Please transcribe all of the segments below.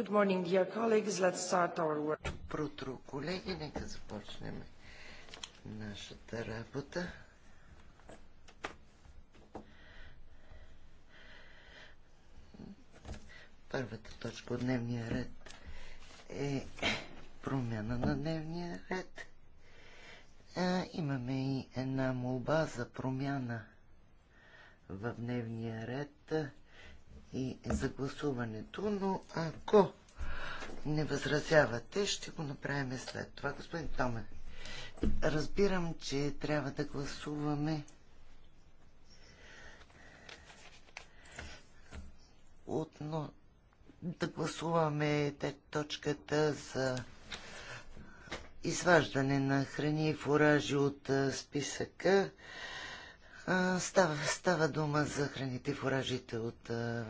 Good morning, dear colleagues. Let's start our work. Прутро, колеги, нека започнем нашата работа. Първата точка от дневния ред е промяна на дневния ред. А, имаме и една молба за промяна в дневния ред и за гласуването, но ако не възразявате, ще го направим след това. Господин Томе, разбирам, че трябва да гласуваме отно да гласуваме точката за изваждане на храни и фуражи от списъка. Става, става дума за храните и фуражите от а,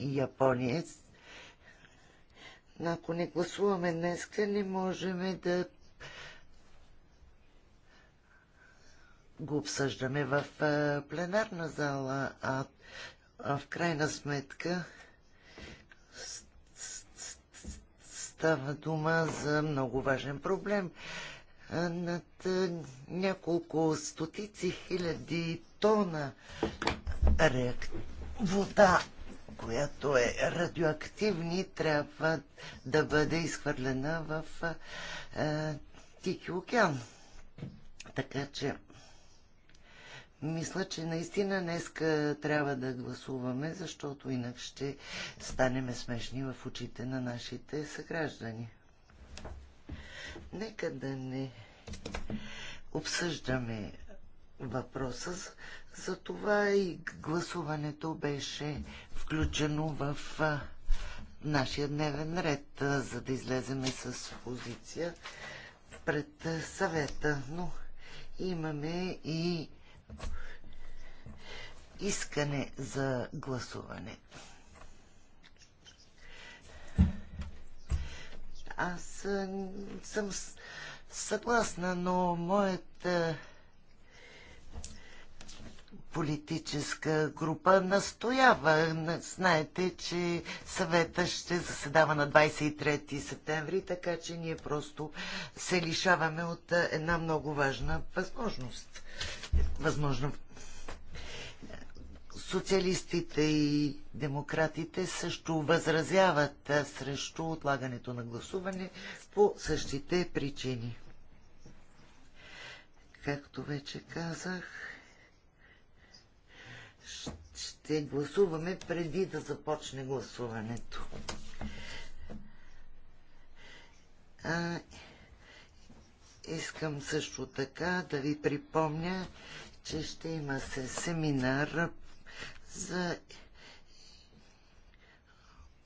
Япония. Ако не гласуваме днес, не можем да го обсъждаме в а, пленарна зала, а, а в крайна сметка става дума за много важен проблем над няколко стотици хиляди тона реак... вода, която е радиоактивни, трябва да бъде изхвърлена в е, Тихи океан. Така че мисля, че наистина днеска трябва да гласуваме, защото инак ще станем смешни в очите на нашите съграждани. Нека да не обсъждаме въпроса. За това и гласуването беше включено в нашия дневен ред, за да излеземе с позиция пред съвета. Но имаме и искане за гласуване. Аз съм съгласна, но моята политическа група настоява. Знаете, че съвета ще заседава на 23 септември, така че ние просто се лишаваме от една много важна възможност. Възможно, Социалистите и демократите също възразяват срещу отлагането на гласуване по същите причини. Както вече казах, ще гласуваме преди да започне гласуването. А, искам също така да ви припомня, че ще има се семинар за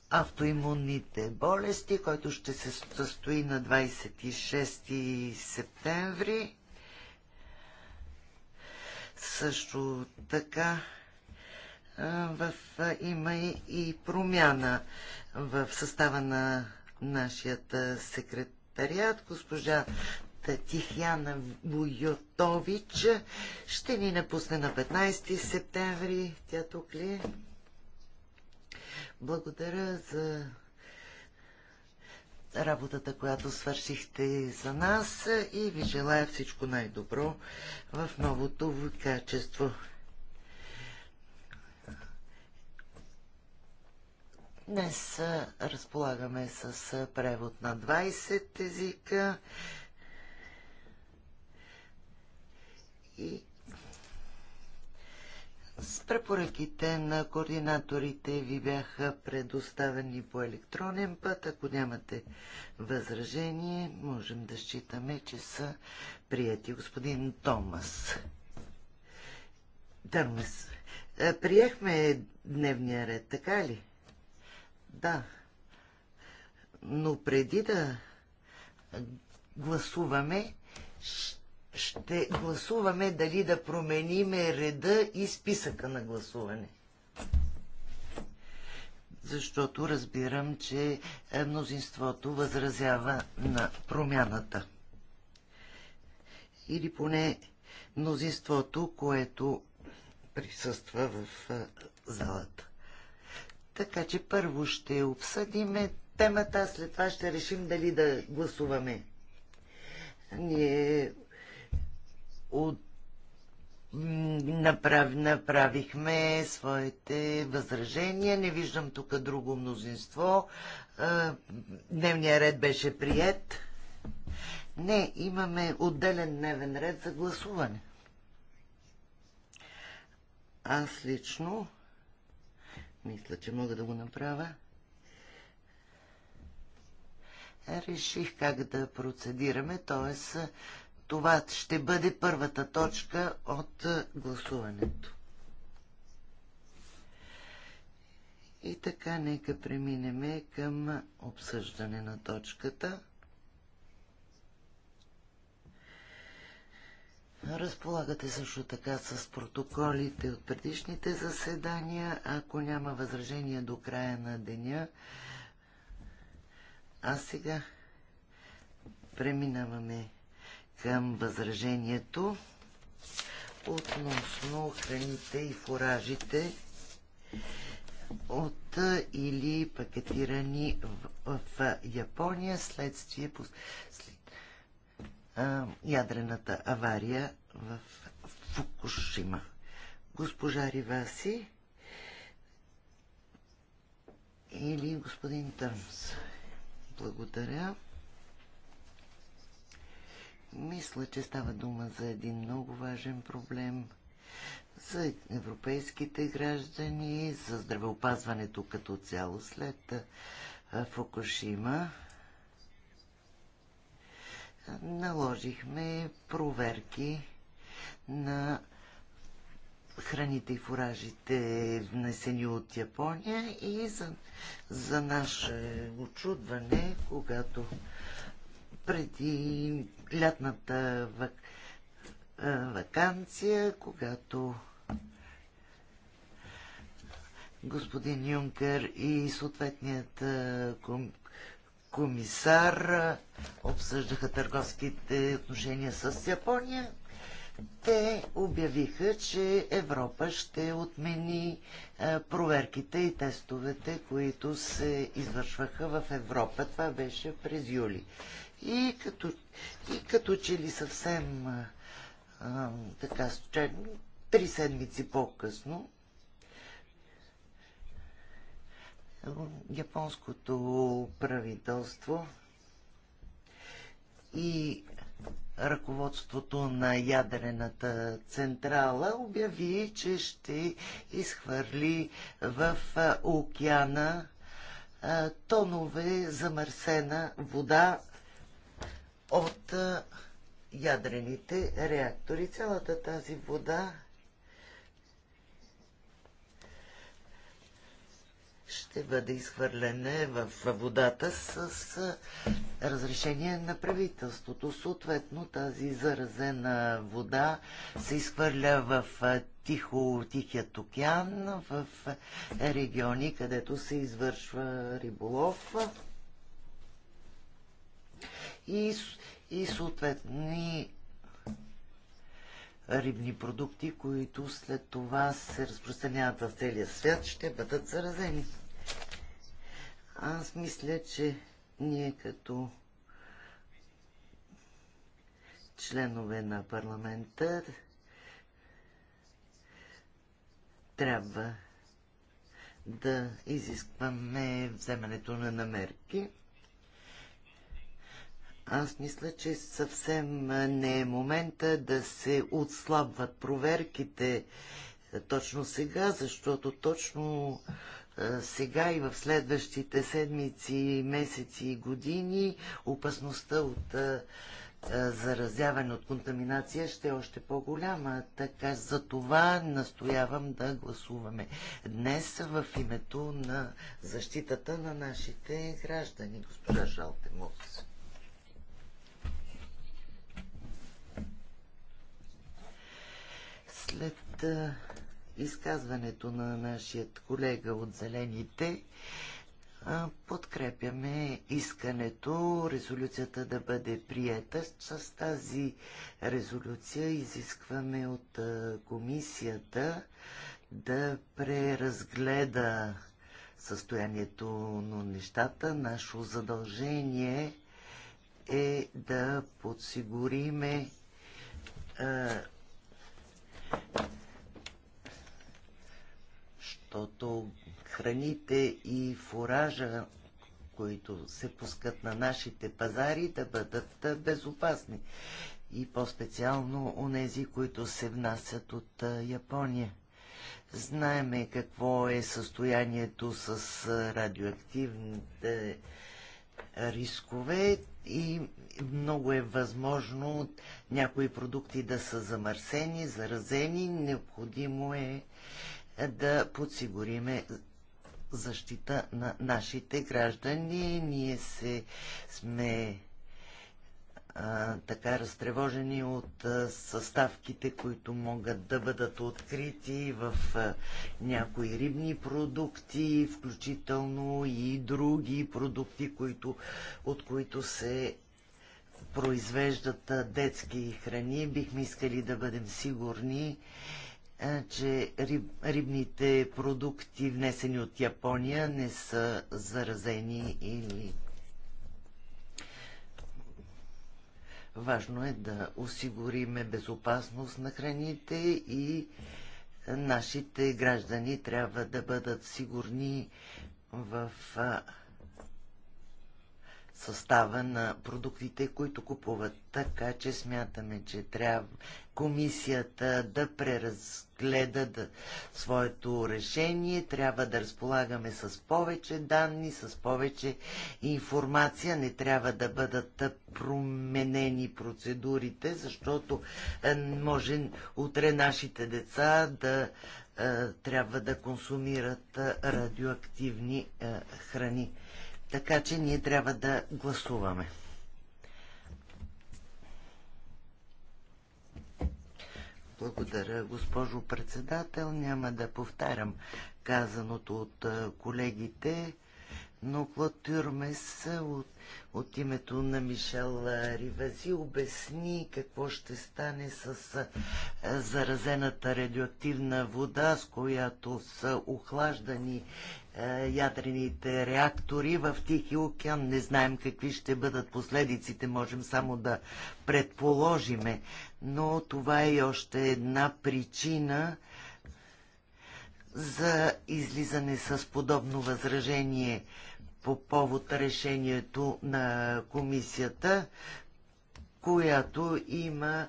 автоимунните болести, който ще се състои на 26 септември. Също така в, има и промяна в състава на нашия секретариат. Госпожа Тихяна Буйотович ще ни напусне на 15 септември. Тя тук ли е? Благодаря за работата, която свършихте за нас и ви желая всичко най-добро в новото ви качество. Днес разполагаме с превод на 20 езика. и с препоръките на координаторите ви бяха предоставени по електронен път. Ако нямате възражение, можем да считаме, че са прияти. Господин Томас. Търмес. Е, приехме дневния ред, така ли? Да. Но преди да гласуваме, ще ще гласуваме дали да промениме реда и списъка на гласуване. Защото разбирам, че е, мнозинството възразява на промяната. Или поне мнозинството, което присъства в е, залата. Така че първо ще обсъдиме темата, след това ще решим дали да гласуваме. Ние от Направ, направихме своите възражения. Не виждам тук друго мнозинство. Дневният ред беше прият. Не, имаме отделен дневен ред за гласуване. Аз лично мисля, че мога да го направя. Реших как да процедираме, т.е това ще бъде първата точка от е, гласуването. И така, нека преминеме към обсъждане на точката. Разполагате също така с протоколите от предишните заседания. Ако няма възражения до края на деня, а сега преминаваме към възражението относно храните и фуражите от или пакетирани в, в Япония следствие по след, а, ядрената авария в Фукушима. Госпожа Риваси или господин Търмс. Благодаря. Мисля, че става дума за един много важен проблем за европейските граждани, за здравеопазването като цяло след Фукушима. Наложихме проверки на храните и фуражите, внесени от Япония и за, за наше очудване, когато преди лятната вакансия, когато господин Юнкер и съответният комисар обсъждаха търговските отношения с Япония. Те обявиха, че Европа ще отмени проверките и тестовете, които се извършваха в Европа. Това беше през юли и като, и като че ли съвсем а, така случайно, три седмици по-късно, японското правителство и ръководството на ядрената централа обяви, че ще изхвърли в океана тонове замърсена вода от ядрените реактори. Цялата тази вода ще бъде изхвърлена в водата с, с разрешение на правителството. Съответно, тази заразена вода се изхвърля в Тихо, Тихият океан, в региони, където се извършва риболов и, и съответни рибни продукти, които след това се разпространяват в целия свят, ще бъдат заразени. Аз мисля, че ние като членове на парламента трябва да изискваме вземането на намерки. Аз мисля, че съвсем не е момента да се отслабват проверките точно сега, защото точно сега и в следващите седмици, месеци и години опасността от заразяване, от контаминация ще е още по-голяма. Така за това настоявам да гласуваме днес в името на защитата на нашите граждани, госпожа Мокс. След изказването на нашия колега от Зелените, подкрепяме искането резолюцията да бъде приета. С тази резолюция изискваме от комисията да преразгледа състоянието на нещата. Нашо задължение е да подсигуриме защото храните и фуража, които се пускат на нашите пазари, да бъдат безопасни. И по-специално нези, които се внасят от Япония. Знаеме какво е състоянието с радиоактивните рискове и много е възможно някои продукти да са замърсени, заразени. Необходимо е да подсигуриме защита на нашите граждани. Ние се сме така разтревожени от съставките, които могат да бъдат открити в някои рибни продукти, включително и други продукти, които, от които се произвеждат детски храни. Бихме искали да бъдем сигурни, че риб, рибните продукти, внесени от Япония, не са заразени или Важно е да осигуриме безопасност на храните и нашите граждани трябва да бъдат сигурни в състава на продуктите, които купуват. Така че смятаме, че трябва комисията да преразгледа да, своето решение. Трябва да разполагаме с повече данни, с повече информация. Не трябва да бъдат променени процедурите, защото е, може утре нашите деца да е, трябва да консумират е, радиоактивни храни. Така че ние трябва да гласуваме. Благодаря, госпожо председател. Няма да повтарям казаното от колегите, но Клод Тюрмес от, от името на Мишел Ривази обясни какво ще стане с заразената радиоактивна вода, с която са охлаждани е, ядрените реактори в Тихи океан. Не знаем какви ще бъдат последиците, можем само да предположиме. Но това е още една причина за излизане с подобно възражение по повод решението на комисията, която има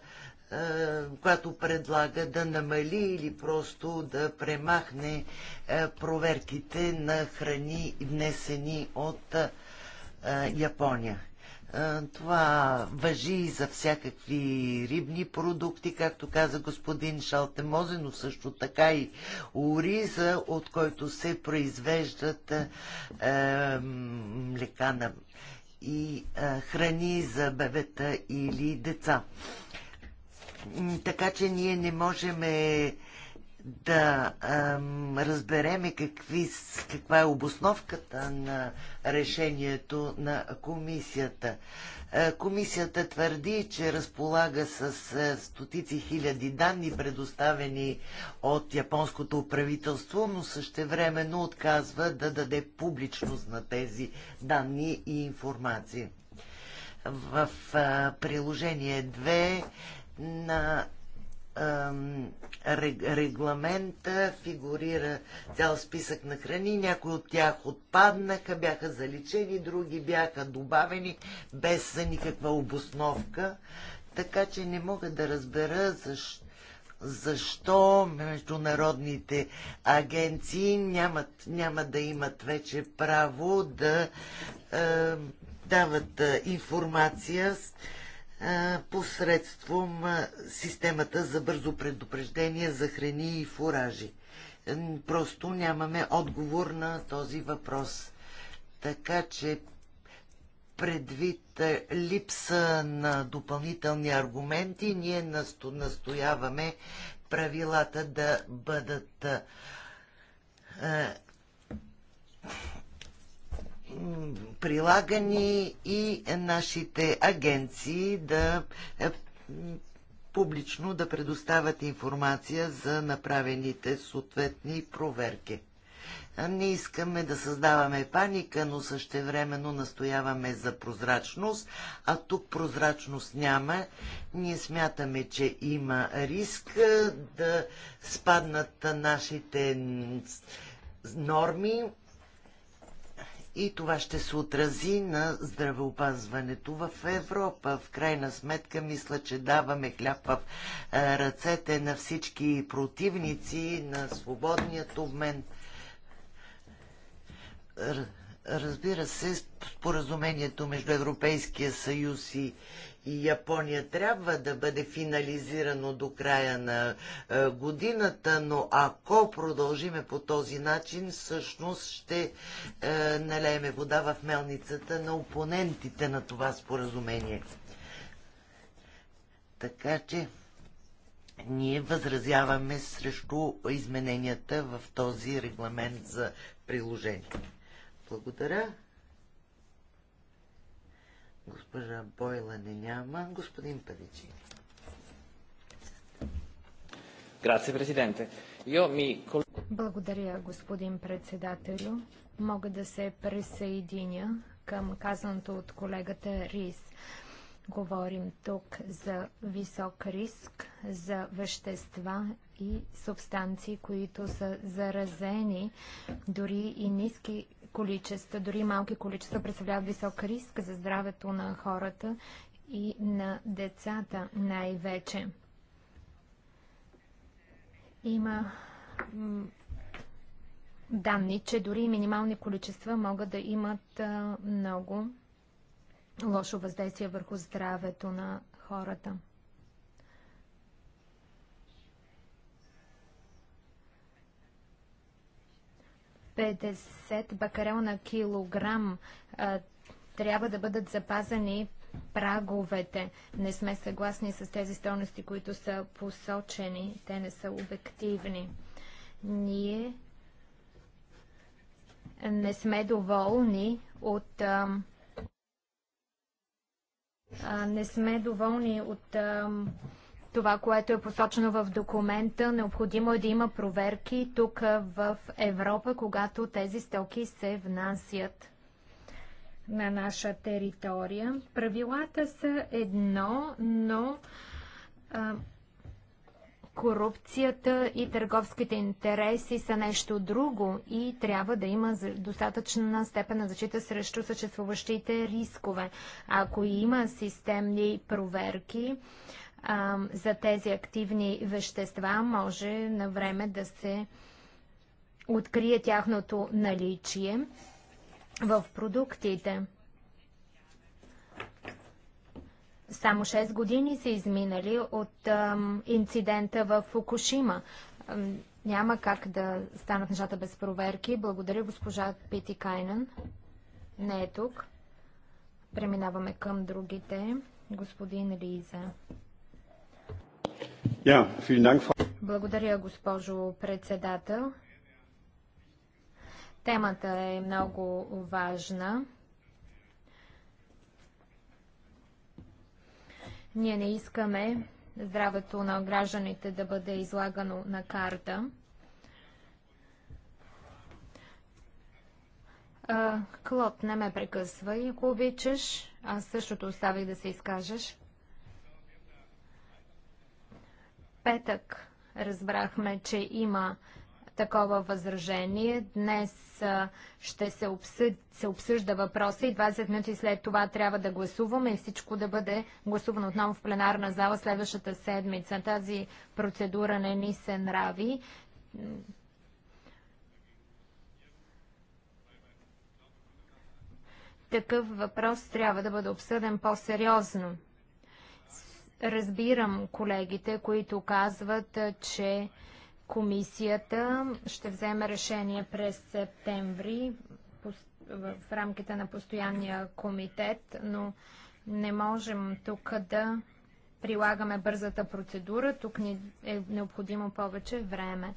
която предлага да намали или просто да премахне проверките на храни, внесени от Япония. Това въжи и за всякакви рибни продукти, както каза господин Шалтемозе, но също така и ориза, от който се произвеждат е, млека на, и храни за бебета или деца така че ние не можем да ам, разбереме какви, каква е обосновката на решението на комисията. Е, комисията твърди, че разполага с е, стотици хиляди данни, предоставени от японското правителство, но същевременно отказва да даде публичност на тези данни и информации. В е, приложение 2 на регламента фигурира цял списък на храни. Някои от тях отпаднаха, бяха заличени, други бяха добавени без никаква обосновка. Така че не мога да разбера защо защо международните агенции нямат, няма да имат вече право да е, дават информация посредством системата за бързо предупреждение за храни и фуражи. Просто нямаме отговор на този въпрос. Така че предвид липса на допълнителни аргументи, ние настояваме правилата да бъдат прилагани и нашите агенции да е, публично да предоставят информация за направените съответни проверки. Не искаме да създаваме паника, но същевременно настояваме за прозрачност, а тук прозрачност няма. Ние смятаме, че има риск е, да спаднат нашите норми и това ще се отрази на здравеопазването в Европа. В крайна сметка, мисля, че даваме хляб в е, ръцете на всички противници на свободният обмен. Разбира се, споразумението между Европейския съюз и Япония трябва да бъде финализирано до края на е, годината, но ако продължиме по този начин, всъщност ще е, налееме вода в мелницата на опонентите на това споразумение. Така че ние възразяваме срещу измененията в този регламент за приложение. Благодаря. Госпожа Бойла не няма. Господин Павичи. Грация, президенте. Благодаря, господин председателю. Мога да се присъединя към казаното от колегата Рис. Говорим тук за висок риск, за вещества и субстанции, които са заразени, дори и ниски количества, дори малки количества, представляват висок риск за здравето на хората и на децата най-вече. Има данни, че дори минимални количества могат да имат много лошо въздействие върху здравето на хората. 50 бакарел на килограм а, трябва да бъдат запазени праговете. Не сме съгласни с тези стойности, които са посочени. Те не са обективни. Ние не сме доволни от а, не сме доволни от а, това, което е посочено в документа. Необходимо е да има проверки тук в Европа, когато тези стоки се внасят на наша територия. Правилата са едно, но а, корупцията и търговските интереси са нещо друго и трябва да има достатъчна степен на защита срещу съществуващите рискове. Ако има системни проверки, а, за тези активни вещества може на време да се открие тяхното наличие в продуктите. Само 6 години са изминали от инцидента в Фукушима. няма как да станат нещата без проверки. Благодаря госпожа Пити Кайнен. Не е тук. Преминаваме към другите. Господин Лиза. Благодаря, госпожо председател. Темата е много важна. Ние не искаме здравето на гражданите да бъде излагано на карта. Клод, не ме прекъсвай, ако обичаш. Аз същото оставих да се изкажеш. петък разбрахме, че има такова възражение. Днес ще се, обсъд, се обсъжда въпроса и 20 минути след това трябва да гласуваме и всичко да бъде гласувано отново в пленарна зала следващата седмица. Тази процедура не ни се нрави. Такъв въпрос трябва да бъде обсъден по-сериозно. Разбирам колегите, които казват, че комисията ще вземе решение през септември в рамките на постоянния комитет, но не можем тук да прилагаме бързата процедура. Тук ни е необходимо повече време.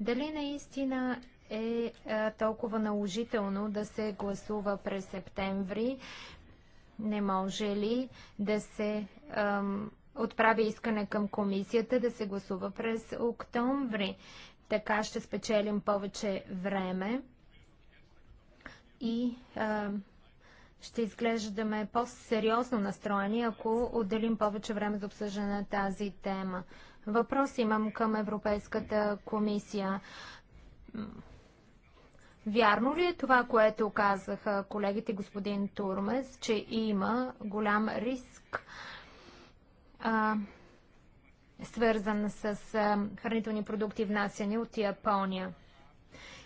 Дали наистина е толкова наложително да се гласува през септември? Не може ли да се Отправя искане към комисията да се гласува през октомври. Така ще спечелим повече време и а, ще изглеждаме по-сериозно настроени, ако отделим повече време за обсъждане на тази тема. Въпрос имам към Европейската комисия. Вярно ли е това, което казаха колегите господин Турмес, че има голям риск? а, свързан с а, хранителни продукти внасяни от Япония.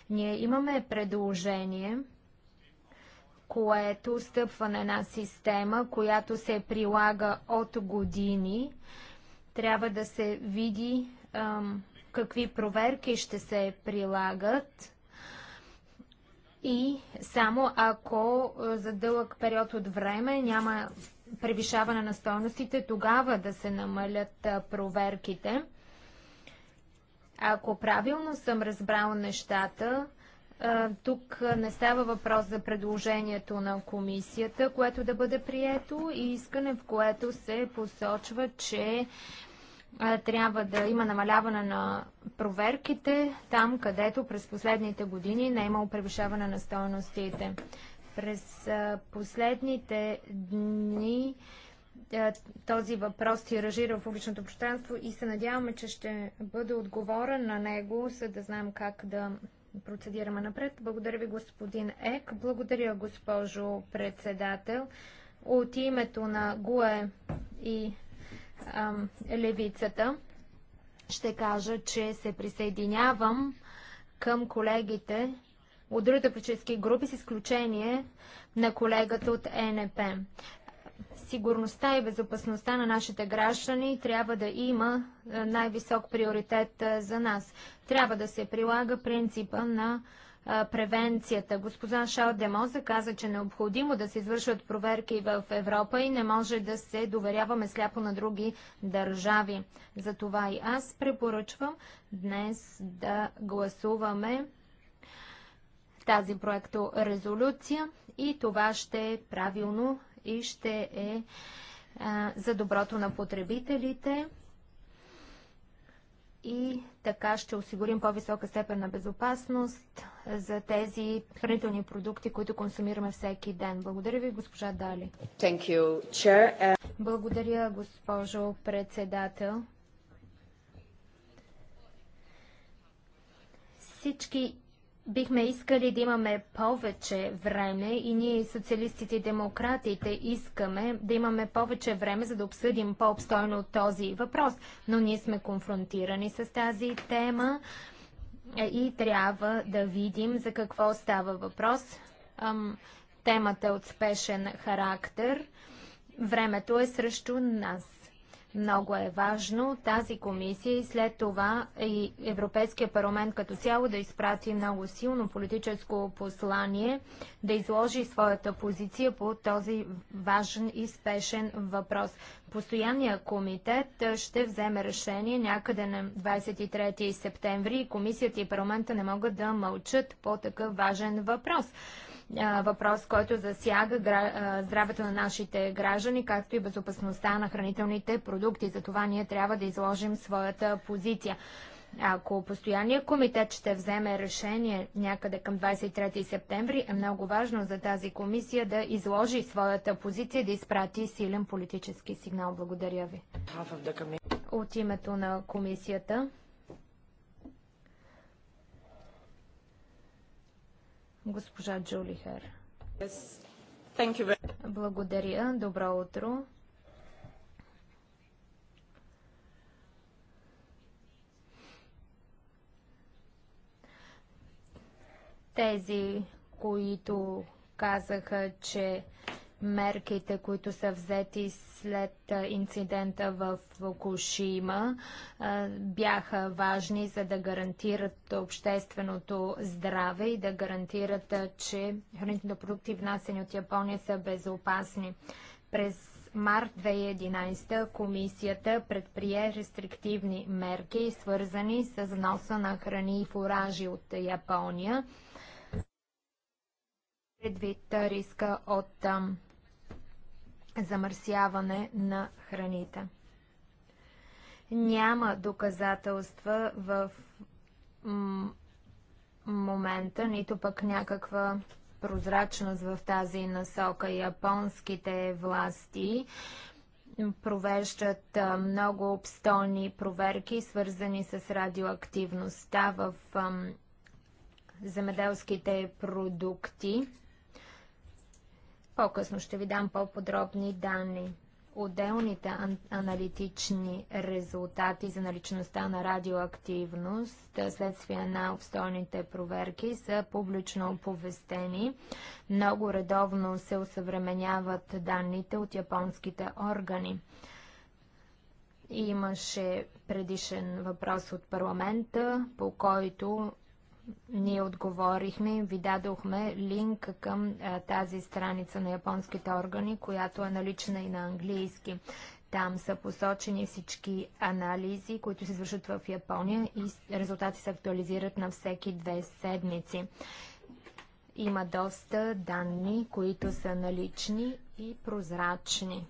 Ние имаме предложение, което стъпва на една система, която се прилага от години. Трябва да се види а, какви проверки ще се прилагат. И само ако за дълъг период от време няма превишаване на стойностите, тогава да се намалят проверките. Ако правилно съм разбрал нещата, тук не става въпрос за предложението на комисията, което да бъде прието и искане, в което се посочва, че трябва да има намаляване на проверките там, където през последните години не е имало превишаване на стоеностите. През последните дни този въпрос тиражира е в публичното пространство и се надяваме, че ще бъде отговорен на него, за да знаем как да процедираме напред. Благодаря ви, господин Ек. Благодаря, госпожо председател. От името на ГУЕ и ам, Левицата ще кажа, че се присъединявам към колегите, от другите политически групи, с изключение на колегата от ЕНП. Сигурността и безопасността на нашите граждани трябва да има е, най-висок приоритет е, за нас. Трябва да се прилага принципа на е, превенцията. Госпожа Шал Демоза каза, че е необходимо да се извършват проверки в Европа и не може да се доверяваме сляпо на други държави. Затова и аз препоръчвам днес да гласуваме тази проекто резолюция и това ще е правилно и ще е а, за доброто на потребителите и така ще осигурим по-висока степен на безопасност за тези хранителни продукти, които консумираме всеки ден. Благодаря ви, госпожа Дали. You, Благодаря, госпожо председател. Всички Бихме искали да имаме повече време и ние, социалистите и демократите, искаме да имаме повече време, за да обсъдим по-обстойно този въпрос. Но ние сме конфронтирани с тази тема е, и трябва да видим за какво става въпрос. Темата е от спешен характер. Времето е срещу нас. Много е важно тази комисия и след това и Европейския парламент като цяло да изпрати много силно политическо послание, да изложи своята позиция по този важен и спешен въпрос. Постоянният комитет ще вземе решение някъде на 23 септември и комисията и парламента не могат да мълчат по такъв важен въпрос въпрос, който засяга здравето на нашите граждани, както и безопасността на хранителните продукти. За това ние трябва да изложим своята позиция. Ако постоянният комитет ще вземе решение някъде към 23 септември, е много важно за тази комисия да изложи своята позиция, да изпрати силен политически сигнал. Благодаря ви. Е. От името на комисията Госпожа Джули Хер. Yes. Благодаря. Добро утро. Тези, които казаха, че мерките, които са взети след инцидента в Фукушима, бяха важни, за да гарантират общественото здраве и да гарантират, че хранителните продукти, внасени от Япония, са безопасни. През март 2011 комисията предприе рестриктивни мерки, свързани с вноса на храни и фуражи от Япония. Предвид риска от замърсяване на храните. Няма доказателства в момента, нито пък някаква прозрачност в тази насока. Японските власти провеждат много обстойни проверки, свързани с радиоактивността в земеделските продукти. По-късно ще ви дам по-подробни данни. Отделните аналитични резултати за наличността на радиоактивност следствие на обстойните проверки са публично оповестени. Много редовно се усъвременяват данните от японските органи. Имаше предишен въпрос от парламента, по който ние отговорихме, ви дадохме линк към а, тази страница на японските органи, която е налична и на английски. Там са посочени всички анализи, които се извършват в Япония и резултати се актуализират на всеки две седмици. Има доста данни, които са налични и прозрачни.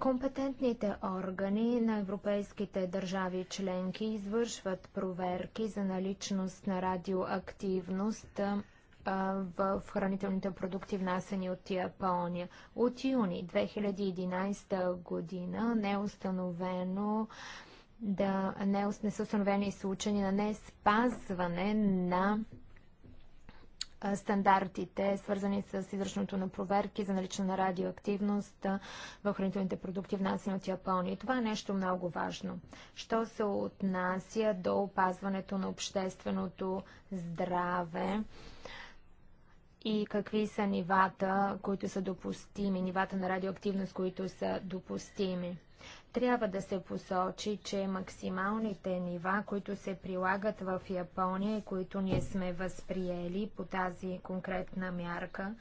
Компетентните органи на европейските държави членки извършват проверки за наличност на радиоактивност в хранителните продукти, внасени от Япония. От юни 2011 година не е установено да не, е, не са установени случаи на неспазване на стандартите, свързани с извършването на проверки за налична на радиоактивност в хранителните продукти, внасяни от Япония. Това е нещо много важно. Що се отнася до опазването на общественото здраве, и какви са нивата, които са допустими, нивата на радиоактивност, които са допустими. Трябва да се посочи, че максималните нива, които се прилагат в Япония и които ние сме възприели по тази конкретна мярка,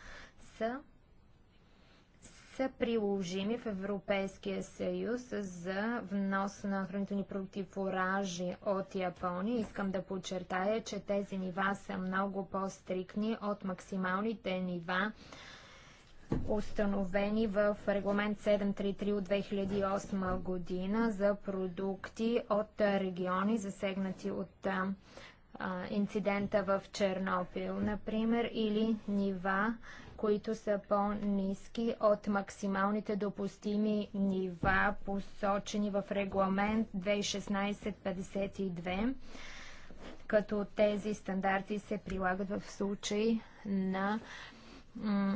са, са приложими в Европейския съюз за внос на хранителни продукти фуражи от Япония. Искам да подчертая, че тези нива са много по-стрикни от максималните нива, установени в регламент 733 от 2008 година за продукти от региони, засегнати от инцидента в Чернопил, например, или нива, които са по-низки от максималните допустими нива, посочени в регламент 2016-52, като тези стандарти се прилагат в случай на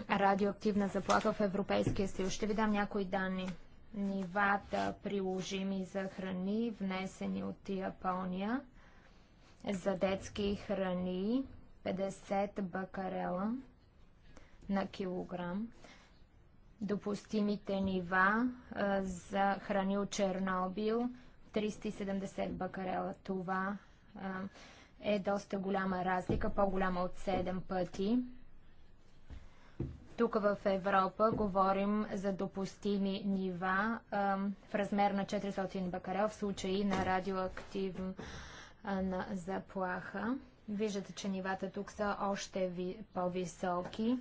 радиоактивна заплаха в Европейския съюз. Ще ви дам някои данни. Нивата приложими за храни, внесени от Япония, за детски храни 50 бакарела на килограм. Допустимите нива за храни от Чернобил 370 бакарела. Това е доста голяма разлика, по-голяма от 7 пъти. Тук в Европа говорим за допустими нива а, в размер на 400 бакарел в случаи на радиоактивна заплаха. Виждате, че нивата тук са още ви, по-високи.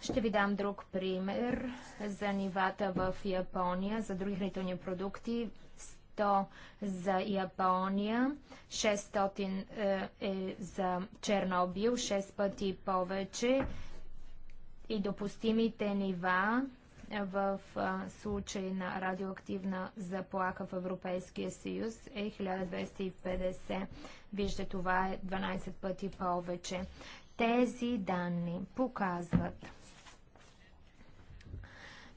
Ще ви дам друг пример за нивата в Япония, за други хранителни продукти. 100 за Япония, 600 е, е за Чернобил, 6 пъти повече и допустимите нива в случай на радиоактивна заплаха в Европейския съюз е 1250. Вижте, това е 12 пъти повече. Тези данни показват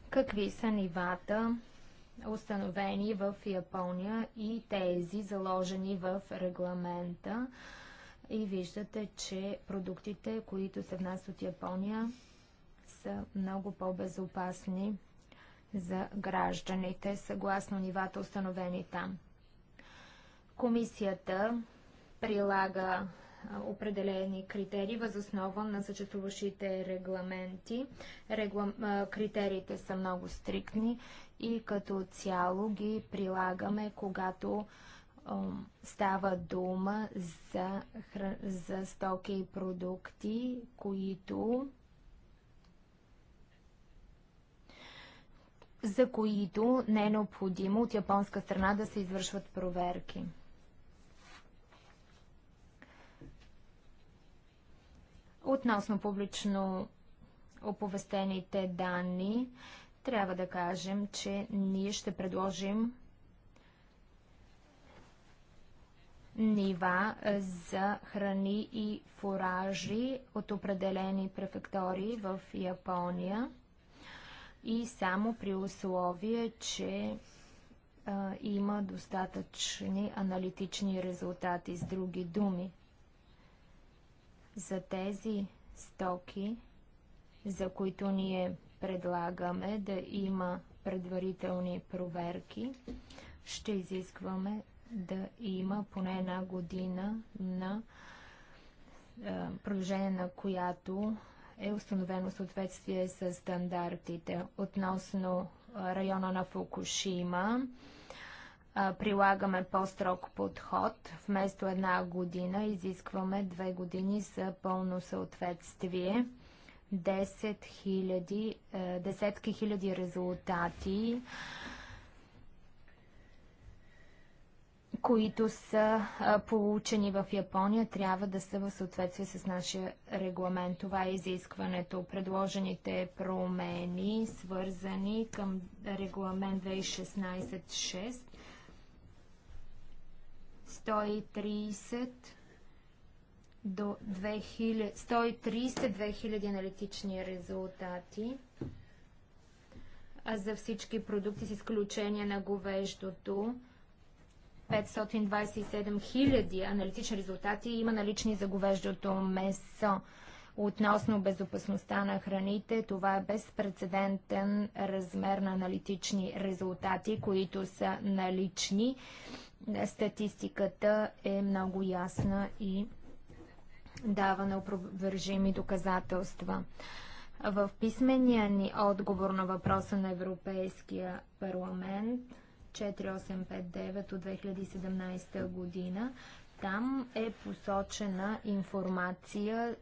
какви са нивата установени в Япония и тези заложени в регламента. И виждате, че продуктите, които се внасят от Япония, са много по-безопасни за гражданите, съгласно нивата установени там. Комисията прилага определени критерии възоснова на съществуващите регламенти. Реглам... Критериите са много стриктни и като цяло ги прилагаме, когато става дума за, хр... за стоки и продукти, които за които не е необходимо от японска страна да се извършват проверки. Относно публично оповестените данни, трябва да кажем, че ние ще предложим нива за храни и фуражи от определени префектори в Япония и само при условие, че а, има достатъчни аналитични резултати. С други думи, за тези стоки, за които ние предлагаме да има предварителни проверки, ще изискваме да има поне една година на е, продължение на която е установено съответствие с стандартите относно района на Фукушима. Прилагаме по-строг подход. Вместо една година изискваме две години за пълно съответствие. Е, десетки хиляди резултати които са получени в Япония, трябва да са в съответствие с нашия регламент. Това е изискването. Предложените промени, свързани към регламент 2016-6, 130 до 2000, 130 2000 аналитични резултати за всички продукти с изключение на говеждото 527 000 аналитични резултати има налични за говеждото месо. Относно безопасността на храните, това е безпредседентен размер на аналитични резултати, които са налични. Статистиката е много ясна и дава неопровержими доказателства. В писмения ни отговор на въпроса на Европейския парламент – 4859 от 2017 година. Там е посочена информация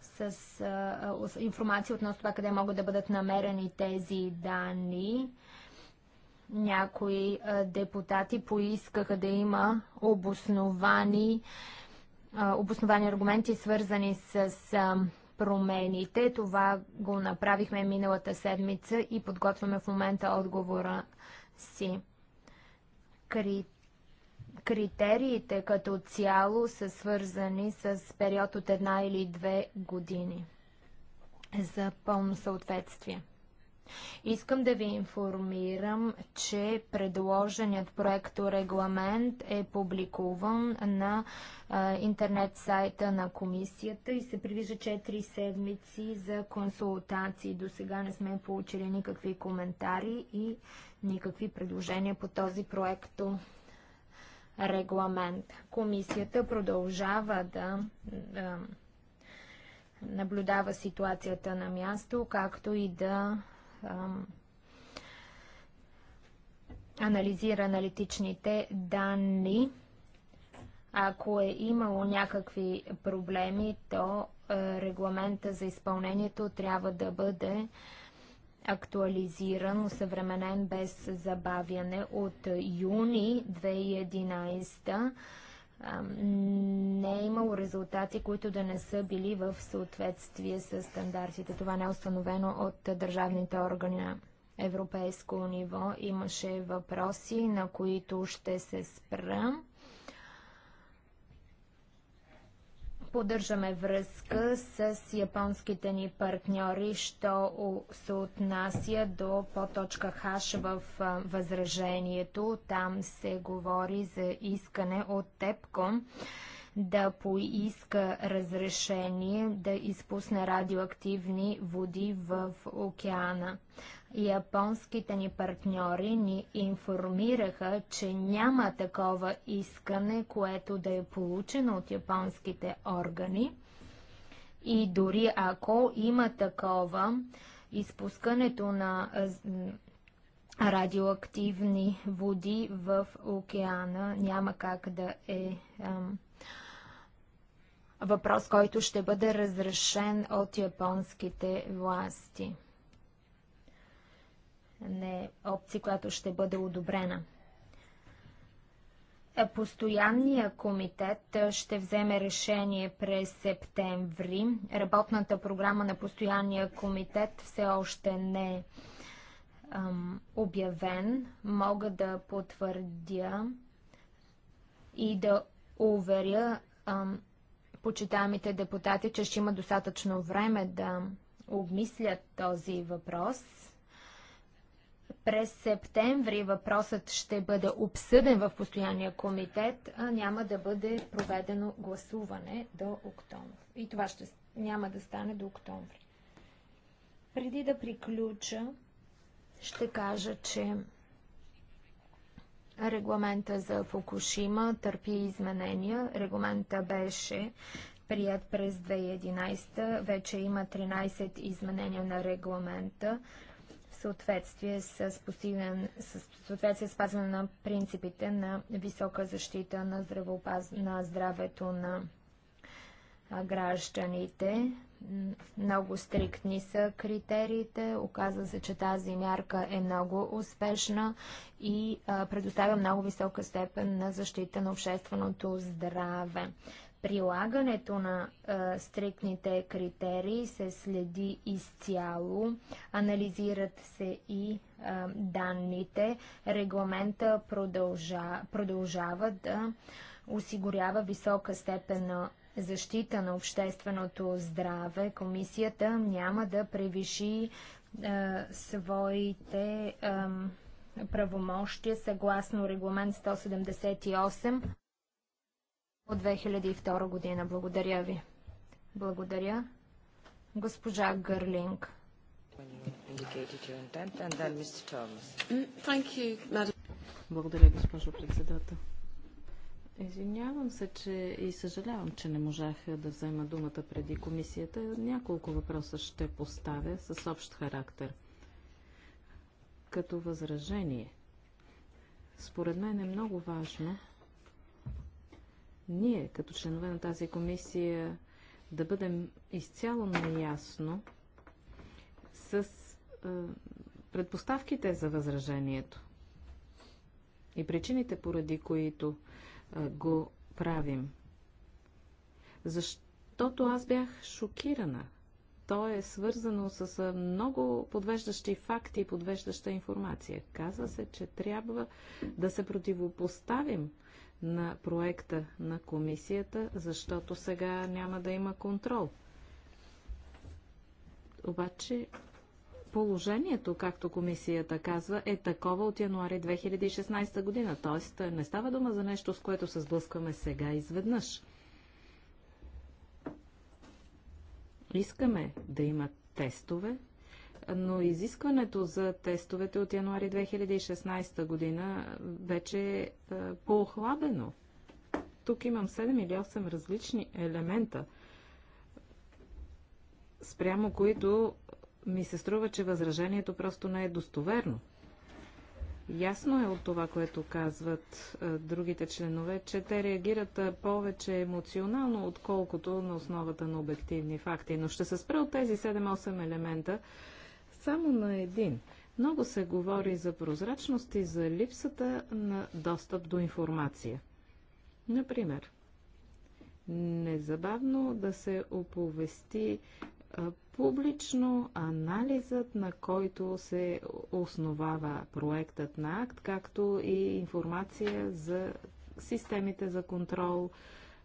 с информация относно това къде могат да бъдат намерени тези данни. Някои депутати поискаха да има обосновани, обосновани аргументи, свързани с промените. Това го направихме миналата седмица и подготвяме в момента отговора си. Кри... Критериите като цяло са свързани с период от една или две години за пълно съответствие. Искам да ви информирам, че предложеният регламент е публикуван на а, интернет сайта на комисията и се предвижда 4 седмици за консултации. До сега не сме получили никакви коментари и никакви предложения по този проекто регламент. Комисията продължава да, да наблюдава ситуацията на място, както и да ам, анализира аналитичните данни. Ако е имало някакви проблеми, то е, регламента за изпълнението трябва да бъде е, актуализиран, усъвременен без забавяне от юни 2011 не е имало резултати, които да не са били в съответствие с стандартите. Това не е установено от държавните органи на европейско ниво. Имаше въпроси, на които ще се спра. Поддържаме връзка с японските ни партньори, що се отнася до по-точка хаш в възражението. Там се говори за искане от ТЕПКОМ да поиска разрешение да изпусне радиоактивни води в океана. Японските ни партньори ни информираха, че няма такова искане, което да е получено от японските органи. И дори ако има такова, изпускането на радиоактивни води в океана няма как да е въпрос, който ще бъде разрешен от японските власти не е опция, която ще бъде одобрена. Е, постоянния комитет е, ще вземе решение през септември. Работната програма на постоянния комитет все още не е обявен. Мога да потвърдя и да уверя ам, почитаемите депутати, че ще има достатъчно време да обмислят този въпрос – през септември въпросът ще бъде обсъден в постоянния комитет, а няма да бъде проведено гласуване до октомври. И това ще, няма да стане до октомври. Преди да приключа, ще кажа, че регламента за Фукушима търпи изменения. Регламента беше прият през 2011. Вече има 13 изменения на регламента съответствие с, постигнен, с съответствие спазване на принципите на висока защита на, здравеопаз... на здравето на гражданите. Много стриктни са критериите. Оказва се, че тази мярка е много успешна и а, предоставя много висока степен на защита на общественото здраве. Прилагането на а, стрикните критерии се следи изцяло, анализират се и а, данните. Регламента продължа, продължава да осигурява висока степен на защита на общественото здраве. Комисията няма да превиши а, своите правомощия съгласно регламент 178 от 2002 година. Благодаря ви. Благодаря. Госпожа Гърлинг. Благодаря, госпожо председател. Извинявам се, че и съжалявам, че не можах да взема думата преди комисията. Няколко въпроса ще поставя с общ характер. Като възражение. Според мен е много важно ние, като членове на тази комисия, да бъдем изцяло наясно с е, предпоставките за възражението и причините, поради които е, го правим. Защото аз бях шокирана. То е свързано с е, много подвеждащи факти и подвеждаща информация. Казва се, че трябва да се противопоставим на проекта на комисията, защото сега няма да има контрол. Обаче положението, както комисията казва, е такова от януари 2016 година. Тоест не става дума за нещо, с което се сблъскваме сега изведнъж. Искаме да има тестове, но изискването за тестовете от януари 2016 година вече е, е по-охлабено. Тук имам 7 или 8 различни елемента, спрямо които ми се струва, че възражението просто не е достоверно. Ясно е от това, което казват а, е, другите членове, че те реагират а, е, повече емоционално, отколкото на основата на обективни факти. Но ще се спра от тези 7-8 елемента, само на един. Много се говори за прозрачност и за липсата на достъп до информация. Например, незабавно да се оповести публично анализът, на който се основава проектът на акт, както и информация за системите за контрол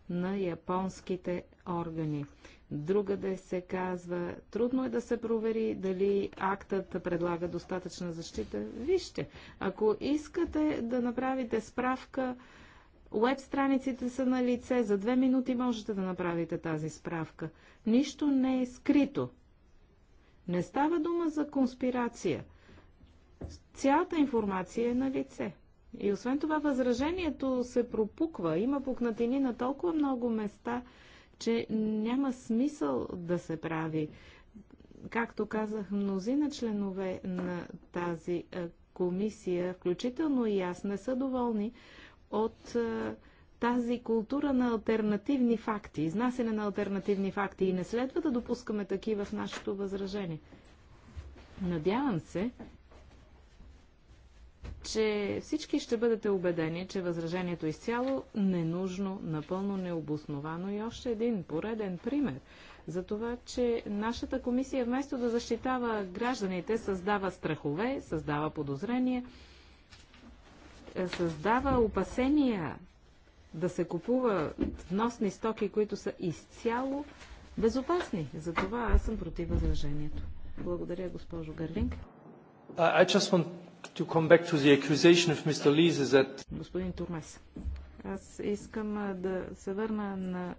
на японските органи другаде се казва, трудно е да се провери дали актът предлага достатъчна защита. Вижте, ако искате да направите справка, Уеб страниците са на лице. За две минути можете да направите тази справка. Нищо не е скрито. Не става дума за конспирация. Цялата информация е на лице. И освен това, възражението се пропуква. Има пукнатини на толкова много места, че няма смисъл да се прави. Както казах, мнозина членове на тази комисия, включително и аз, не са доволни от тази култура на альтернативни факти, изнасяне на альтернативни факти и не следва да допускаме такива в нашето възражение. Надявам се, че всички ще бъдете убедени, че възражението е изцяло ненужно, напълно необосновано и още един пореден пример за това, че нашата комисия вместо да защитава гражданите, създава страхове, създава подозрения, е, създава опасения да се купува вносни стоки, които са изцяло безопасни. Затова аз съм против възражението. Благодаря, госпожо Гарлинг. I just want to come back to the accusation of Mr. that... Господин Турмес, аз искам да се върна на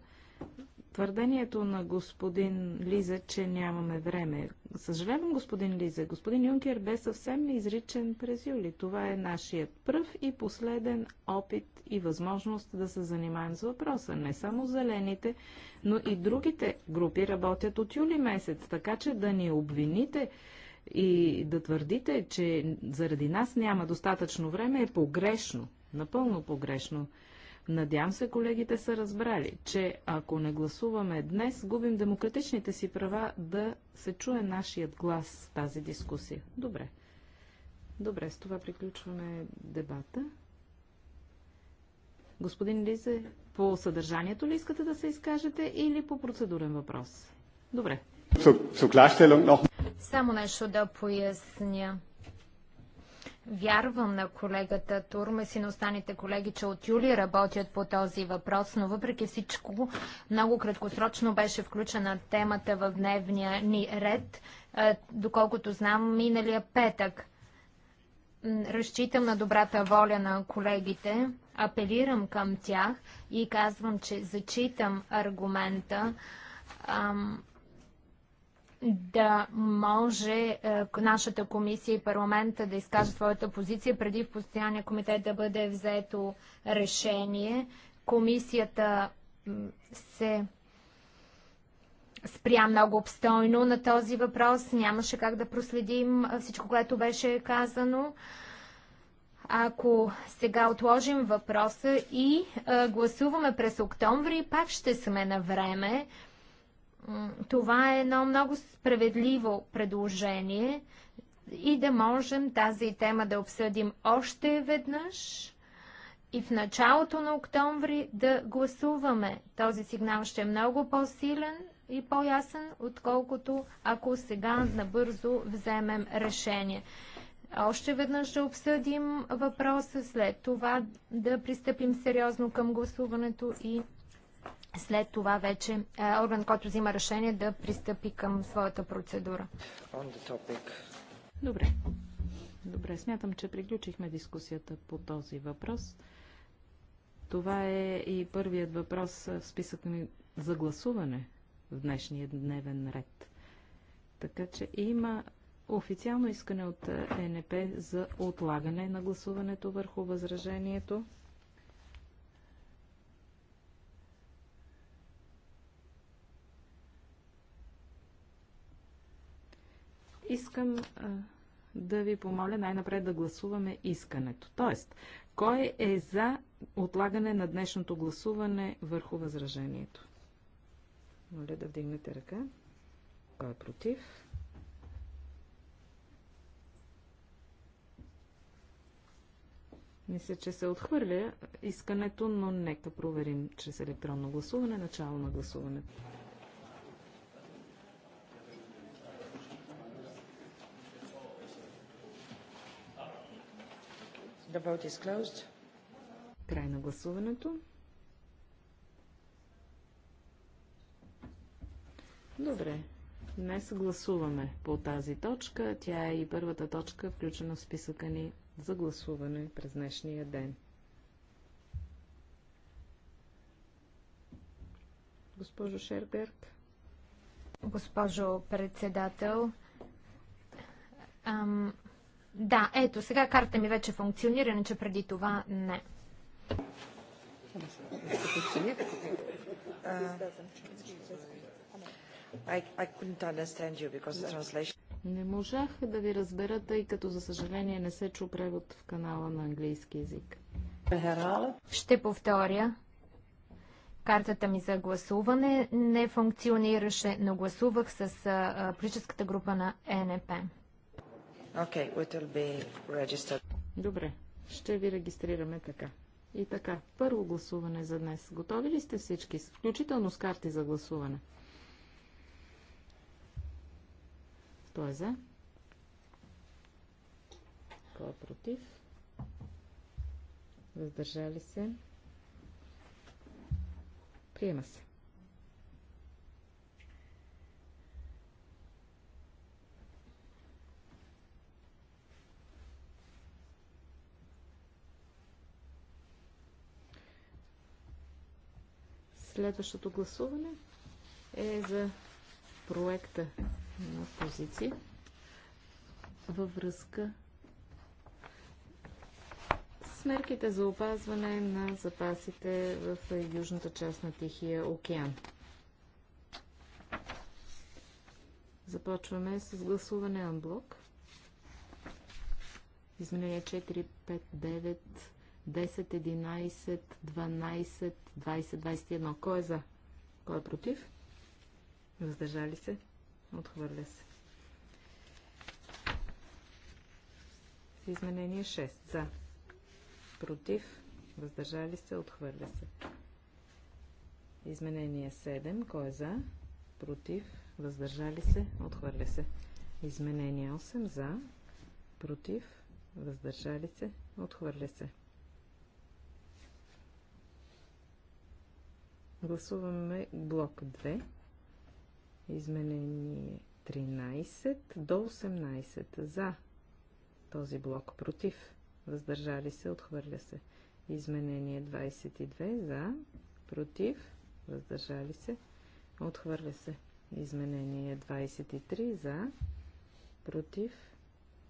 твърдението на господин Лиза, че нямаме време. Съжалявам, господин Лиза. Господин Юнкер бе съвсем изричен през юли. Това е нашият пръв и последен опит и възможност да се занимаем с въпроса. Не само зелените, но и другите групи работят от юли месец, така че да ни обвините и да твърдите, че заради нас няма достатъчно време е погрешно, напълно погрешно. Надявам се, колегите са разбрали, че ако не гласуваме днес, губим демократичните си права да се чуе нашият глас в тази дискусия. Добре. Добре, с това приключваме дебата. Господин Лизе, по съдържанието ли искате да се изкажете или по процедурен въпрос? Добре. Само нещо да поясня. Вярвам на колегата Турмес и на останите колеги, че от юли работят по този въпрос, но въпреки всичко много краткосрочно беше включена темата в дневния ни ред, доколкото знам миналия петък. Разчитам на добрата воля на колегите, апелирам към тях и казвам, че зачитам аргумента да може е, нашата комисия и парламента да изкаже своята позиция преди в постоянния комитет да бъде взето решение. Комисията се спря много обстойно на този въпрос. Нямаше как да проследим всичко, което беше казано. Ако сега отложим въпроса и а, гласуваме през октомври, пак ще сме на време. Това е едно много справедливо предложение и да можем тази тема да обсъдим още веднъж и в началото на октомври да гласуваме. Този сигнал ще е много по-силен и по-ясен, отколкото ако сега набързо вземем решение. Още веднъж да обсъдим въпроса, след това да пристъпим сериозно към гласуването и след това вече е, орган, който взима решение да пристъпи към своята процедура. Добре. Добре, смятам, че приключихме дискусията по този въпрос. Това е и първият въпрос в списък ми за гласуване в днешния дневен ред. Така че има официално искане от ЕНП за отлагане на гласуването върху възражението. Искам а, да ви помоля най-напред да гласуваме искането. Тоест, кой е за отлагане на днешното гласуване върху възражението? Моля да вдигнете ръка. Кой е против? Мисля, че се отхвърля искането, но нека проверим чрез електронно гласуване начало на гласуването. The vote is closed. Край на гласуването. Добре. Днес гласуваме по тази точка. Тя е и първата точка, включена в списъка ни за гласуване през днешния ден. Госпожо Шерберг. Госпожо председател, ам, да, ето, сега карта ми вече функционира, че преди това не. Uh, не можах да ви разбера, тъй като за съжаление не се чу превод в канала на английски язик. Ще повторя. Картата ми за гласуване не функционираше, но гласувах с политическата група на ЕНП. Okay, it will be registered. Добре, ще ви регистрираме така. И така, първо гласуване за днес. Готови ли сте всички, включително с карти за гласуване? Кой е за? Кой е против? Въздържали се? Приема се. Следващото гласуване е за проекта на позиция във връзка с мерките за опазване на запасите в южната част на Тихия океан. Започваме с гласуване анблок. Изменение 4, 5, 9, 10, 11, 12, 20, 21. Кой е за? Кой е против? Въздържали се? Отхвърля се. Изменение 6. За. Против. Въздържали се. Отхвърля се. Изменение 7. Кой е за? Против. Въздържали се. Отхвърля се. Изменение 8. За. Против. Въздържали се. Отхвърля се. Гласуваме блок 2, изменение 13 до 18 за този блок против. Въздържали се, отхвърля се. Изменение 22 за против. Въздържали се, отхвърля се. Изменение 23 за против.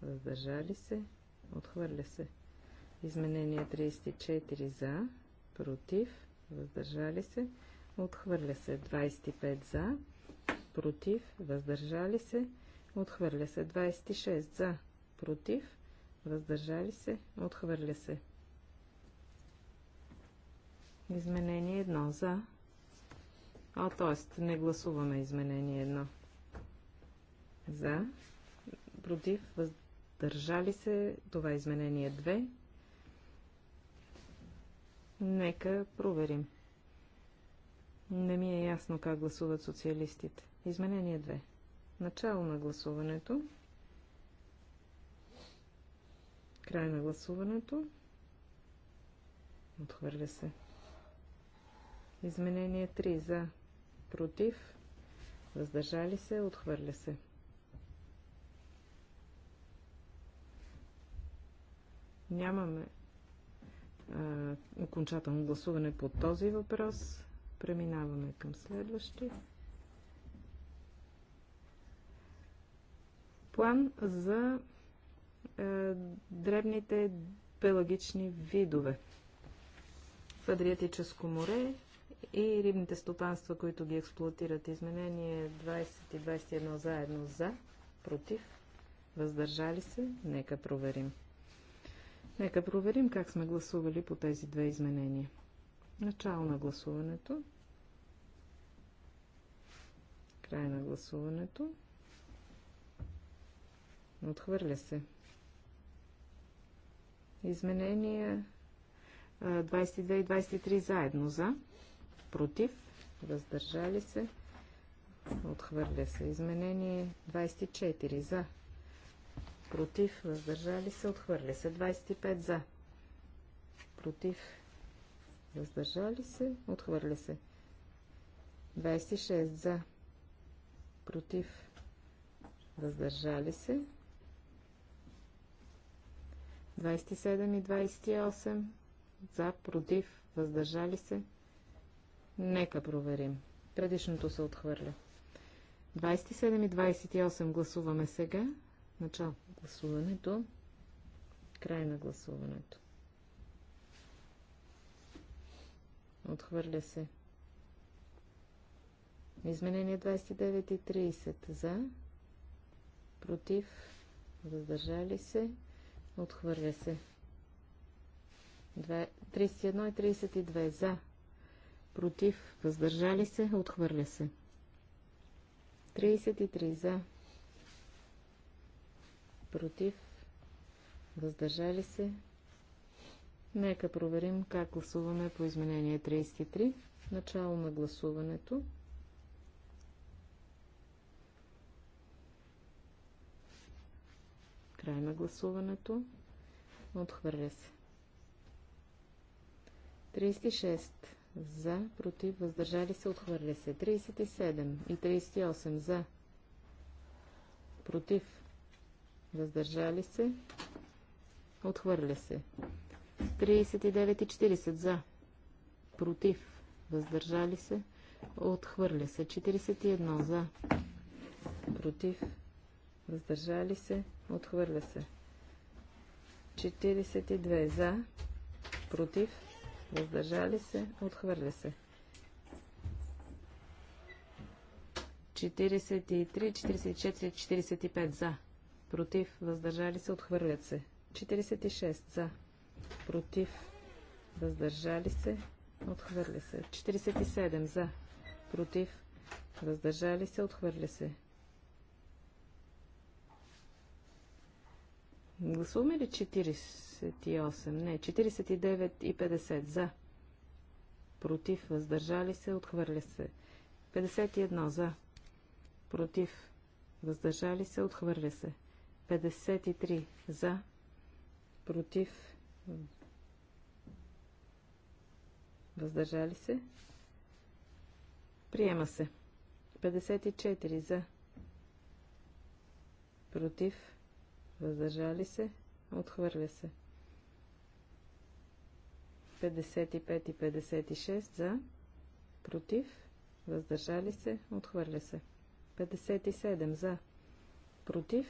Въздържали се, отхвърля се. Изменение 34 за против въздържали се, отхвърля се 25 за, против, въздържали се, отхвърля се 26 за, против, въздържали се, отхвърля се. Изменение 1 за. А, т.е. не гласуваме изменение 1. За, против, въздържали се, това е изменение 2, Нека проверим. Не ми е ясно как гласуват социалистите. Изменение 2. Начало на гласуването. Край на гласуването. Отхвърля се. Изменение 3. За. Против. Въздържали се. Отхвърля се. Нямаме е, окончателно гласуване по този въпрос. Преминаваме към следващи. План за е, дребните пелагични видове в Адриатическо море и рибните стопанства, които ги експлуатират. Изменение 20 и 21 заедно за, против, въздържали се. Нека проверим. Нека проверим как сме гласували по тези две изменения. Начало на гласуването. Край на гласуването. Отхвърля се. Изменения 22 и 23 заедно за, против, въздържали се, отхвърля се. Изменение 24 за, против, въздържали се, отхвърля се. 25 за, против, въздържали се, отхвърля се. 26 за, против, въздържали се. 27 и 28 за, против, въздържали се. Нека проверим. Предишното се отхвърля. 27 и 28 гласуваме сега. Начало на гласуването. Край на гласуването. Отхвърля се. Изменение 29 и 30 за, против, въздържали се, отхвърля се. 31 и 32 за, против, въздържали се, отхвърля се. 33 за, против, въздържали се. Нека проверим как гласуваме по изменение 33. Начало на гласуването. Край на гласуването. Отхвърля се. 36 за, против, въздържали се, отхвърля се. 37 и 38 за, против, Въздържали се. Отхвърля се. 39 и 40 за. Против. Въздържали се. Отхвърля се. 41 за. Против. Въздържали се. Отхвърля се. 42 за. Против. Въздържали се. Отхвърля се. 43, 44, 45 за против, въздържали се, отхвърлят се. 46 за, против, въздържали се, отхвърля се. 47 за, против, въздържали се, отхвърля се. Гласуваме ли 48? Не, 49 и 50 за. Против, въздържали се, отхвърля се. 51 за. Против, въздържали се, отхвърля се. 53 за, против, въздържали се, приема се. 54 за, против, въздържали се, отхвърля се. 55 и 56 за, против, въздържали се, отхвърля се. 57 за, против,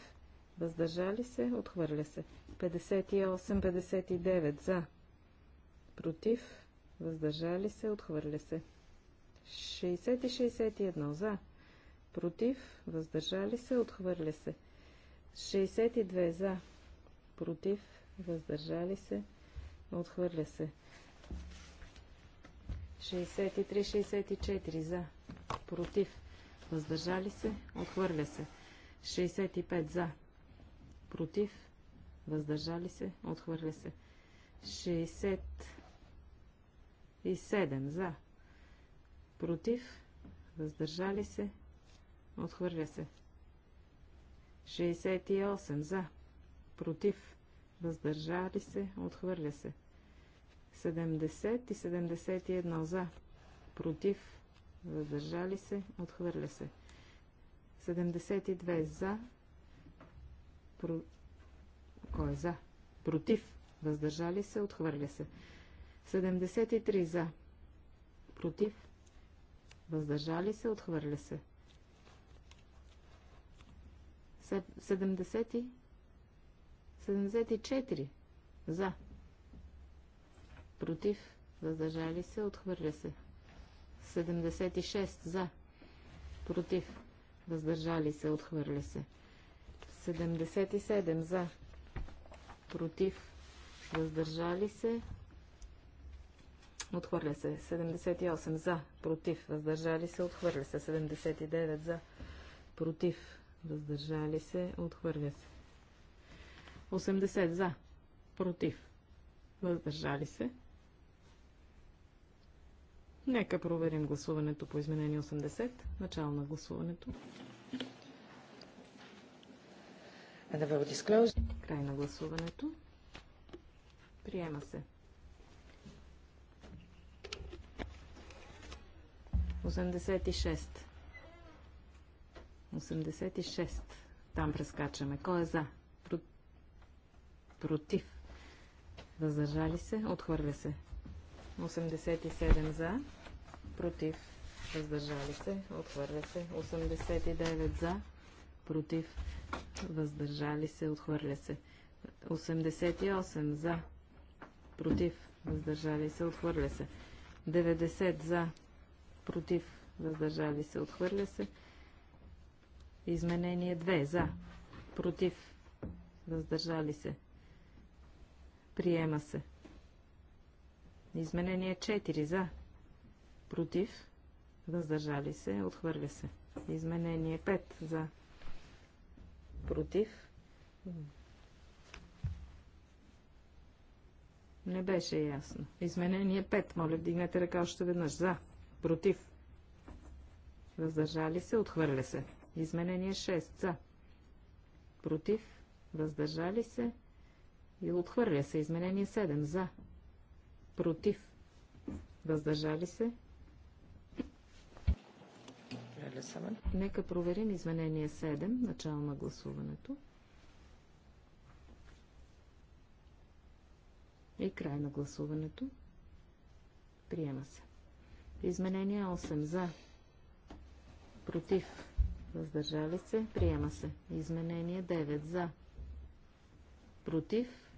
Въздържали се, отхвърля се. 58-59 за. Против, въздържали се, отхвърля се. 60-61 за. Против, въздържали се, отхвърля се. 62 за. Против, въздържали се, отхвърля се. 63-64 за. Против, въздържали се, отхвърля се. 65 за против, въздържали се, отхвърля се. 67 за, против, въздържали се, отхвърля се. 68 за, против, въздържали се, отхвърля се. 70 и 71 за, против, въздържали се, отхвърля се. 72 за, Про... Кой е за? Против. Въздържали се. Отхвърля се. 73 за. Против. Въздържали се. Отхвърля се. 70... 74 за. Против. Въздържали се. Отхвърля се. 76 за. Против. Въздържали се. Отхвърля се. 77 за. Против. Въздържали се. Отхвърля се. 78 за. Против. Въздържали се. Отхвърля се. 79 за. Против. Въздържали се. Отхвърля се. 80 за. Против. Въздържали се. Нека проверим гласуването по изменение 80. Начало на гласуването. Край на гласуването. Приема се. 86. 86. Там прескачаме. Кой е за? Про... Против. Въздържали се? Отхвърля се. 87 за. Против. Въздържали се? Отхвърля се. 89 за против, въздържали се, отхвърля се. 88 за, против, въздържали се, отхвърля се. 90 за, против, въздържали се, отхвърля се. Изменение 2 за, против, въздържали се, приема се. Изменение 4 за, против, въздържали се, отхвърля се. Изменение 5 за, Против. Не беше ясно. Изменение 5. Моля, вдигнете ръка още веднъж. За. Против. Въздържали се. Отхвърля се. Изменение 6. За. Против. Въздържали се. И отхвърля се. Изменение 7. За. Против. Въздържали се. Нека проверим изменение 7, начало на гласуването. И край на гласуването. Приема се. Изменение 8 за. Против. Въздържали се. Приема се. Изменение 9 за. Против.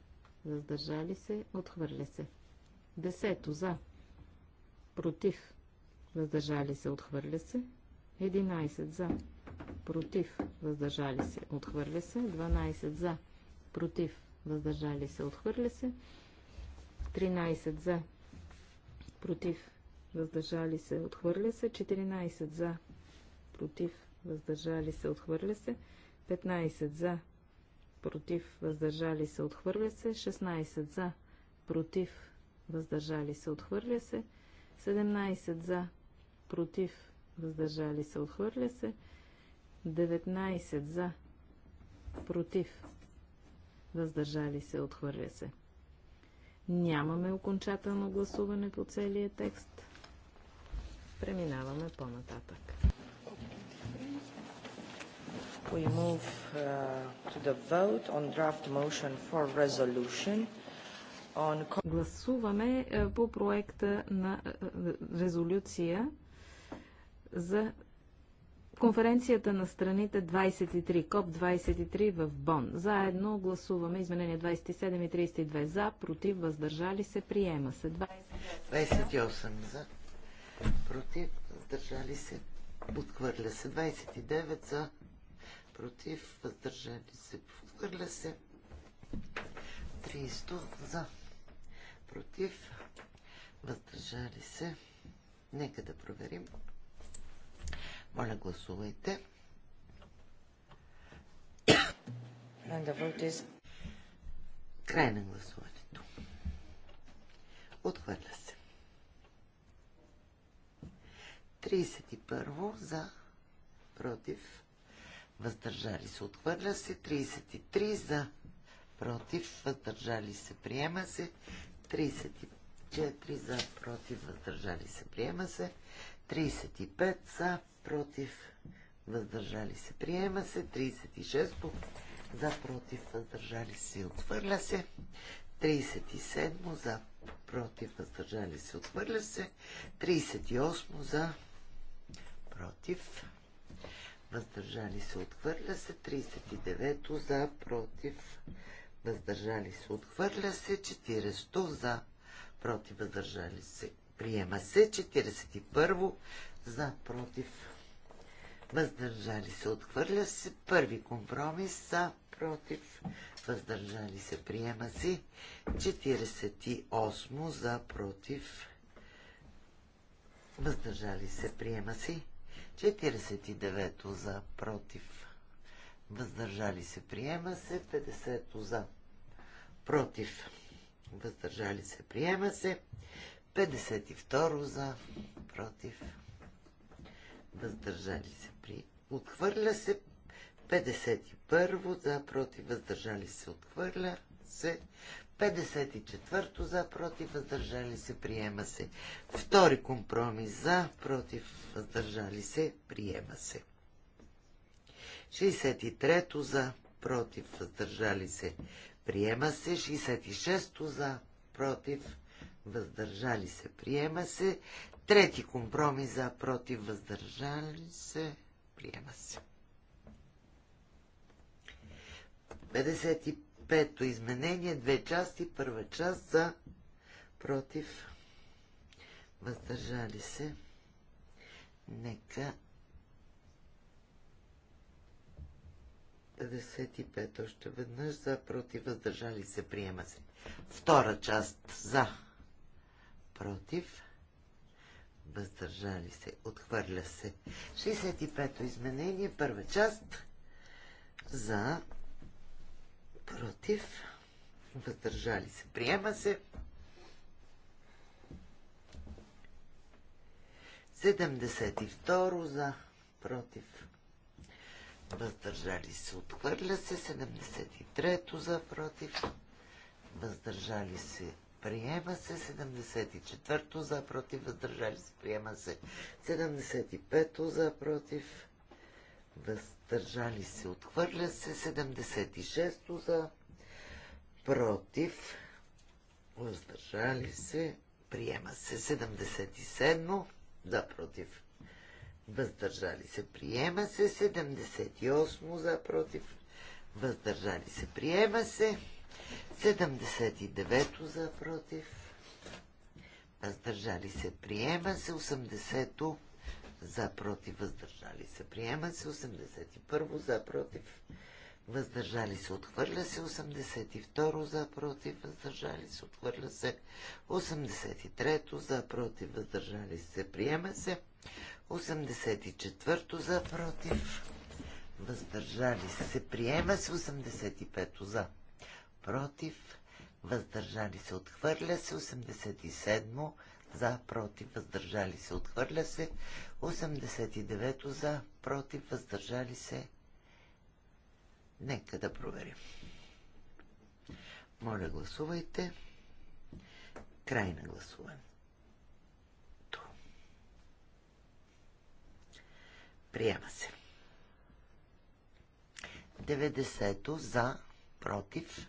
Въздържали се. Отхвърля се. Десето за. Против. Въздържали се. Отхвърля се. 11 за, против, въздържали се, отхвърля се. 12 за, против, въздържали се, отхвърля се. 13 за, против, въздържали се, отхвърля се. 14 за, против, въздържали се, отхвърля се. 15 за, против, въздържали се, отхвърля се. 16 за, против, въздържали се, отхвърля се. 17 за, против, въздържали се, отхвърля се. 19 за, против, въздържали се, отхвърля се. Нямаме окончателно гласуване по целия текст. Преминаваме по-нататък. We move uh, to the vote on draft motion for resolution on... Гласуваме uh, по проекта на uh, резолюция за конференцията на страните 23, КОП 23 в Бон. Заедно гласуваме изменения 27 и 32 за, против, въздържали се, приема се. 20... 28 за, против, въздържали се, подхвърля се. 29 за, против, въздържали се, подхвърля се. 300 за, против, въздържали се. Нека да проверим. Моля, гласувайте. Край на гласуването. Отхвърля се. 31 за против. Въздържали се. Отхвърля се. 33 за против. Въздържали се. Приема се. 34 за против. Въздържали се. Приема се. 35 за против, въздържали се. Приема се 36-то за против, въздържали се. Отхвърля се. 37 за против, въздържали се. Отхвърля се. 38 за против, въздържали се. Отхвърля се. 39 за против, въздържали се. Отхвърля се. 40 за против, въздържали се. Приема се 41 за против въздържали се, отхвърля се. Първи компромис за, против, въздържали се, приема си. 48 за, против, въздържали се, приема си. 49 за, против, въздържали се, приема се. 50 за, против, въздържали се, приема се. 52 за, против, въздържали се при. Отхвърля се 51 за против въздържали се отхвърля се 54 за против въздържали се приема се. Втори компромис за против въздържали се приема се. 63 за против въздържали се приема се. 66 за против въздържали се приема се. Трети компромис за против въздържали се. Приема се. 55-то изменение, две части, първа част за против въздържали се. Нека 55 още веднъж за против въздържали се приема се. Втора част за против въздържали се, отхвърля се. 65-то изменение, първа част, за, против, въздържали се, приема се. 72 за, против, въздържали се, отхвърля се. 73 за, против, въздържали се, Приема се 74-то за против, въздържали се. Приема се 75-то за против, въздържали се. Отхвърля се 76-то за против, въздържали се. Приема се 77-то за против, въздържали се. Приема се 78-то за против, въздържали се. Приема се 79-то за против. Въздържали се, приема се. 80-то за против, въздържали се, приема се. 81 то за против, въздържали се, отхвърля се. 82 то за против, въздържали се, отхвърля се. 83-то за против, въздържали се, приема се. 84-то за против, въздържали се, приема се. 85-то за против против, въздържали се, отхвърля се. 87 за, против, въздържали се, отхвърля се. 89 за, против, въздържали се. Нека да проверим. Моля, гласувайте. Край на гласуването. Приема се. 90 за, против,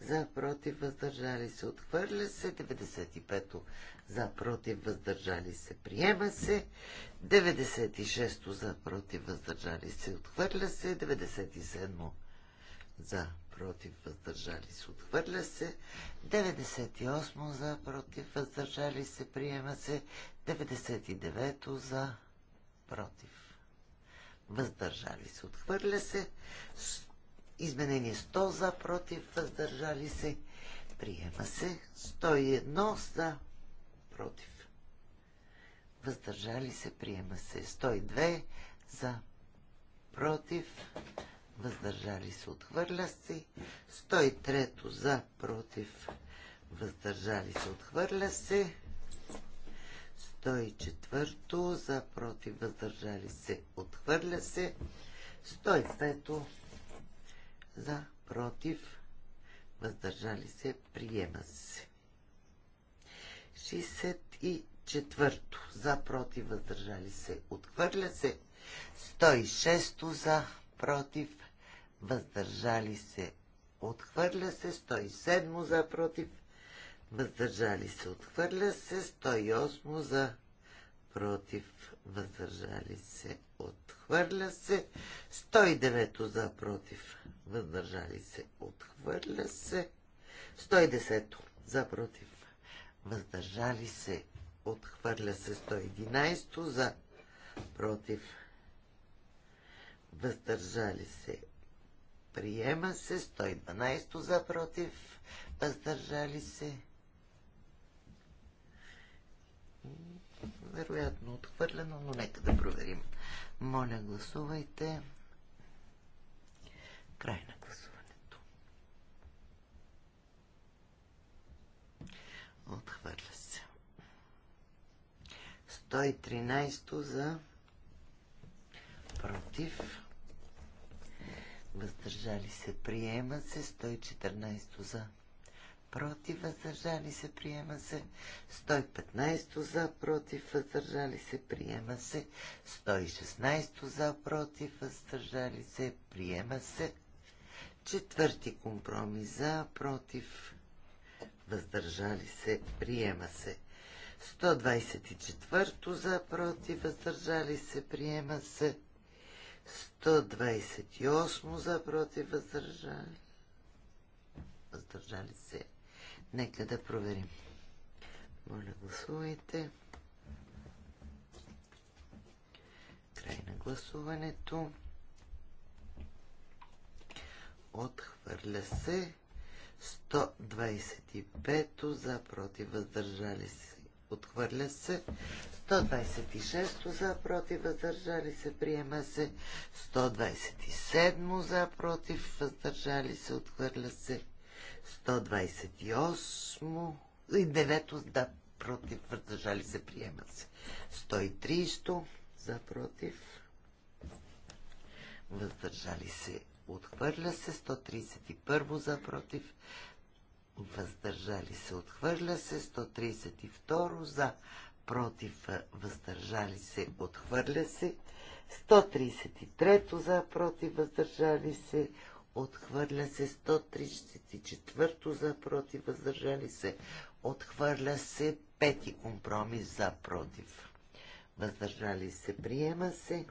за против въздържали се отхвърля се, 95-то за против въздържали се приема се, 96-то за против въздържали се отхвърля се, 97-то за против въздържали се отхвърля се, 98-то за против въздържали се приема се, 99-то за против въздържали се отхвърля се, 100 Изменение 100 за, против, въздържали се. Приема се. 101 за, против. Въздържали се. Приема се. 102 за, против. Въздържали се. Отхвърля се. 103 за, против. Въздържали се. Отхвърля се. 104 за, против. Въздържали се. Отхвърля се. 105 за, против, въздържали се, приема се. 64 за, против, въздържали се, отхвърля се. 106 за, против, въздържали се, отхвърля се. 107 за, против, въздържали се, отхвърля се. 108 за, против, въздържали се, отхвърля се. 109 за, против, въздържали се, отхвърля се. 110 за, против, въздържали се, отхвърля се. 111 за, против, въздържали се, приема се. 112 за, против, въздържали се. вероятно отхвърлено, но нека да проверим. Моля, гласувайте. Край на гласуването. Отхвърля се. 113 за против. Въздържали се. Приема се. 114 за против, въздържали се, приема се. 115 за, против, въздържали се, приема се. 116 за, против, въздържали се, приема се. Четвърти компромис за, против, въздържали се, приема се. 124 за, против, въздържали се, приема се. 128 за, против, въздържали въздържали се. Нека да проверим. Моля, гласувайте. Край на гласуването. Отхвърля се. 125 за против въздържали се. Отхвърля се. 126 за против въздържали се. Приема се. 127 за против въздържали се. Отхвърля се. 128 и 9 да, против, въздържали се, приема се. 130 за против, въздържали се, отхвърля се. 131 за против, въздържали се, отхвърля се. 132 за против, въздържали се, отхвърля се. 133 за против, въздържали се, отхвърля се 134 за против, въздържали се, отхвърля се пети компромис за против. Въздържали се, приема се.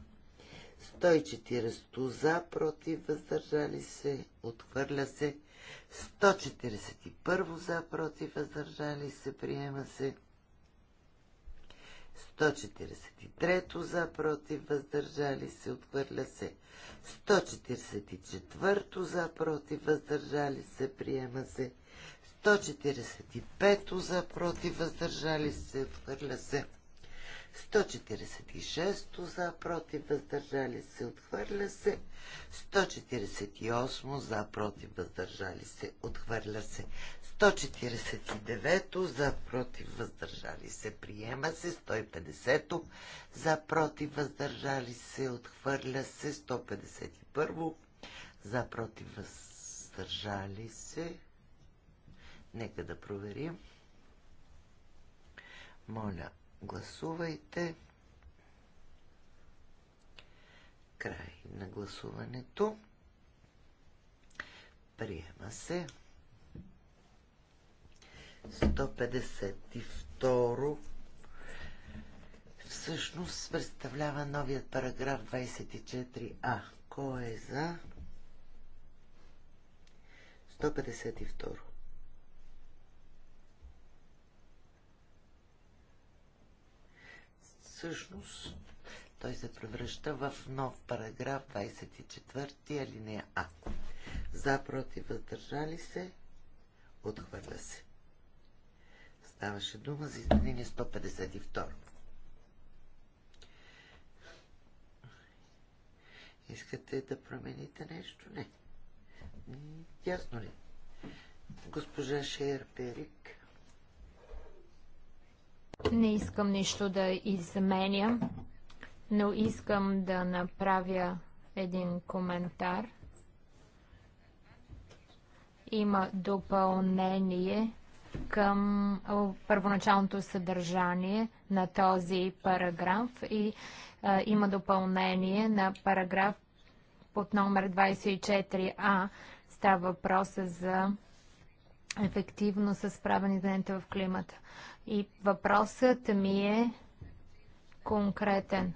140 за против, въздържали се, отхвърля се. 141 за против, въздържали се, приема се. 143 за против въздържали се отхвърля се. 144 за против въздържали се приема се. 145 за против въздържали се отхвърля се. 146 за, против, въздържали се, отхвърля се. 148 за, против, въздържали се, отхвърля се. 149 за, против, въздържали се, приема се. 150 за, против, въздържали се, отхвърля се. 151 за, против, въздържали се. Нека да проверим. Моля, Гласувайте. Край на гласуването. Приема се. 152 всъщност представлява новият параграф 24а. Кой е за? 152. всъщност той се превръща в нов параграф 24, алинея А. За, против, въздържали се, отхвърля се. Ставаше дума за изменение 152. Искате да промените нещо? Не. Ясно ли? Госпожа Шеер Перик не искам нищо да изменя, но искам да направя един коментар. Има допълнение към първоначалното съдържание на този параграф и а, има допълнение на параграф под номер 24а. Става въпроса за ефективно с справянето в климата. И въпросът ми е конкретен.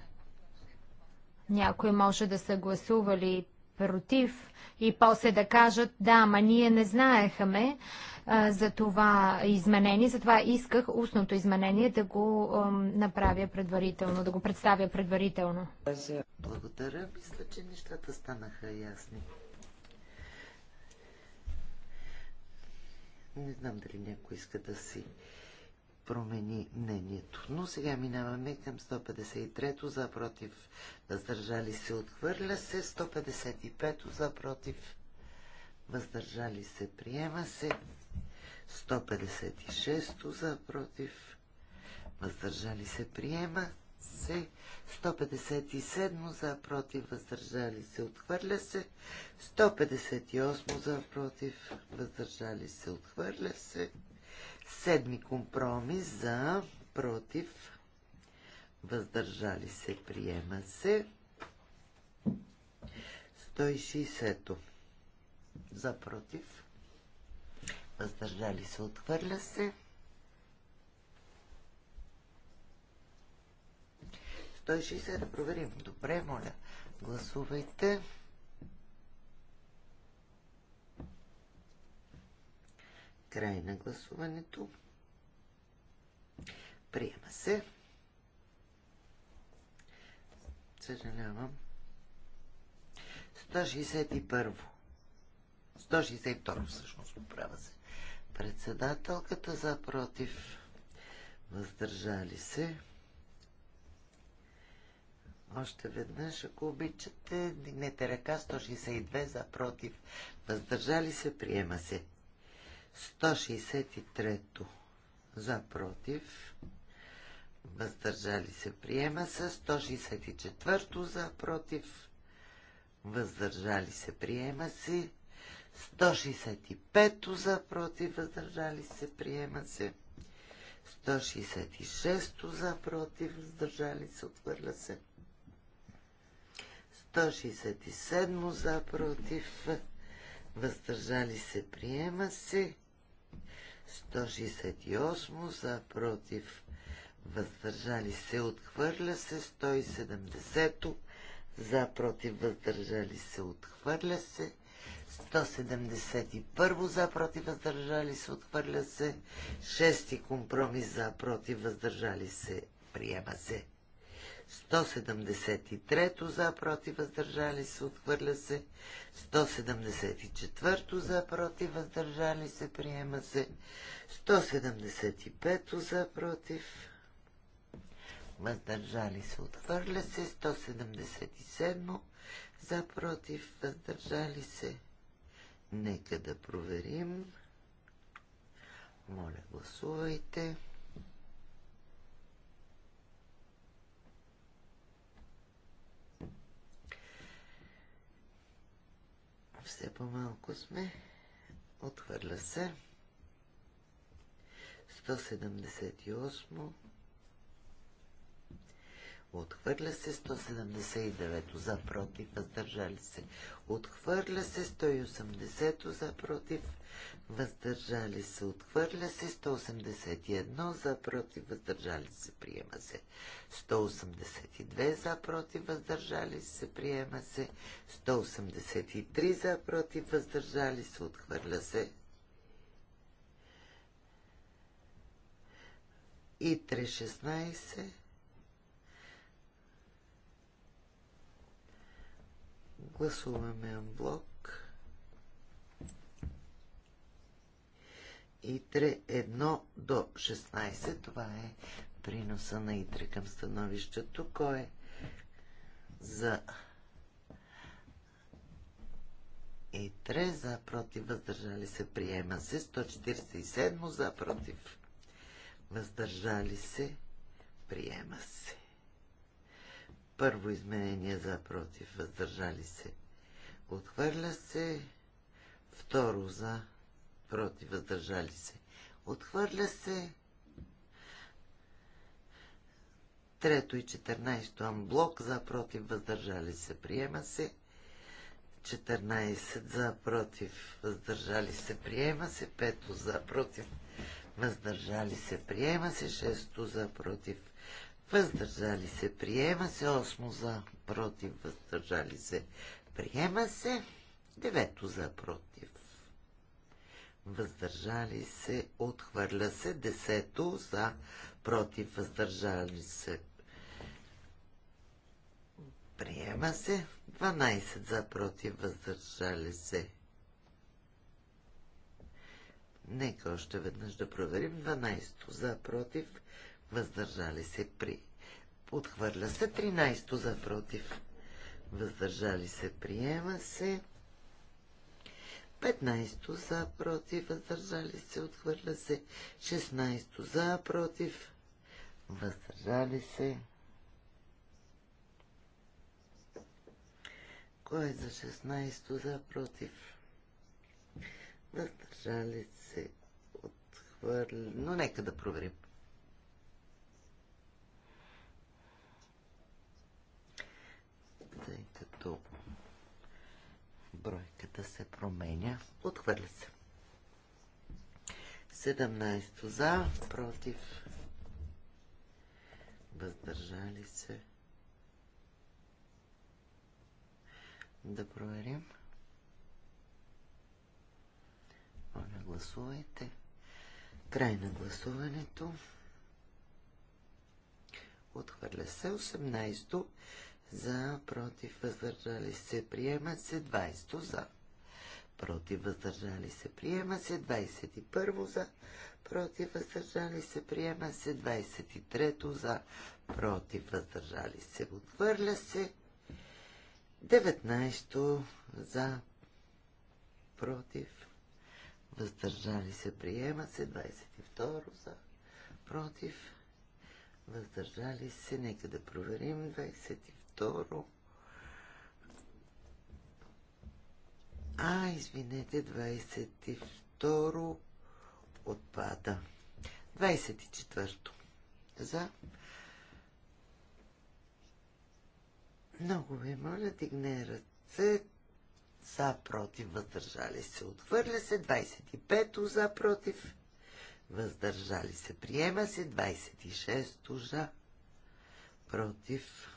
Някои може да са гласували против и после да кажат, да, ма ние не знаехме а, за това изменение, затова исках устното изменение да го а, направя предварително, да го представя предварително. Благодаря. Мисля, че нещата станаха ясни. Не знам дали някой иска да си промени мнението. Но сега минаваме към 153-то за против въздържали се отхвърля се, 155-то за против въздържали се приема се, 156-то за против въздържали се приема, се. 157 за против въздържали се. Отхвърля се. 158 за против въздържали се. Отхвърля се. Седми компромис за против въздържали се. Приема се. 160 за против въздържали се. Отхвърля се. 160 да проверим. Добре, моля. Гласувайте. Край на гласуването. Приема се. Съжалявам. 161. 162 всъщност поправя се. Председателката за против. Въздържали се. Още веднъж, ако обичате, дигнете ръка 162 за против. Въздържали се, приема се. 163 за против. Въздържали се, приема се. 164 за против. Въздържали се, приема се. 165 за против. Въздържали се, приема се. 166 за против. Въздържали се, отвърля се. 167 за против. Въздържали се приема се. 168 за против. Въздържали се отхвърля се. 170 за против. Въздържали се отхвърля се. 171 за против въздържали се, отхвърля се. 6 компромис за против въздържали се, приема се. 173 за против въздържали се, отхвърля се. 174 за против въздържали се, приема се. 175 за против въздържали се, отхвърля се. 177 за против въздържали се. Нека да проверим. Моля, гласувайте. Все по-малко сме. Отхвърля се. 178. Отхвърля се 179 за против, въздържали се. Отхвърля се 180 за против, въздържали се, отхвърля се, 181 за, против, въздържали се, приема се, 182 за, против, въздържали се, приема се, 183 за, против, въздържали се, отхвърля се. И 316 гласуваме блок. ИТРЕ 1 до 16. Това е приноса на ИТРЕ към становището. Кой е за ИТРЕ, за против, въздържали се, приема се. 147 за против, въздържали се, приема се. Първо изменение за против, въздържали се, отхвърля се. Второ за против, въздържали се. Отхвърля се. Трето и 14 амблок за против, въздържали се. Приема се. 14 за против, въздържали се. Приема се. Пето за против, въздържали се. Приема се. Шесто за против, въздържали се. Приема се. Осмо за против, въздържали се. Приема се. Девето за против въздържали се, отхвърля се. Десето за, против, въздържали се, приема се. 12 за, против, въздържали се. Нека още веднъж да проверим. 12 за, против, въздържали се, при. Отхвърля се. 13 за, против, въздържали се, приема се. 15 за, против, въздържали се, отхвърля се. 16 за, против, въздържали се. Кой е за 16 за, против? Въздържали се, отхвърля. Но нека да проверим. Тъй като бройката се променя. Отхвърля се. 17 за, против, въздържали се. Да проверим. Моля, гласувайте. Край на гласуването. Отхвърля се 18 за, против, въздържали се, приема се 20 за, против, въздържали се, приема се 21 за, против, въздържали се, приема се 23 за, против, въздържали се, отвърля се 19 за, против, въздържали се, приема се 22 за, против, въздържали се, нека да проверим 22 второ. А, извинете, 22 отпада. 24 за. Много ви моля, дигне ръце. За, против, въздържали се. Отвърля се. 25-то за, против. Въздържали се. Приема се. 26-то за. Против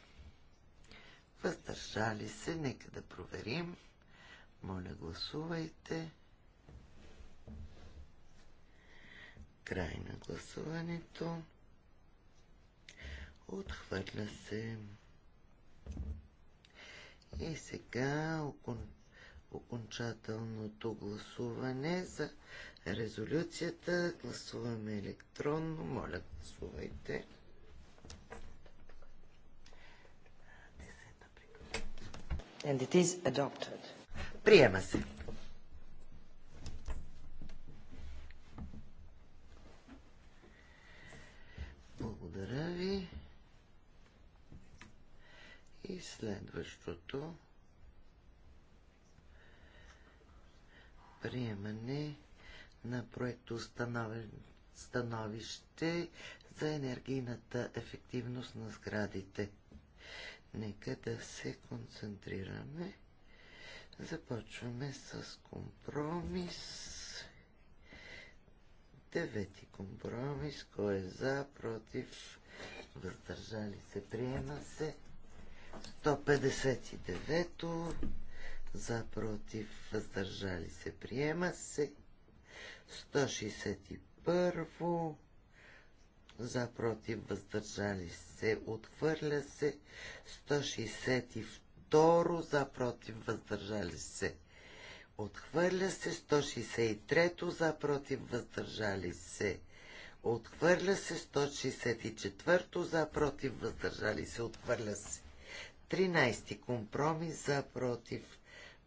въздържали се, нека да проверим. Моля, гласувайте. Край на гласуването. Отхвърля се. И сега окон... окончателното гласуване за резолюцията. Гласуваме електронно. Моля, гласувайте. And it is adopted. Приема се. Благодаря ви. И следващото приемане на проекто становище за енергийната ефективност на сградите. Нека да се концентрираме. Започваме с компромис. Девети компромис. Кой е за, против, въздържали се, приема се. 159-то. За, против, въздържали се, приема се. 161-во за против въздържали се, отхвърля се 162 за против въздържали се. Отхвърля се 163 за против въздържали се. Отхвърля се 164 за против въздържали се. Отхвърля се 13 компромис за против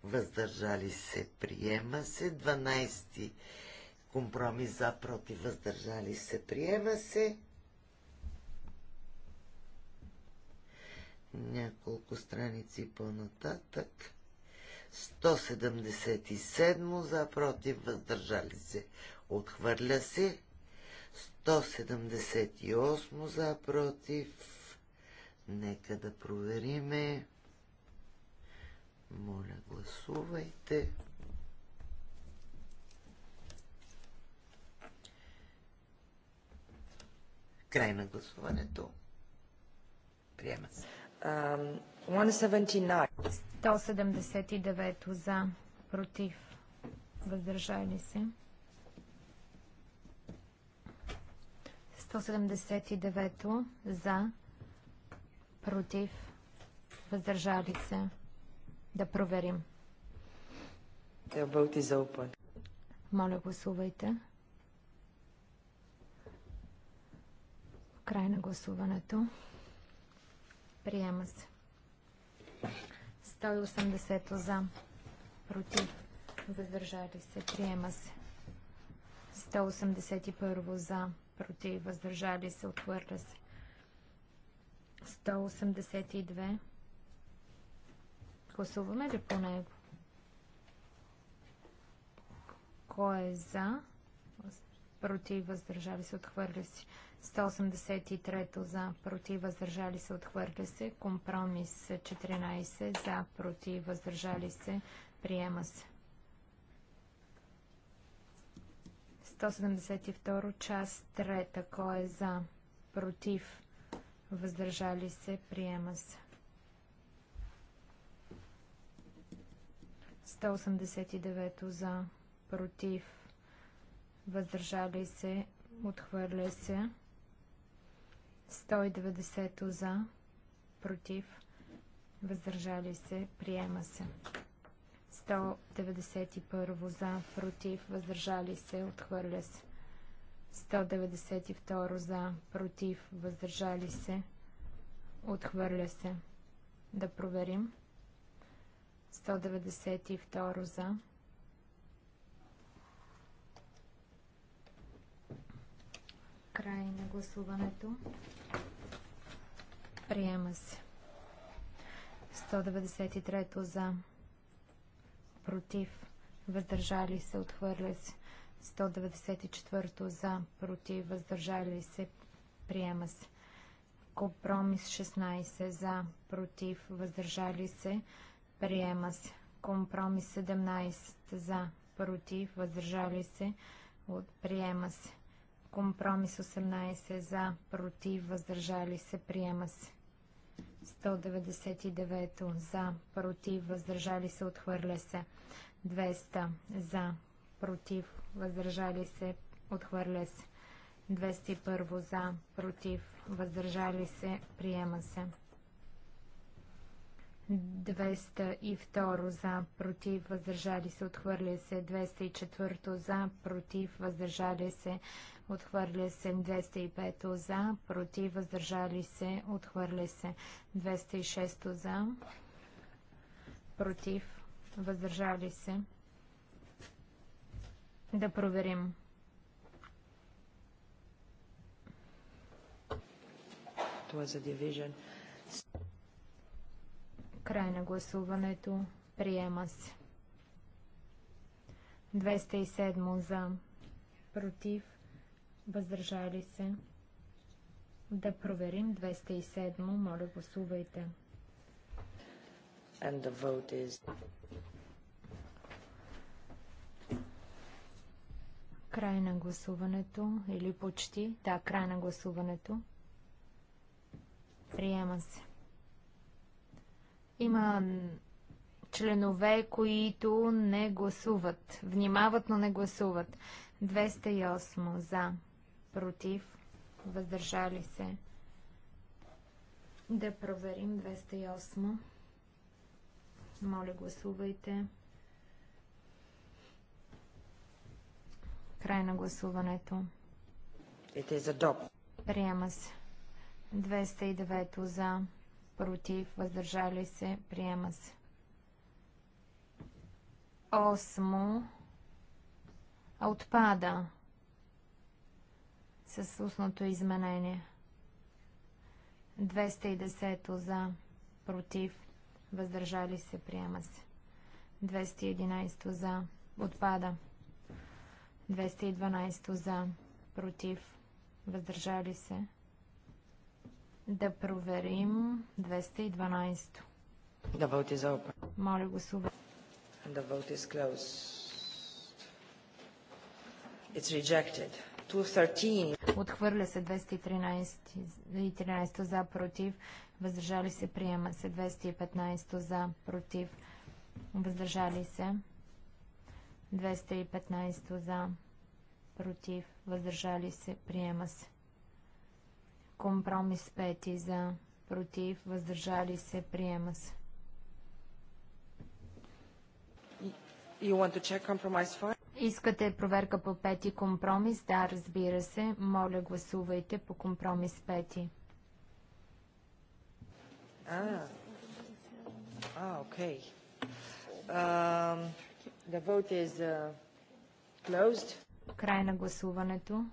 въздържали се. Приема се 12 Компромис за, против, въздържали се, приема се. Няколко страници по-нататък. 177 за, против, въздържали се, отхвърля се. 178 за, против. Нека да провериме. Моля, гласувайте. Край на гласуването. Приема се. 179. за, против, въздържали се. 179 за, против, въздържали се. Да проверим. Моля, гласувайте. Край на гласуването. Приема се. 180 за. Против. Въздържали се. Приема се. 181 за. Против. Въздържали се. Отвърля се. 182. Гласуваме ли по него? Кой е за? Против. Въздържали се. Отхвърля се. 183 за, против, въздържали се, отхвърля се. Компромис 14 за, против, въздържали се, приема се. 172 част 3. Кой е за? Против? Въздържали се? Приема се. 189 за? Против? Въздържали се? Отхвърля се. 190 за, против, въздържали се, приема се. 191 за, против, въздържали се, отхвърля се. 192 за, против, въздържали се, отхвърля се. Да проверим. 192 за. Край на гласуването. Приема се. 193 за. Против. Въздържали се. Отхвърля се. 194 за. Против. Въздържали се. Приема се. Компромис 16 за. Против. Въздържали се. Приема се. Компромис 17 за. Против. Въздържали се. Приема се. Компромис 18 за. Против. Въздържали се. Приема се. 199 за, против, въздържали се, отхвърля се. 200 за, против, въздържали се, отхвърля се. 201 за, против, въздържали се, приема се. 202 за, против, въздържали се, отхвърля се. 204 за, против, въздържали се, отхвърля се. 205 за, против, въздържали се, отхвърля се. 206 за, против, въздържали се. Да проверим. It was a division. Край на гласуването. Приема се. 207 за. Против. Въздържали се. Да проверим 207. Моля, гласувайте. And the vote is... Край на гласуването или почти. Да, край на гласуването. Приема се. Има членове, които не гласуват. Внимават, но не гласуват. 208 за, против, въздържали се. Да проверим 208. Моля, гласувайте. Край на гласуването. Приема се. 209 за против, въздържали се, приема се. Осмо отпада с устното изменение. 210 за, против, въздържали се, приема се. 211 за, отпада. 212 за, против, въздържали се, да проверим 212. Да вълти за опа. Моля го And Да вълти с closed. It's rejected. 213. Отхвърля се 213 за против. Въздържали се приема се 215 за против. Въздържали се 215 за против. Въздържали се приема се. Компромис 5 за против, въздържали се, приема се. You want to check compromise for... Искате проверка по пети компромис? Да, разбира се. Моля, гласувайте по компромис пети. Ah. Ah, okay. Um, the vote is uh, closed. Край на гласуването.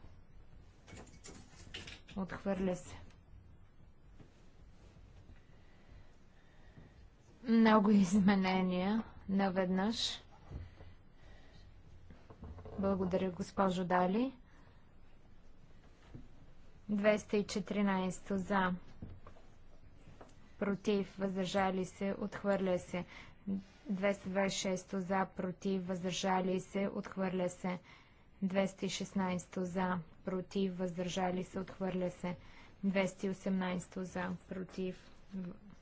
Отхвърля се. Много изменения наведнъж. Благодаря, госпожо Дали. 214 за. Против, въздържали се, отхвърля се. 226 за, против, въздържали се, отхвърля се. 216 за, против, въздържали се, отхвърля се. 218 за, против,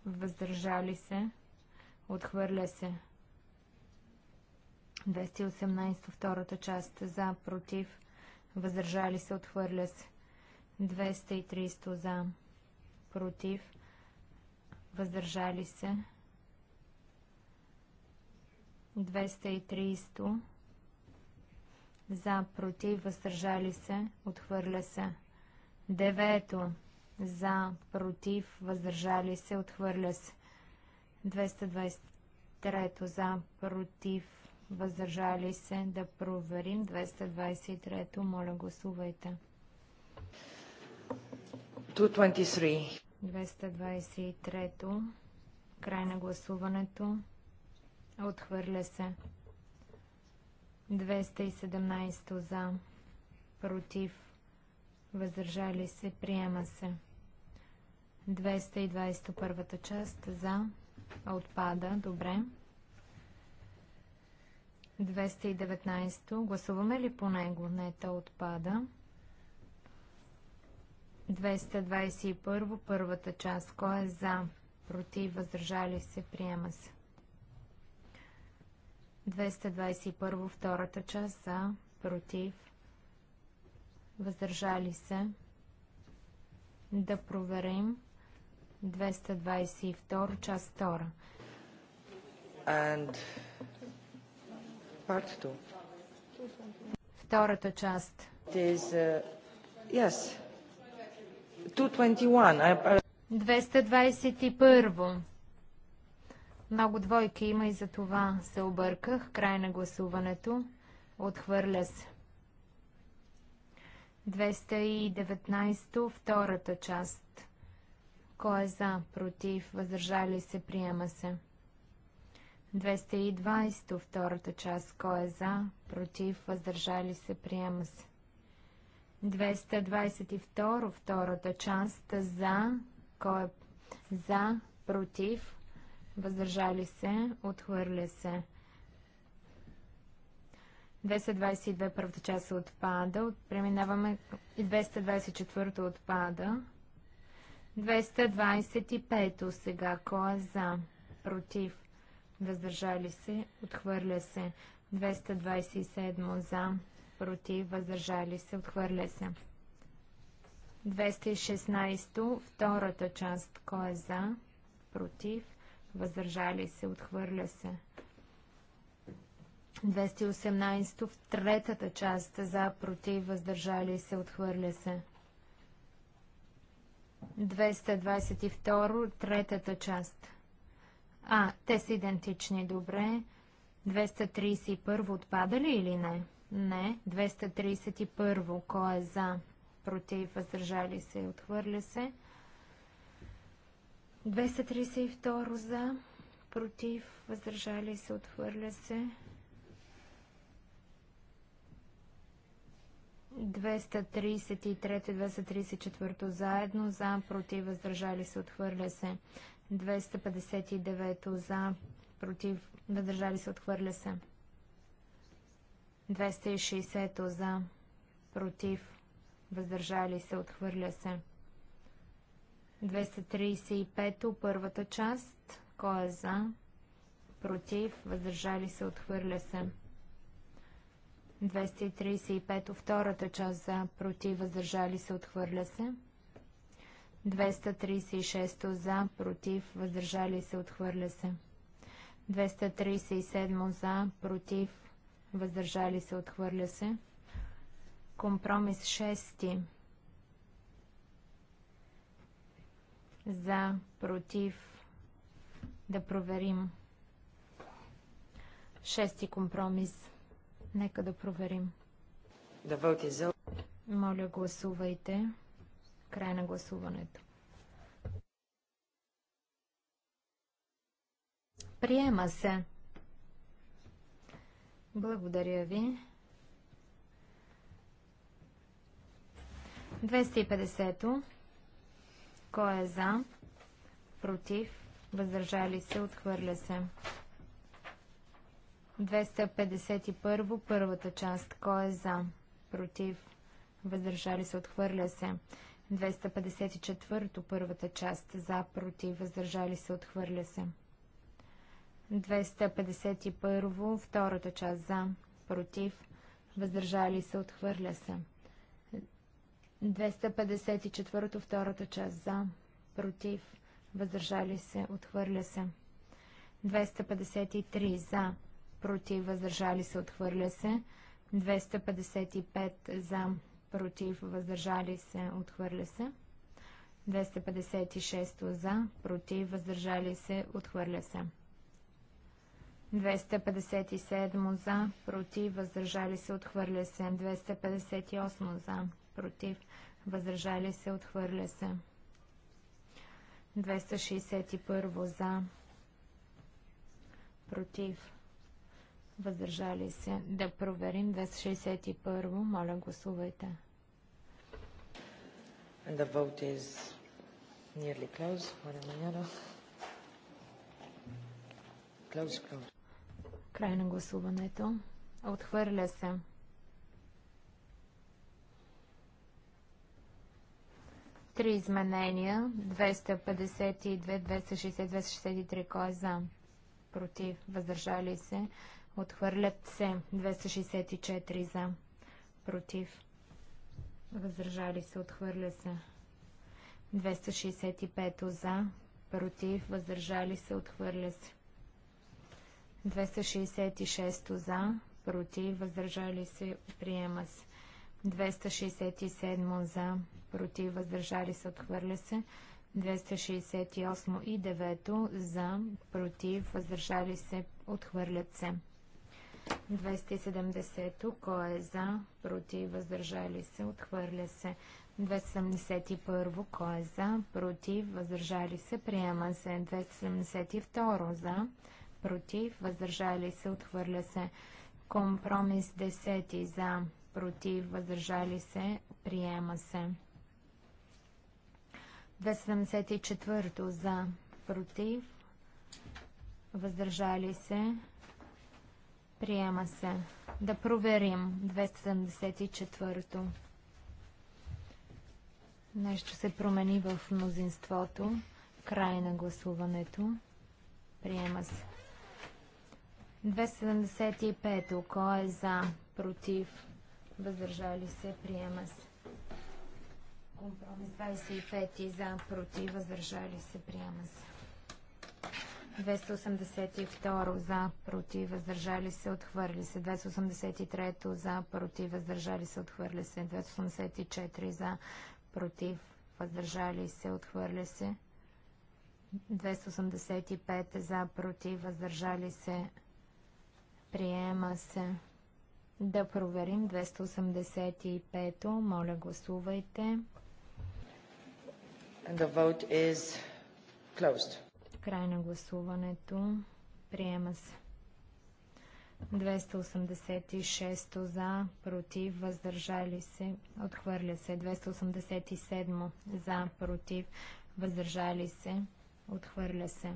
въздържали се, отхвърля се. 218 втората част за, против, въздържали се, отхвърля се. 230 за, против, въздържали се. 230 за, против, въздържали се, отхвърля се. Девето, за, против, въздържали се, отхвърля се. 223 за, против, въздържали се, да проверим. 223 моля гласувайте. 223. 223 край на гласуването, отхвърля се. 217 за, против, въздържали се, приема се. 221 първата част за, отпада, добре. 219 гласуваме ли по него? Не, то отпада. 221 първата част, кой е за, против, въздържали се, приема се. 221 втората част за, против, въздържали се. Да проверим 222 част 2. And part Втората част. It is, uh, yes. 221. 221. Много двойки има и за това се обърках. Край на гласуването. Отхвърля се. 219 втората част. Кой е за, против, въздържали се, приема се. 220 втората част. Кой е за, против, въздържали се, приема се. 222 втората част. За, кой е за, против, въздържали се, отхвърля се. 222 първата част отпада, преминаваме и 224 отпада. 225 сега, кой е за, против, въздържали се, отхвърля се. 227 за, против, въздържали се, отхвърля се. 216, втората част, кой е за, против, въздържали се, отхвърля се. 218 в третата част за, против, въздържали се, отхвърля се. 222 третата част. А, те са идентични, добре. 231 отпада ли или не? Не. 231. Кой е за? Против, въздържали се, отхвърля се. 232 за, против, въздържали се, отхвърля се. 233 234 заедно, за, против, въздържали се, отхвърля се. 259 за, против, въздържали се, отхвърля се. 260 за, против, въздържали се, отхвърля се. 235-то, първата част. Кой е за? Против? Въздържали се? Отхвърля се. 235-то, втората част за. Против? Въздържали се? Отхвърля се. 236-то за. Против? Въздържали се? Отхвърля се. 237 за. Против? Въздържали се? Отхвърля се. Компромис 6 за, против, да проверим. Шести компромис. Нека да проверим. Да вълти за. Моля, гласувайте. Край на гласуването. Приема се. Благодаря ви. 250-то. Кой е за? Против? Въздържали се? Отхвърля се. 251. Първата част. Кой е за? Против? Въздържали се? Отхвърля се. 254. Първата част. За? Против? Въздържали се? Отхвърля се. 251. Втората част. За? Против? Въздържали се? Отхвърля се. 254 втората част за, против, въздържали се, отхвърля се. 253 за, против, въздържали се, отхвърля се. 255 за, против, въздържали се, отхвърля се. 256 за, против, въздържали се, отхвърля се. 257 за, против, въздържали се, отхвърля се. 258 за, против, въздържали се, отхвърля се. 261 за, против, въздържали се. Да проверим 261. Моля, гласувайте. the vote is nearly closed. Close, close. Край на гласуването. Отхвърля се. Три изменения. 252, 260, 263. Кой е за? Против. Въздържали се. Отхвърлят се. 264 за. Против. Въздържали се. Отхвърля се. 265 за. Против. Въздържали се. Отхвърля се. 266 за. Против. Въздържали се. Приема се. 267 за, против, въздържали се, отхвърля се. 268 и 9 за, против, въздържали се, отхвърлят се. 270 кой е за, против, въздържали се, отхвърля се. 271 кой е за, против, въздържали се, приема се. 272 за, против, въздържали се, отхвърля се. Компромис 10 за, против, въздържали се, приема се. 274 за, против, въздържали се, приема се. Да проверим 274-то. Нещо се промени в мнозинството. Край на гласуването. Приема се. 275 Кой е за? Против? въздържали се, приема се. Компромис 25 за, против, въздържали се, приема се. 282 за, против, въздържали се, отхвърли се. 283 за, против, въздържали се, отхвърли се. 284 за, против, въздържали се, отхвърли се. 285 за, против, въздържали се, приема се. Да проверим 285-то. Моля, гласувайте. And the vote is closed. Край на гласуването. Приема се. 286 за, против, въздържали се, отхвърля се. 287 за, против, въздържали се, отхвърля се.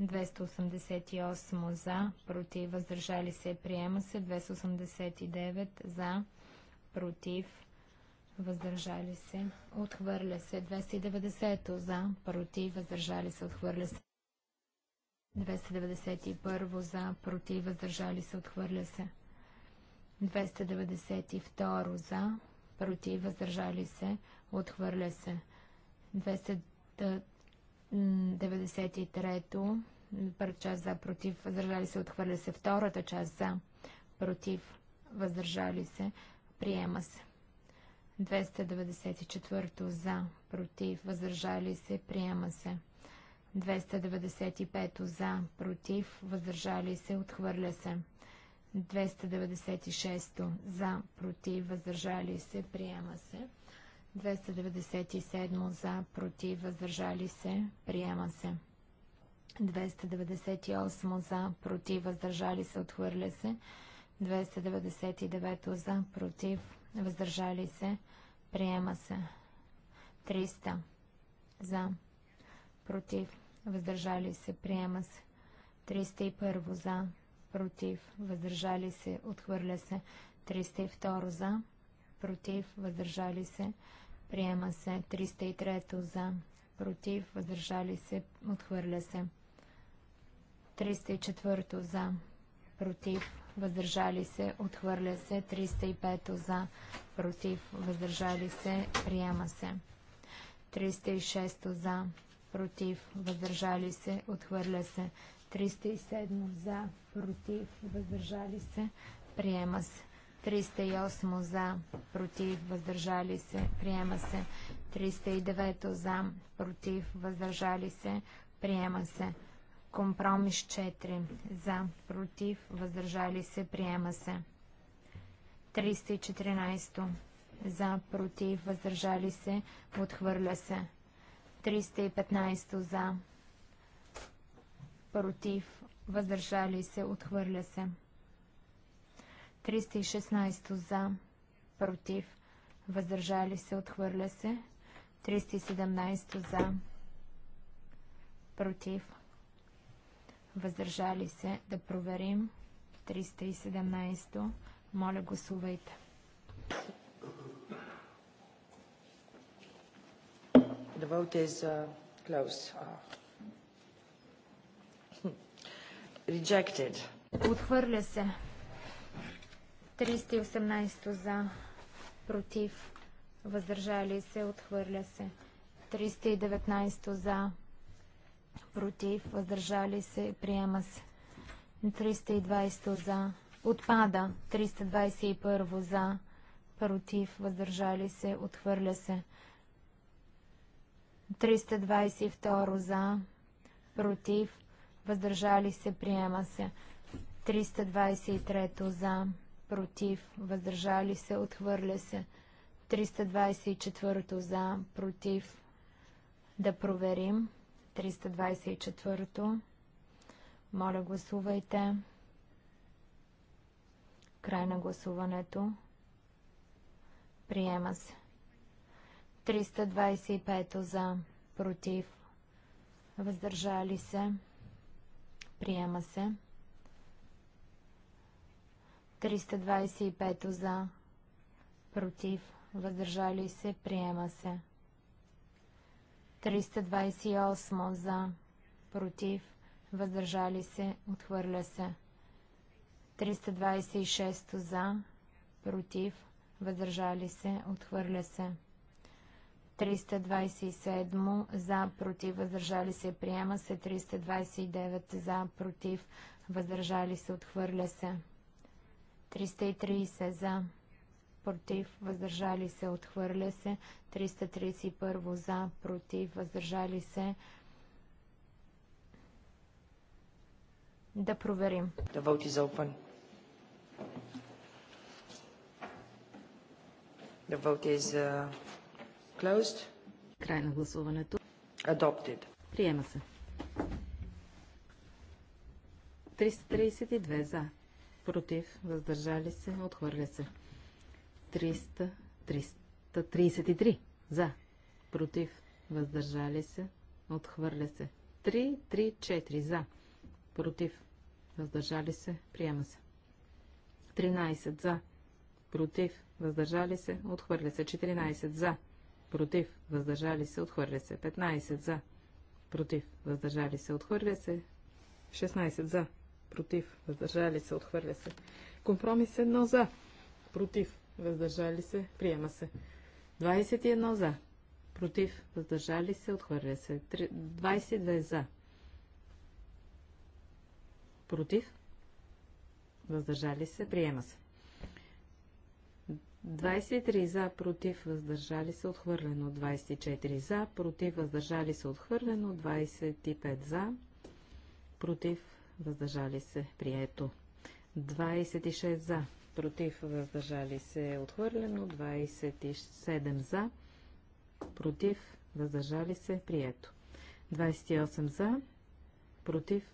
288 за, против, въздържали се, приема се. 289 за, против, въздържали се, отхвърля се. 290 за, против, въздържали се, отхвърля се. 291 за, против, въздържали се, отхвърля се. 292 за, против, въздържали се, отхвърля се. 200 93-то, първа част за, против, въздържали се, отхвърля се. Втората част за, против, въздържали се, приема се. 294-то за, против, въздържали се, приема се. 295 за, против, въздържали се, отхвърля се. 296 за, против, въздържали се, приема се. 297 за, против, въздържали се, приема се. 298 за, против, въздържали се, отхвърля се. 299 за, против, въздържали се, приема се. 300 за, против, въздържали се, приема се. 301 за, против, въздържали се, отхвърля се. 302 за, против, въздържали се, приема се. 303 за, против, въздържали се, отхвърля се. 304 за, против, въздържали се, отхвърля се. 305 за, против, въздържали се, приема се. 306 за, против, въздържали се, отхвърля се. 307 за, против, въздържали се, приема се. 308 за, против, въздържали се, приема се. 309 за, против, въздържали се, приема се. Компромис 4 за, против, въздържали се, приема се. 314 за, против, въздържали се, отхвърля се. 315 за, против, въздържали се, отхвърля се. 316 за, против, въздържали се, отхвърля се. 317 за, против, въздържали се, да проверим. 317, моля гласувайте. The vote is uh, close. Rejected. Отхвърля се. 318 за, против, въздържали се, отхвърля се. 319 за, против, въздържали се, приема се. 320 за, отпада. 321 за, против, въздържали се, отхвърля се. 322 за, против, въздържали се, приема се. 323 за, против, въздържали се, отхвърля се. 324 то за, против, да проверим. 324. то Моля, гласувайте. Край на гласуването. Приема се. 325 за, против, въздържали се. Приема се. 325 за, против, въздържали се, приема се. 328 за, против, въздържали се, отхвърля се. 326 за, против, въздържали се, отхвърля се. 327 за, против, въздържали се, приема се. 329 за, против, въздържали се, отхвърля се. 330 за, против, въздържали се, отхвърля се. 331 за, против, въздържали се. Да проверим. Да vote is open. The vote is uh, closed. Край на гласуването. Adopted. Приема се. 332 за, против, въздържали се, отхвърля се. 300, 333 за, против, въздържали се, отхвърля се. 3, 3, 4 за, против, въздържали се, приема се. 13 за, против, въздържали се, отхвърля се. 14 за, против, въздържали се, отхвърля се. 15 за, против, въздържали се, отхвърля се. 16 за, против, въздържали се, отхвърля се. Компромис 1 за, против, въздържали се, приема се. 21 за, против, въздържали се, отхвърля се. 22 за, против, въздържали се, приема се. 23 за, против, въздържали се, отхвърлено. 24 за, против, въздържали се, отхвърлено. 25 за, против, въздържали се, прието. 26 за, против, въздържали се, отхвърлено. 27 за, против, въздържали се, прието. 28 за, против,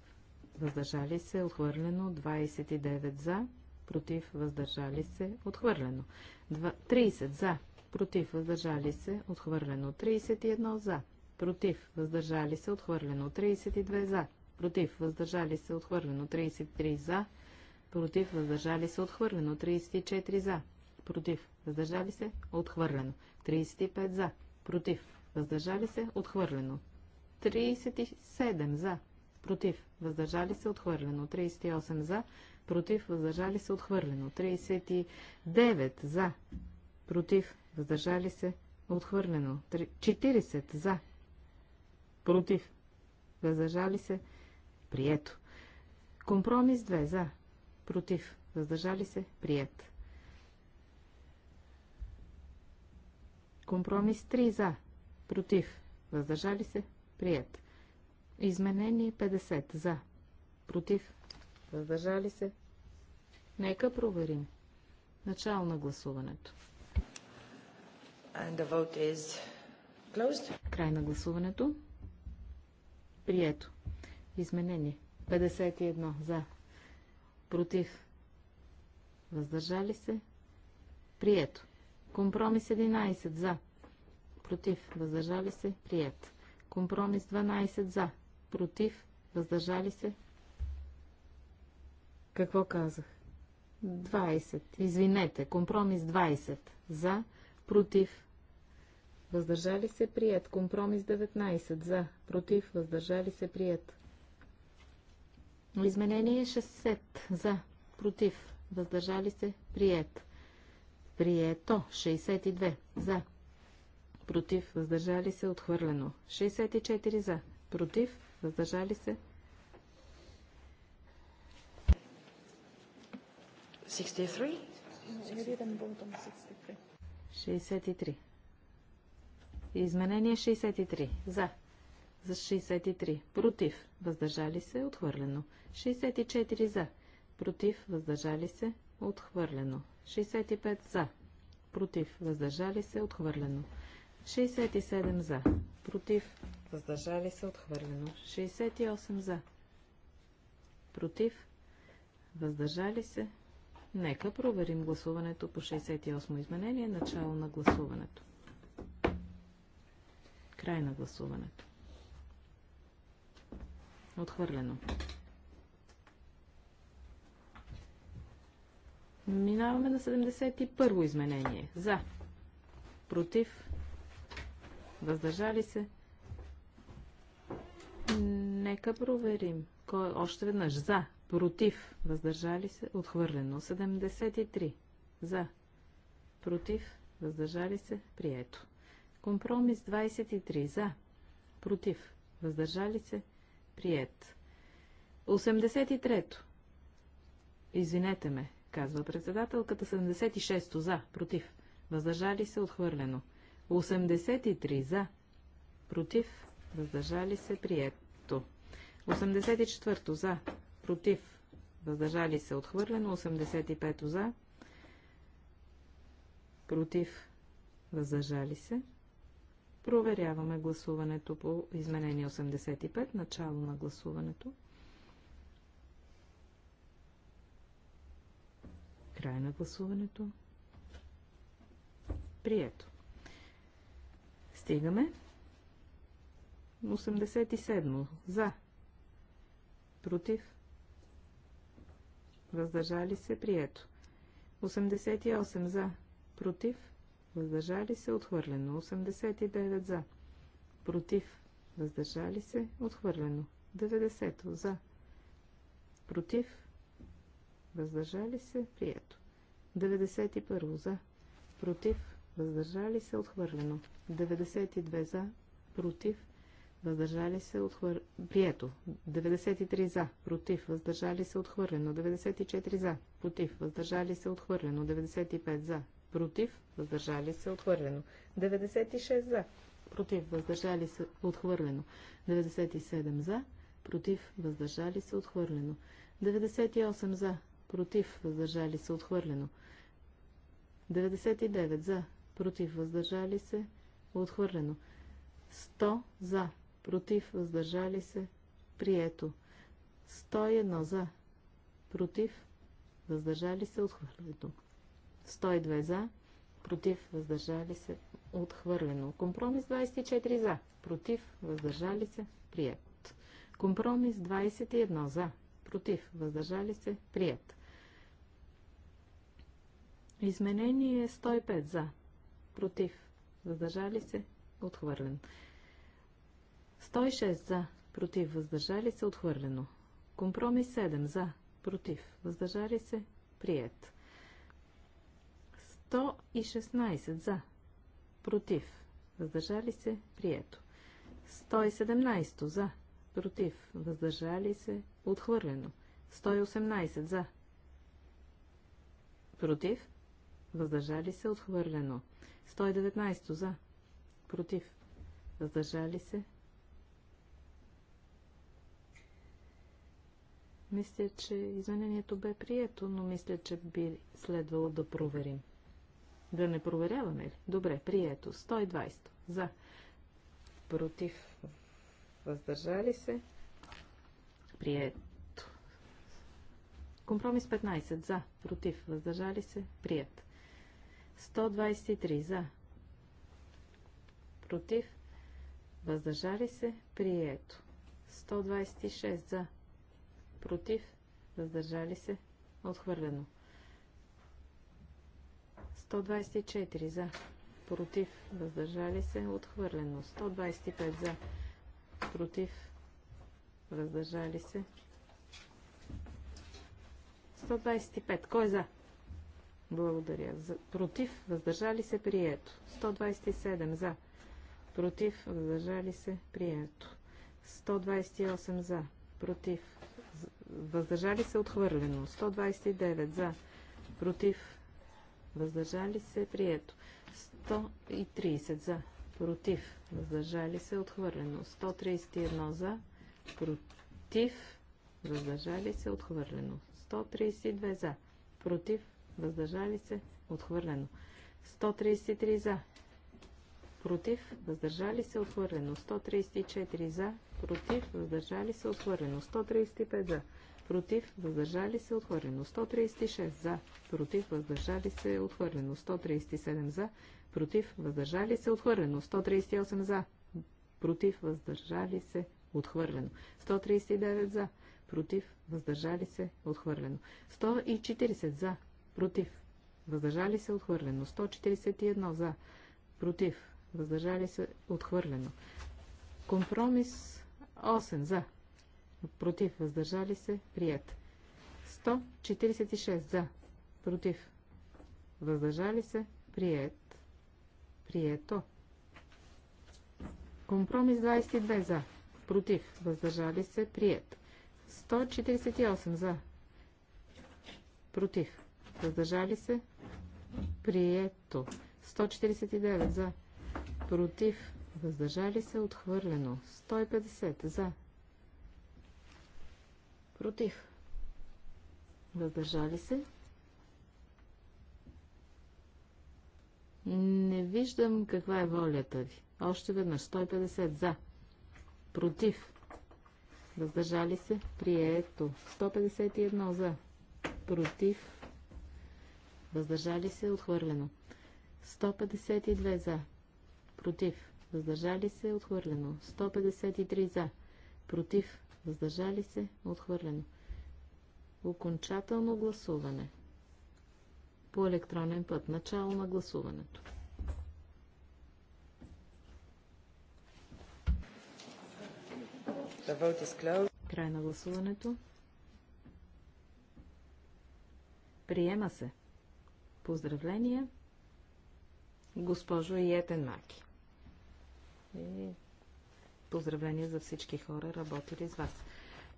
въздържали се, отхвърлено. 29 за, против, въздържали се, отхвърлено. 30 за, против, въздържали се, отхвърлено. 31 за, против, въздържали се, отхвърлено. 32 за, против, въздържали се, отхвърлено 33 за, против, въздържали се, отхвърлено 34 за, против, въздържали се, отхвърлено 35 за, против, въздържали се, отхвърлено 37 за, против, въздържали се, отхвърлено 38 за, против, въздържали се, отхвърлено 39 за, против, въздържали се, отхвърлено 40 за, против, въздържали се, Прието. Компромис 2. За. Против. Въздържали се. Прият. Компромис 3. За. Против. Въздържали се. Прият. Изменение 50. За. Против. Въздържали се. Нека проверим. Начало на гласуването. Край на гласуването. Прието. Изменение. 51 за. Против. Въздържали се. Прието. Компромис 11 за. Против. Въздържали се. Прието. Компромис 12 за. Против. Въздържали се. Какво казах? 20. Извинете. Компромис 20. За. Против. Въздържали се. Прият. Компромис 19. За. Против. Въздържали се. Прият. Изменение 60 за, против, въздържали се, прият. Прието 62 за, против, въздържали се, отхвърлено. 64 за, против, въздържали се. 63? 63. Изменение 63. За за 63. Против. Въздържали се. Отхвърлено. 64 за. Против. Въздържали се. Отхвърлено. 65 за. Против. Въздържали се. Отхвърлено. 67 за. Против. Въздържали се. Отхвърлено. 68 за. Против. Въздържали се. Нека проверим гласуването по 68 изменение. Начало на гласуването. Край на гласуването. Отхвърлено. Минаваме на 71-во изменение. За. Против. Въздържали се. Нека проверим. Кой, още веднъж. За. Против. Въздържали се. Отхвърлено. 73. За. Против. Въздържали се. Прието. Компромис 23. За. Против. Въздържали се. Прият. 83-то. Извинете ме, казва председателката. 76-то за. Против. Въздържали се. Отхвърлено. 83 за. Против. Въздържали се. Прието. 84 за. Против. Въздържали се. Отхвърлено. 85 за. Против. Въздържали се. Проверяваме гласуването по изменение 85, начало на гласуването. Край на гласуването. Прието. Стигаме. 87. За. Против. Въздържали се. Прието. 88. За. Против въздържали се, отхвърлено. 89 за, против, въздържали се, отхвърлено. 90 за, против, въздържали се, прието. 91 за, против, въздържали се, отхвърлено. 92 за, против, въздържали се, отхвър... прието. 93 за, против, въздържали се, отхвърлено. 94 за, против, въздържали се, отхвърлено. 95 за, против, въздържали се, отхвърлено. 96 за, против, въздържали се, отхвърлено. 97 за, против, въздържали се, отхвърлено. 98 за, против, въздържали се, отхвърлено. 99 за, против, въздържали се, отхвърлено. 100 за, против, въздържали се, прието. 101 за, против, въздържали се, отхвърлено. 102 за, против, въздържали се, отхвърлено. Компромис 24 за, против, въздържали се, прият. Компромис 21 за, против, въздържали се, прият. Изменение 105 за, против, въздържали се, отхвърлен. 106 за, против, въздържали се, отхвърлено. Компромис 7 за, против, въздържали се, прият. 116 за, против, въздържали се, прието. 117 за, против, въздържали се, отхвърлено. 118 за, против, въздържали се, отхвърлено. 119 за, против, въздържали се. Мисля, че извинението бе прието, но мисля, че би следвало да проверим. Да не проверяваме ли? Добре, прието. 120. За. Против. Въздържали се. Прието. Компромис 15. За. Против. Въздържали се. Прият. 123. За. Против. Въздържали се. Прието. 126. За. Против. Въздържали се. Отхвърлено. 127. 124 за. Против. Въздържали се. Отхвърлено. 125 за. Против. Въздържали се. 125. Кой е за? Благодаря. За... Против. Въздържали се. Прието. 127 за. Против. Въздържали се. Прието. 128 за. Против. Въздържали се. Отхвърлено. 129 за. Против въздържали се, прието. 130 за, против, въздържали се, отхвърлено. 131 за, против, въздържали се, отхвърлено. 132 за, против, въздържали се, отхвърлено. 133 за, против, въздържали се, отхвърлено. 134 за, против, въздържали се, отхвърлено. 135 за, против, въздържали се, отхвърлено 136 за, против, въздържали се, отхвърлено 137 за, против, въздържали се, отхвърлено 138 за, против, въздържали се, отхвърлено 139 за, против, въздържали се, отхвърлено 140 за, против, въздържали се, отхвърлено 141 за, против, въздържали се, отхвърлено. Компромис 8 за, против, въздържали се, прият. 146 за, против, въздържали се, прият. Прието. Компромис 22 за, против, въздържали се, прият. 148 за, против, въздържали се, прието. 149 за, против, въздържали се, отхвърлено. 150 за, Против. Въздържали се. Не виждам каква е волята ви. Още веднъж 150 за. Против. Въздържали се. Прието. 151 за. Против. Въздържали се. Отхвърлено. 152 за. Против. Въздържали се. Отхвърлено. 153 за. Против въздържали се, отхвърлено. Окончателно гласуване по електронен път. Начало на гласуването. Край на гласуването. Приема се. Поздравления, госпожо Йетен Маки. Поздравления за всички хора, работили с вас.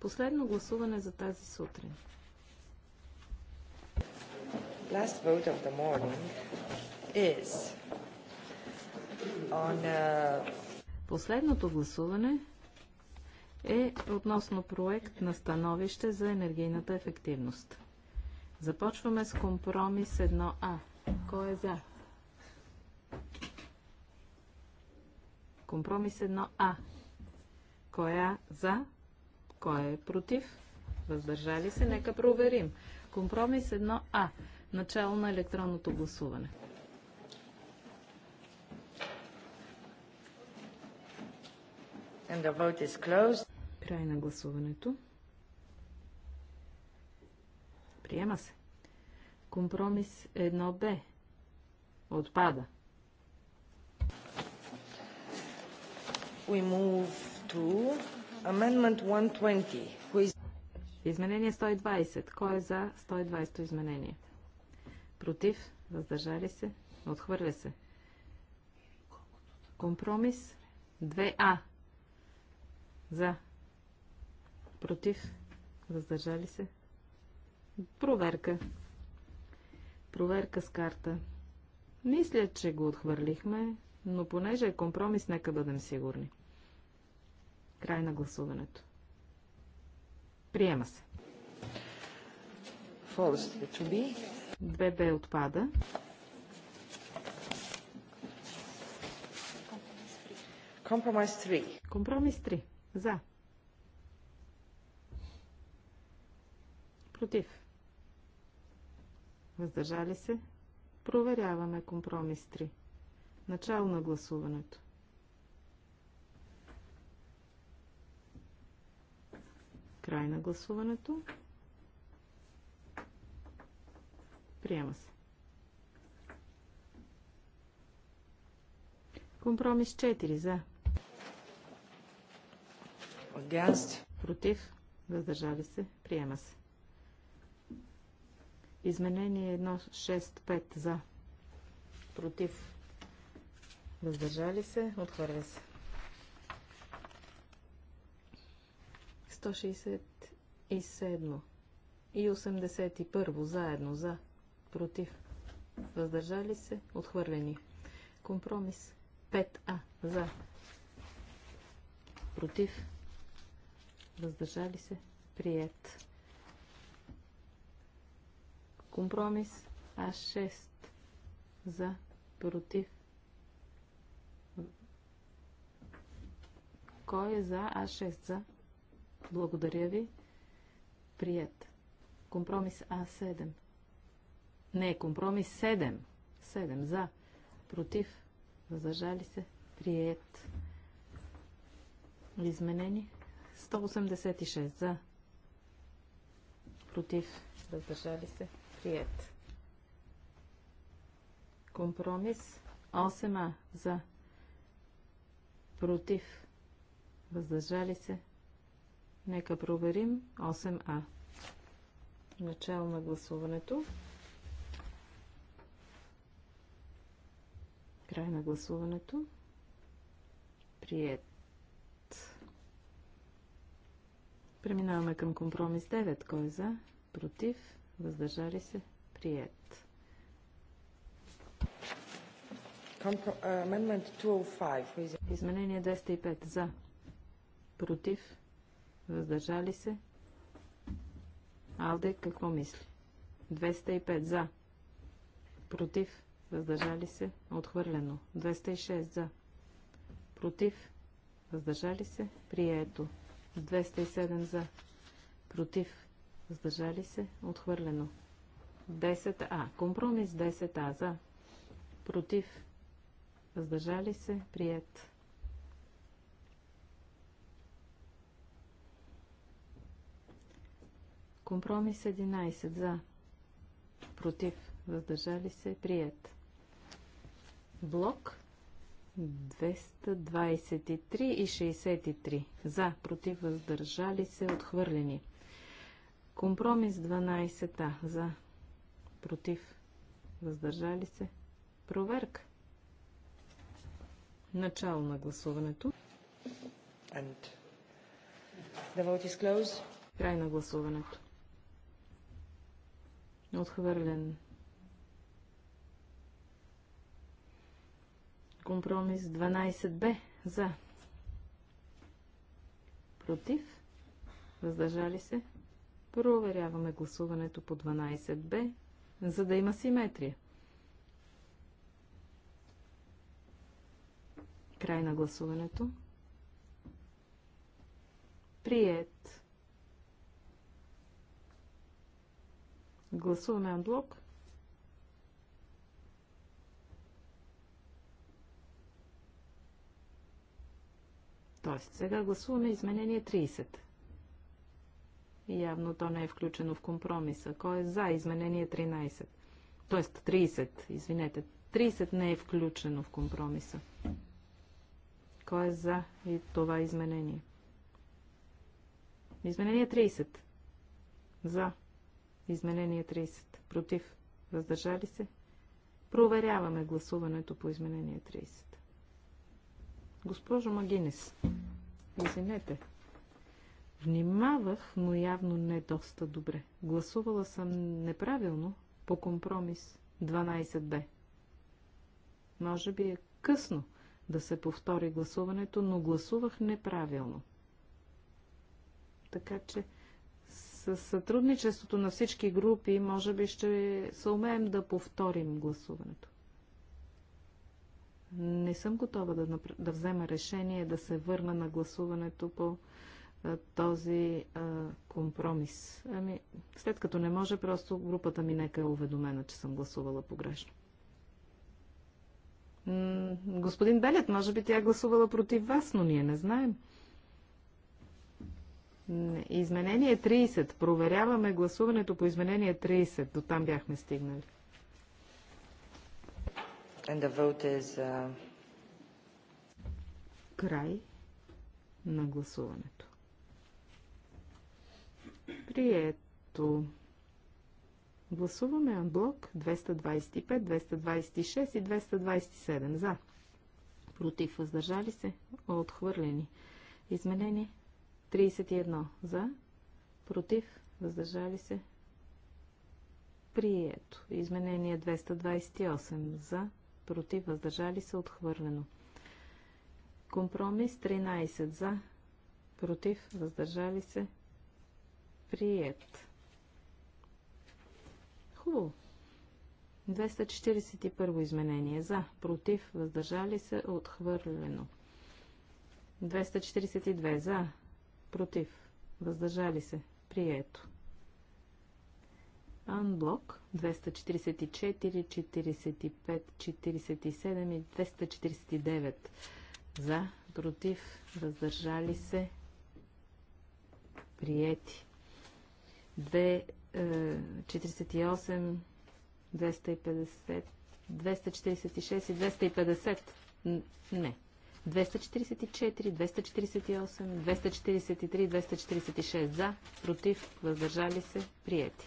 Последно гласуване за тази сутрин. Last vote of the morning is on a... Uh, Последното гласуване е относно проект на становище за енергийната ефективност. Започваме с компромис 1А. Кой е за? Компромис 1А. Кой е за? Кой е против? Въздържали се? Нека проверим. Компромис 1А. Начало на електронното гласуване. And the vote is closed. Край на гласуването. Приема се. Компромис 1Б. Отпада. We move 120. Изменение 120. Кой е за 120 изменение? Против? Въздържали се? Отхвърля се. Компромис 2А. За. Против? Въздържали се? Проверка. Проверка с карта. Мисля, че го отхвърлихме, но понеже е компромис, нека бъдем сигурни. Край на гласуването. Приема се. Две б отпада. Компромис 3. Компромис 3. За. Против. Въздържали се? Проверяваме компромис 3. Начало на гласуването. Край на гласуването. Приема се. Компромис 4 за. Against. Против. Въздържали се. Приема се. Изменение 1.6.5 за. Против. Въздържали се. Отхвърля се. 167 и 81 заедно за, против, въздържали се, отхвърлени. Компромис 5А за, против, въздържали се, прият. Компромис А6 за, против. Кой е за А6 за, благодаря ви. Прият. Компромис А7. Не, компромис 7. 7 за. Против. Въздържали се. Прият. Изменени. 186 за. Против. Въздържали се. Прият. Компромис 8А за. Против. Въздържали се. Нека проверим 8А. Начало на гласуването. Край на гласуването. Прият. Преминаваме към компромис 9. Кой е за? Против? Въздържали се? Прият. Oh Изменение 205. За. Против? Въздържали се. Алде, какво мисли? 205 за. Против. Въздържали се. Отхвърлено. 206 за. Против. Въздържали се. Прието. 207 за. Против. Въздържали се. Отхвърлено. 10а. Компромис 10а за. Против. Въздържали се. прието. Компромис 11 за. Против. Въздържали се. Прият. Блок 223 и 63. За. Против. Въздържали се. Отхвърлени. Компромис 12а. За. Против. Въздържали се. Проверка. Начало на гласуването. And the vote is closed. Край на гласуването. Отхвърлен. Компромис 12Б. За. Против. Въздържали се. Проверяваме гласуването по 12Б, за да има симетрия. Край на гласуването. Прият. Гласуваме анблок. Тоест, сега гласуваме изменение 30. Явно то не е включено в компромиса. Кой е за изменение 13? Тоест 30, извинете. 30 не е включено в компромиса. Кой е за и това изменение? Изменение 30. За. Изменение 30. Против. Въздържали се. Проверяваме гласуването по изменение 30. Госпожо Магинес, извинете. Внимавах, но явно не доста добре. Гласувала съм неправилно по компромис 12б. Може би е късно да се повтори гласуването, но гласувах неправилно. Така че с сътрудничеството на всички групи, може би ще се умеем да повторим гласуването. Не съм готова да, напр... да взема решение да се върна на гласуването по а, този а, компромис. Ами, след като не може, просто групата ми нека е уведомена, че съм гласувала погрешно. М господин Белят, може би тя е гласувала против вас, но ние не знаем. Изменение 30. Проверяваме гласуването по изменение 30. До там бяхме стигнали. And the vote is, uh... Край на гласуването. Прието. Гласуваме анблок 225, 226 и 227 за. Против въздържали се? Отхвърлени. Изменение 31 за, против, въздържали се, прието. Изменение 228 за, против, въздържали се, отхвърлено. Компромис 13 за, против, въздържали се, прият. Хубаво. 241 изменение за, против, въздържали се, отхвърлено. 242 за, против, въздържали се, прието. Анблок 244, 45, 47 и 249 за, против, въздържали се, приети. 248, 250, 246 и 250 не. 244, 248, 243, 246 за, против, въздържали се, приети.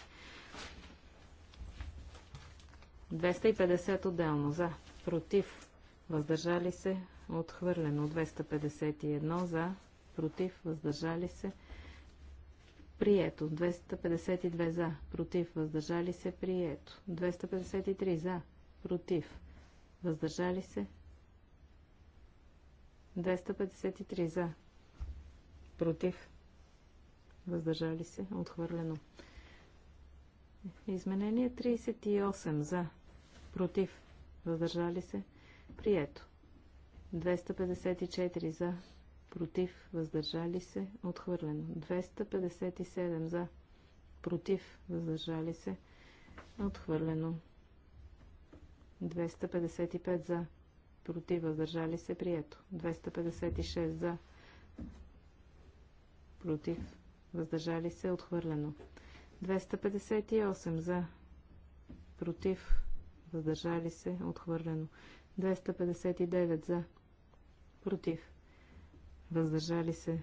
250 отделно за, против, въздържали се, отхвърлено. 251 за, против, въздържали се, прието. 252 за, против, въздържали се, прието. 253 за, против, въздържали се, 253 за. Против. Въздържали се. Отхвърлено. Изменение 38 за. Против. Въздържали се. Прието. 254 за. Против. Въздържали се. Отхвърлено. 257 за. Против. Въздържали се. Отхвърлено. 255 за против, въздържали се, прието. 256 за, против, въздържали се, отхвърлено. 258 за, против, въздържали се, отхвърлено. 259 за, против, въздържали се.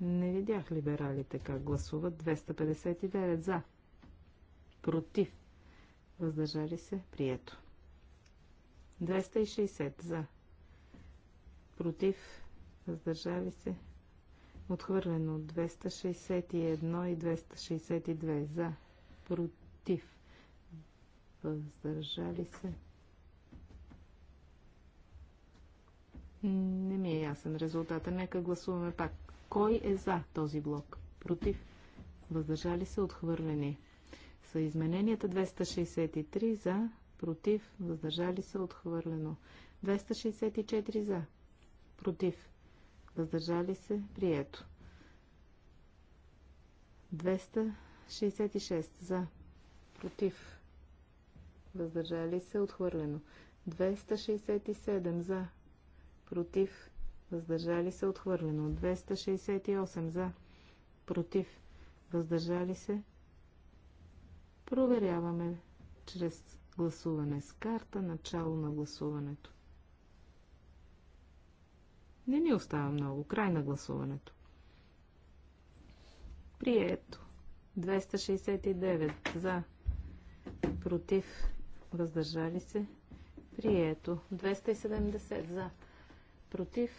Не видях либералите как гласуват. 259 за, против, въздържали се, прието. 260 за. Против. Въздържали се. Отхвърлено 261 и 262 за. Против. Въздържали се. Не ми е ясен резултата. Нека гласуваме пак. Кой е за този блок? Против. Въздържали се. Отхвърлени. Са измененията 263 за против, въздържали се, отхвърлено. 264 за, против, въздържали се, прието. 266 за, против, въздържали се, отхвърлено. 267 за, против, въздържали се, отхвърлено. 268 за, против, въздържали се. Проверяваме чрез Гласуване с карта, начало на гласуването. Не ни остава много. Край на гласуването. Прието. 269 за. Против. Въздържали се. Прието. 270 за. Против.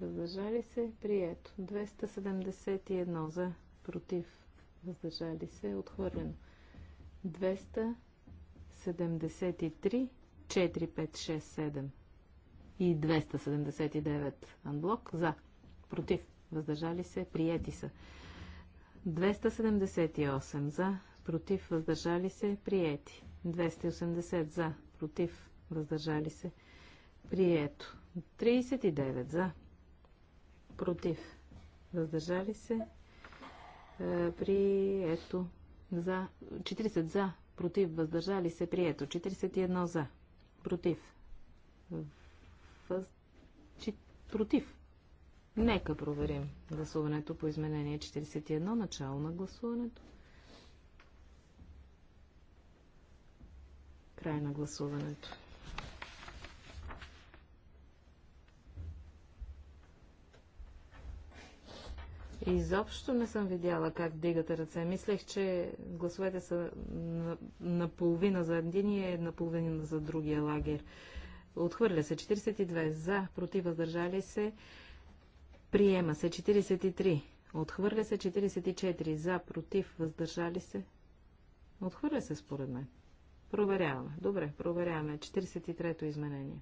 Въздържали се. Прието. 271 за. Против. Въздържали се. Отхвърлено. 200. 73, 4, 5, 6, 7 и 279 анблок за, против, въздържали се, приети са. 278 за, против, въздържали се, приети. 280 за, против, въздържали се, прието. 39 за, против, въздържали се, е, прието. За, 40 за, против, въздържали се, прието. 41 за, против, въз... Чи... против. Нека проверим гласуването по изменение 41, начало на гласуването. Край на гласуването. Изобщо не съм видяла как дигате ръце. Мислех, че гласовете са наполовина за един и наполовина за другия лагер. Отхвърля се 42 за, против въздържали се. Приема се 43. Отхвърля се 44 за, против въздържали се. Отхвърля се според мен. Проверяваме. Добре, проверяваме 43-то изменение.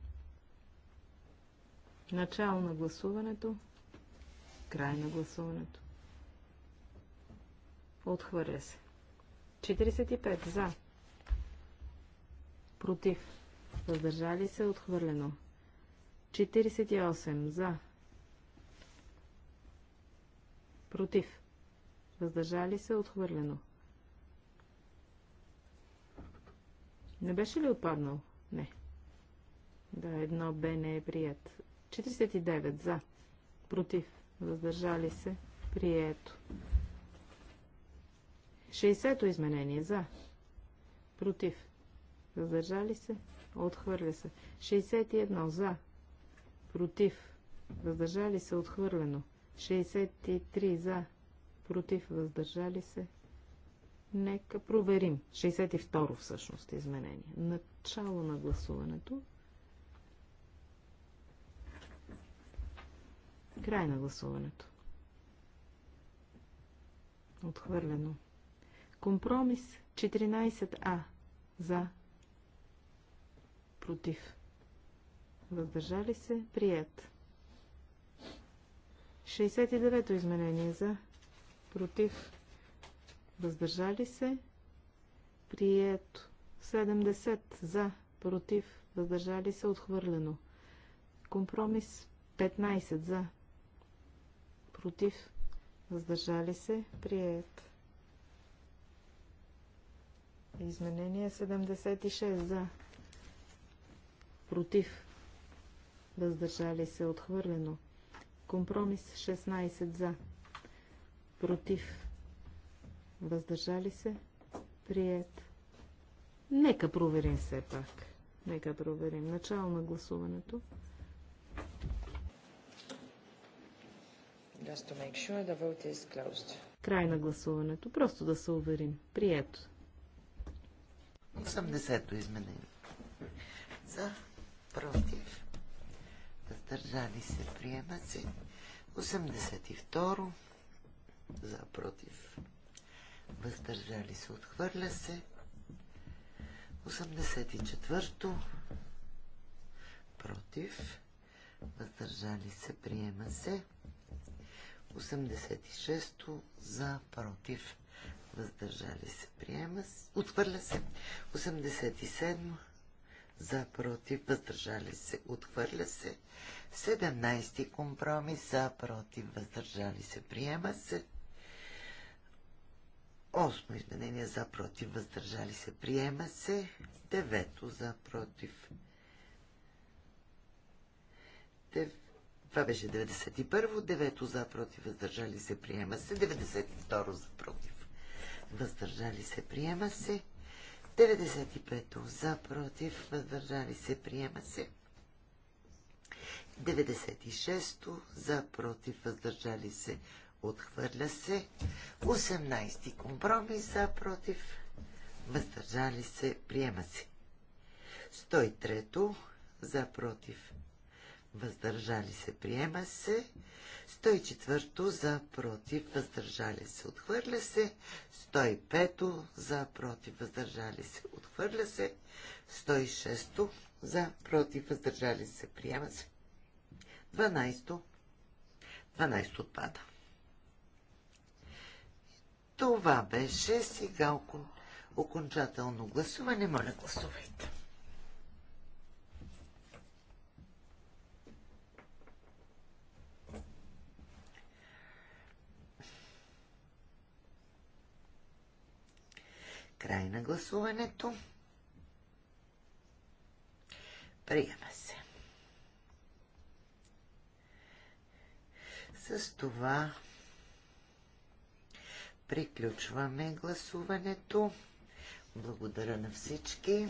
Начало на гласуването. Край на гласуването. Отхвърля се. 45 за. Против. Въздържали се. Отхвърлено. 48 за. Против. Въздържали се. Отхвърлено. Не беше ли отпаднал? Не. Да, едно Б не е прият. 49 за. Против въздържали се, прието. 60-то изменение за, против, въздържали се, отхвърля се. 61 за, против, въздържали се, отхвърлено. 63 за, против, въздържали се. Нека проверим. 62 всъщност изменение. Начало на гласуването. Край на гласуването. Отхвърлено. Компромис 14А. За. Против. Въздържали се. Прият. 69-то изменение за. Против. Въздържали се. Прието. 70 за. Против. Въздържали се. Отхвърлено. Компромис 15 за против, въздържали се, прият. Изменение 76 за, против, въздържали се, отхвърлено. Компромис 16 за, против, въздържали се, прият. Нека проверим все пак. Нека проверим начало на гласуването. Край на гласуването. Просто да се уверим. Прието. 80-то изменение. За, против, въздържали се, приема се. 82 за, против, въздържали се, отхвърля се. 84-то, против, въздържали се, приема се. 86-то за против. Въздържали се. Приема се. Отхвърля се. 87 за против. Въздържали се. Отхвърля се. 17 компромис за против. Въздържали се. Приема се. Осмо изменение за против, въздържали се, приема се. Девето за против. Девето това беше 91-во, 9 за против, въздържали се, приема се, 92 за против, въздържали се, приема се, 95 за против, въздържали се, приема се. 96-то за против въздържали се отхвърля се. 18-ти компромис за против въздържали се приема се. 103-то за против въздържали се, приема се. 104 за, против, въздържали се, отхвърля се. 105 за, против, въздържали се, отхвърля се. 106 за, против, въздържали се, приема се. 12 12 отпада. Това беше сега окончателно гласуване. Моля, гласувайте. Край на гласуването. Приема се. С това приключваме гласуването. Благодаря на всички.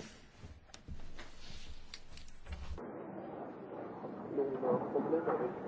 Thank you.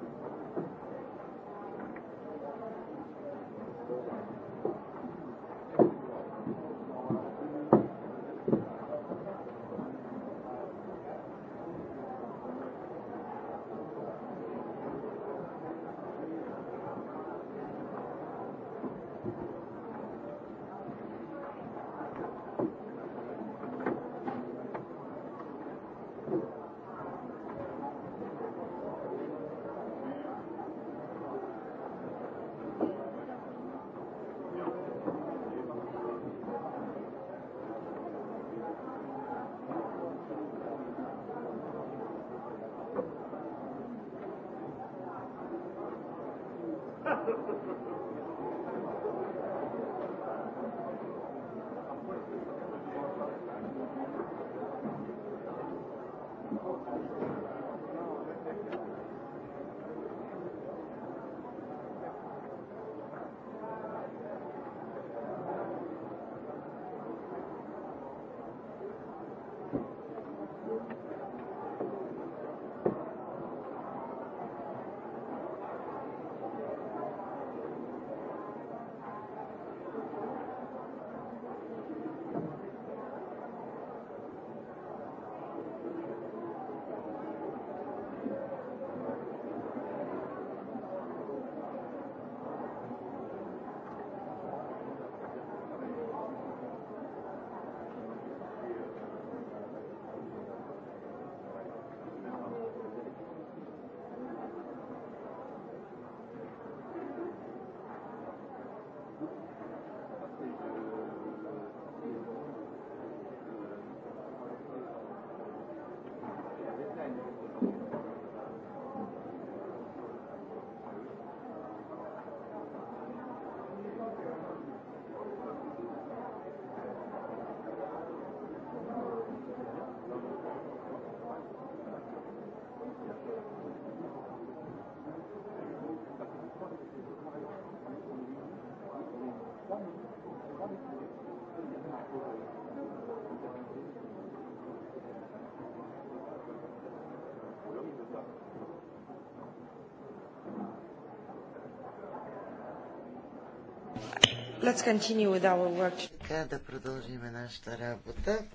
Let's continue with our work. Така да продължиме нашата работа.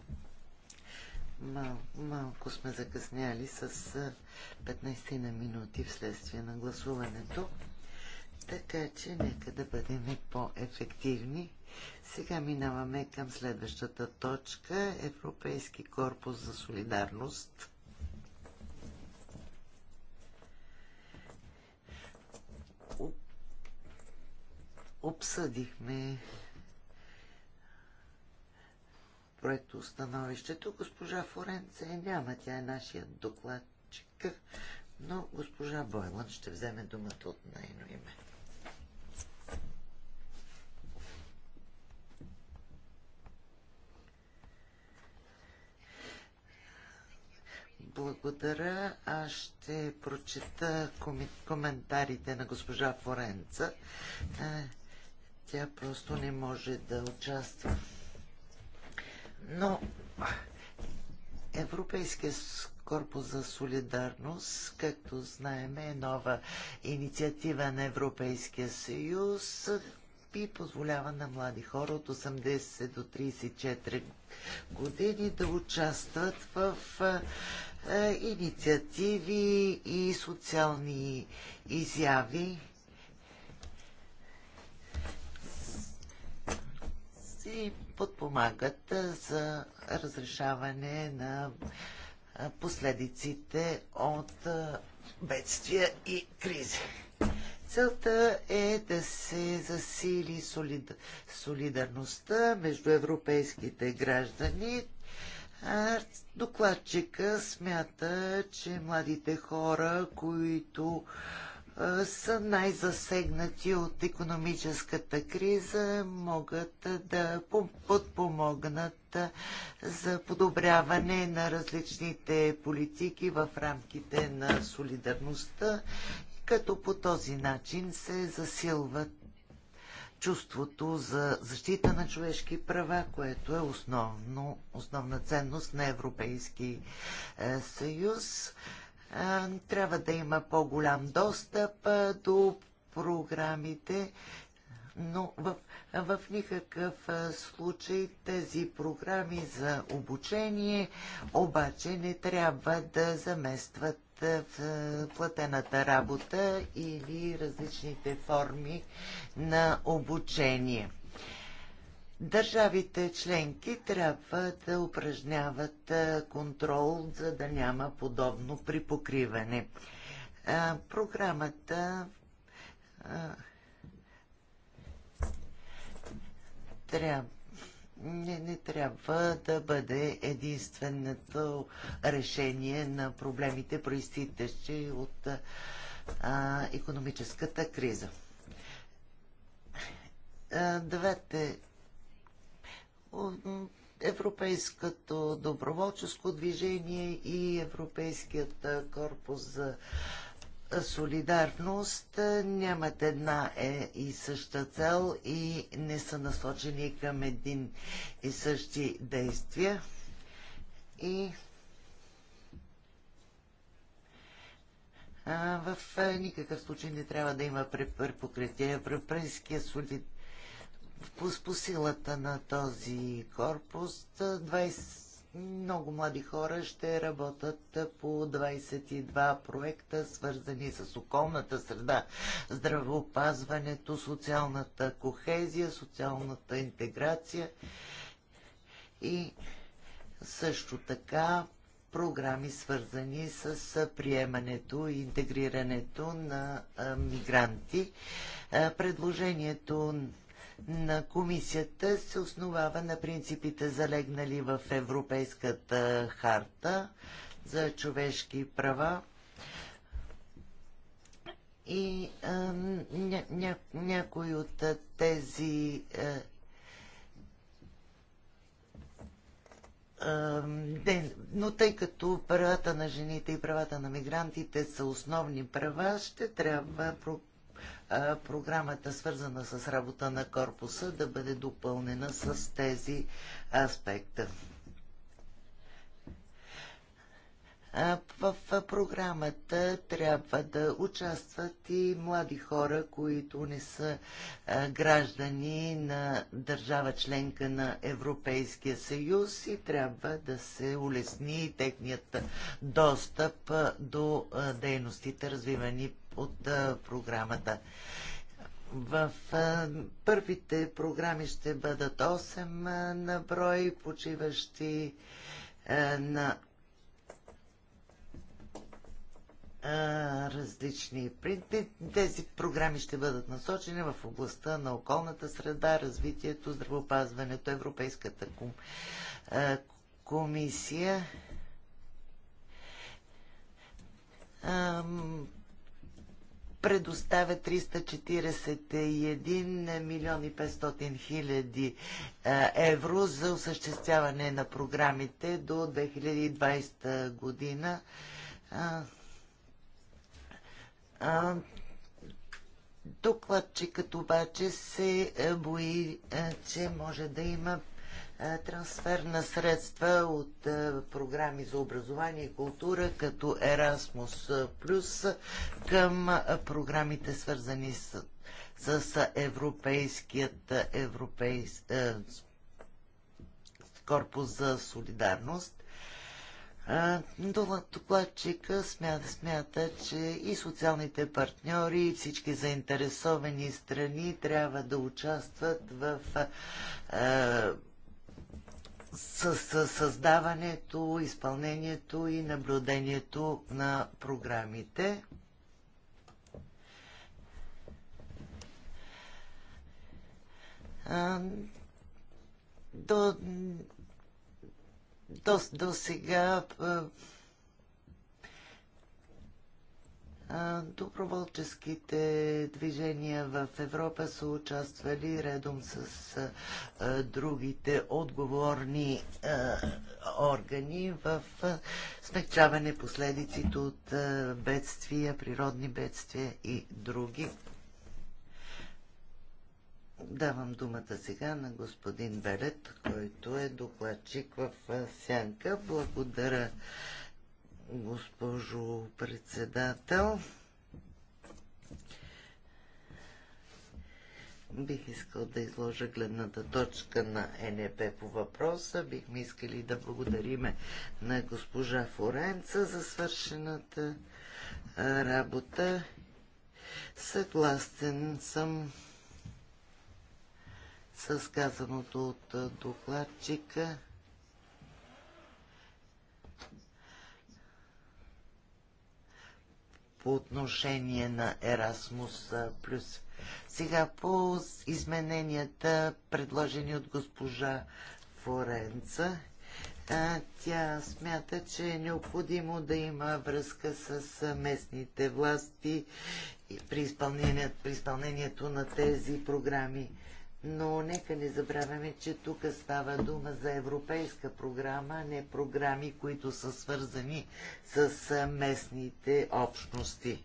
Мал, малко сме закъсняли с 15 на минути вследствие на гласуването. Така че нека да бъдем по-ефективни. Сега минаваме към следващата точка Европейски корпус за солидарност. обсъдихме проекто становището. Госпожа Форенце няма, тя е нашия докладчик, но госпожа Бойлан ще вземе думата от нейно име. Благодаря. Аз ще прочета коментарите на госпожа Форенца. Е, тя просто не може да участва. Но Европейския корпус за солидарност, както знаем, е нова инициатива на Европейския съюз и позволява на млади хора от 80 до 34 години да участват в е, инициативи и социални изяви и подпомагат за разрешаване на последиците от бедствия и кризи. Целта е да се засили солид... солидарността между европейските граждани. Докладчика смята, че младите хора, които са най-засегнати от економическата криза, могат да подпомогнат за подобряване на различните политики в рамките на солидарността, като по този начин се засилват чувството за защита на човешки права, което е основно, основна ценност на Европейски е, съюз трябва да има по-голям достъп до програмите, но в, в никакъв случай тези програми за обучение обаче не трябва да заместват в платената работа или различните форми на обучение. Държавите членки трябва да упражняват контрол, за да няма подобно припокриване. Програмата трябва не, не трябва да бъде единственото решение на проблемите, проистичащи от а, економическата криза. Двете Европейското доброволческо движение и Европейският корпус за солидарност нямат една е и съща цел и не са насочени към един и същи действия. И в никакъв случай не трябва да има препокритие. Европейския солид по, по силата на този корпус 20, много млади хора ще работят по 22 проекта, свързани с околната среда, здравеопазването, социалната кохезия, социалната интеграция и също така програми, свързани с приемането и интегрирането на мигранти. Предложението на комисията се основава на принципите залегнали в Европейската харта за човешки права и а, ня, ня, някои от тези Но тъй като правата на жените и правата на мигрантите са основни права, ще трябва програмата, свързана с работа на корпуса, да бъде допълнена с тези аспекта. В програмата трябва да участват и млади хора, които не са граждани на държава членка на Европейския съюз и трябва да се улесни техният достъп до дейностите, развивани от програмата. В а, първите програми ще бъдат 8 а, на брой, почиващи а, на различни принти. Тези програми ще бъдат насочени в областта на околната среда, развитието, здравопазването, Европейската ком... комисия. предоставя 341 и 500 хиляди евро за осъществяване на програмите до 2020 година Докладчикът обаче се е, бои, е, че може да има е, трансфер на средства от програми за образование и култура, като Erasmus Plus, към програмите свързани с, с европейският европейс, корпус за солидарност. Докладчика смята, смята, че и социалните партньори, и всички заинтересовани страни трябва да участват в а, с, с, създаването, изпълнението и наблюдението на програмите. А, до до, до сега доброволческите движения в Европа са участвали редом с а, другите отговорни а, органи в а, смягчаване последиците от а, бедствия, природни бедствия и други. Давам думата сега на господин Белет, който е докладчик в Сянка. Благодаря, госпожо председател. Бих искал да изложа гледната точка на НЕП по въпроса. Бихме искали да благодариме на госпожа Форенца за свършената работа. Съгласен съм с казаното от докладчика. по отношение на Ерасмус плюс. Сега по измененията, предложени от госпожа Форенца, тя смята, че е необходимо да има връзка с местните власти при, при изпълнението на тези програми но нека не забравяме, че тук става дума за европейска програма, не програми, които са свързани с местните общности.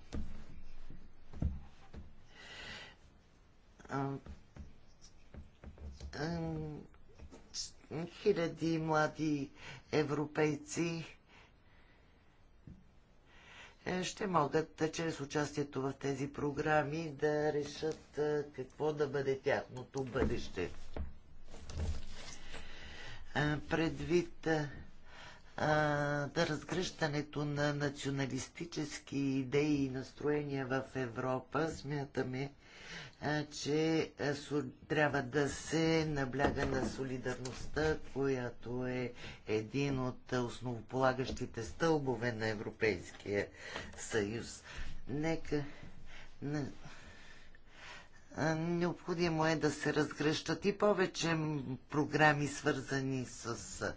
Хиляди млади европейци е, ще могат е, чрез участието в тези програми да решат е, какво да бъде тяхното бъдеще. Предвид да разгръщането на националистически идеи и настроения в Европа, смятаме, че трябва да се набляга на солидарността, която е един от основополагащите стълбове на Европейския съюз. Нека. Необходимо е да се разгръщат и повече програми, свързани с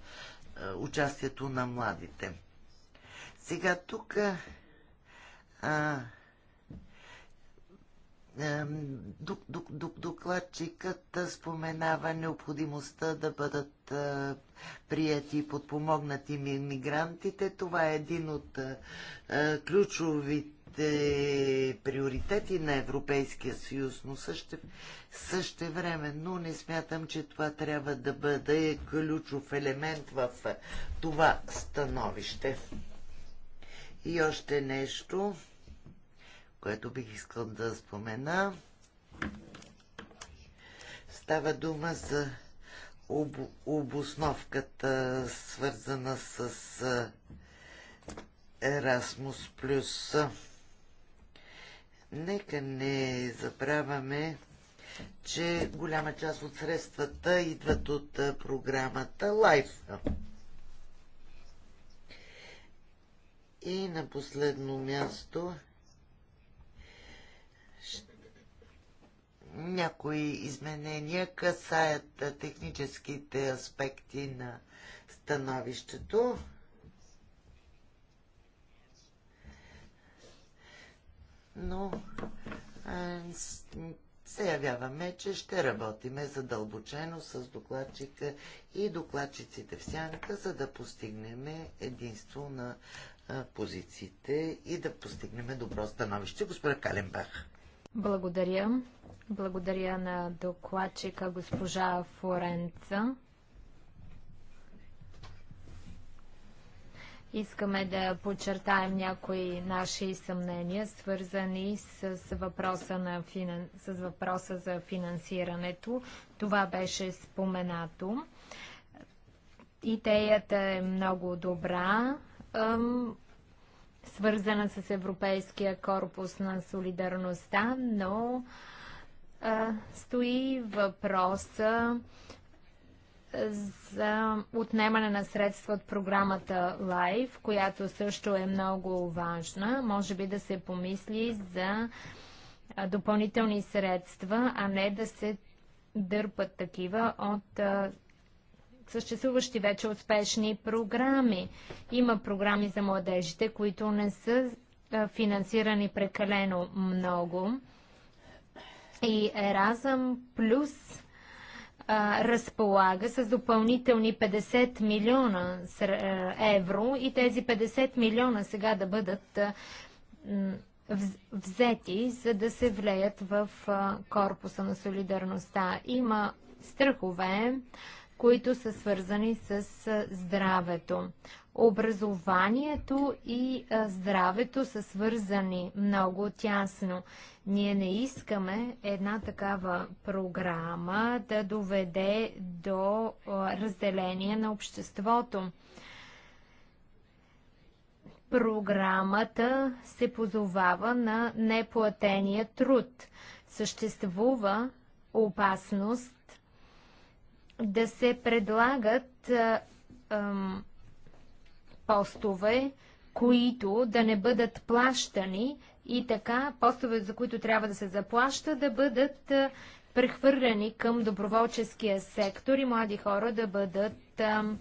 участието на младите. Сега тук а, докладчикът споменава необходимостта да бъдат е, прияти и подпомогнати мигрантите. Това е един от е, е, ключовите приоритети на Европейския съюз, но също, също време, но не смятам, че това трябва да бъде ключов елемент в това становище. И още нещо което бих искал да спомена. Става дума за об, обосновката, свързана с Erasmus+. плюс. Нека не забравяме, че голяма част от средствата идват от програмата Life. И на последно място някои изменения касаят техническите аспекти на становището. Но се явяваме, че ще работиме задълбочено с докладчика и докладчиците в сянка, за да постигнем единство на позициите и да постигнем добро становище. Господа Каленбах. Благодаря. Благодаря на докладчика госпожа Форенца. Искаме да подчертаем някои наши съмнения, свързани с въпроса, на финанс... с въпроса за финансирането. Това беше споменато. Идеята е много добра свързана с Европейския корпус на солидарността, но а, стои въпроса за отнемане на средства от програмата LIFE, която също е много важна. Може би да се помисли за допълнителни средства, а не да се дърпат такива от съществуващи вече успешни програми. Има програми за младежите, които не са финансирани прекалено много. И Еразъм плюс а, разполага с допълнителни 50 милиона евро и тези 50 милиона сега да бъдат взети, за да се влеят в корпуса на солидарността. Има страхове, които са свързани с здравето. Образованието и здравето са свързани много тясно. Ние не искаме една такава програма да доведе до разделение на обществото. Програмата се позовава на неплатения труд. Съществува опасност да се предлагат ам, постове, които да не бъдат плащани и така постове, за които трябва да се заплаща, да бъдат прехвърлени прехвърляни към доброволческия сектор и млади хора да бъдат ам,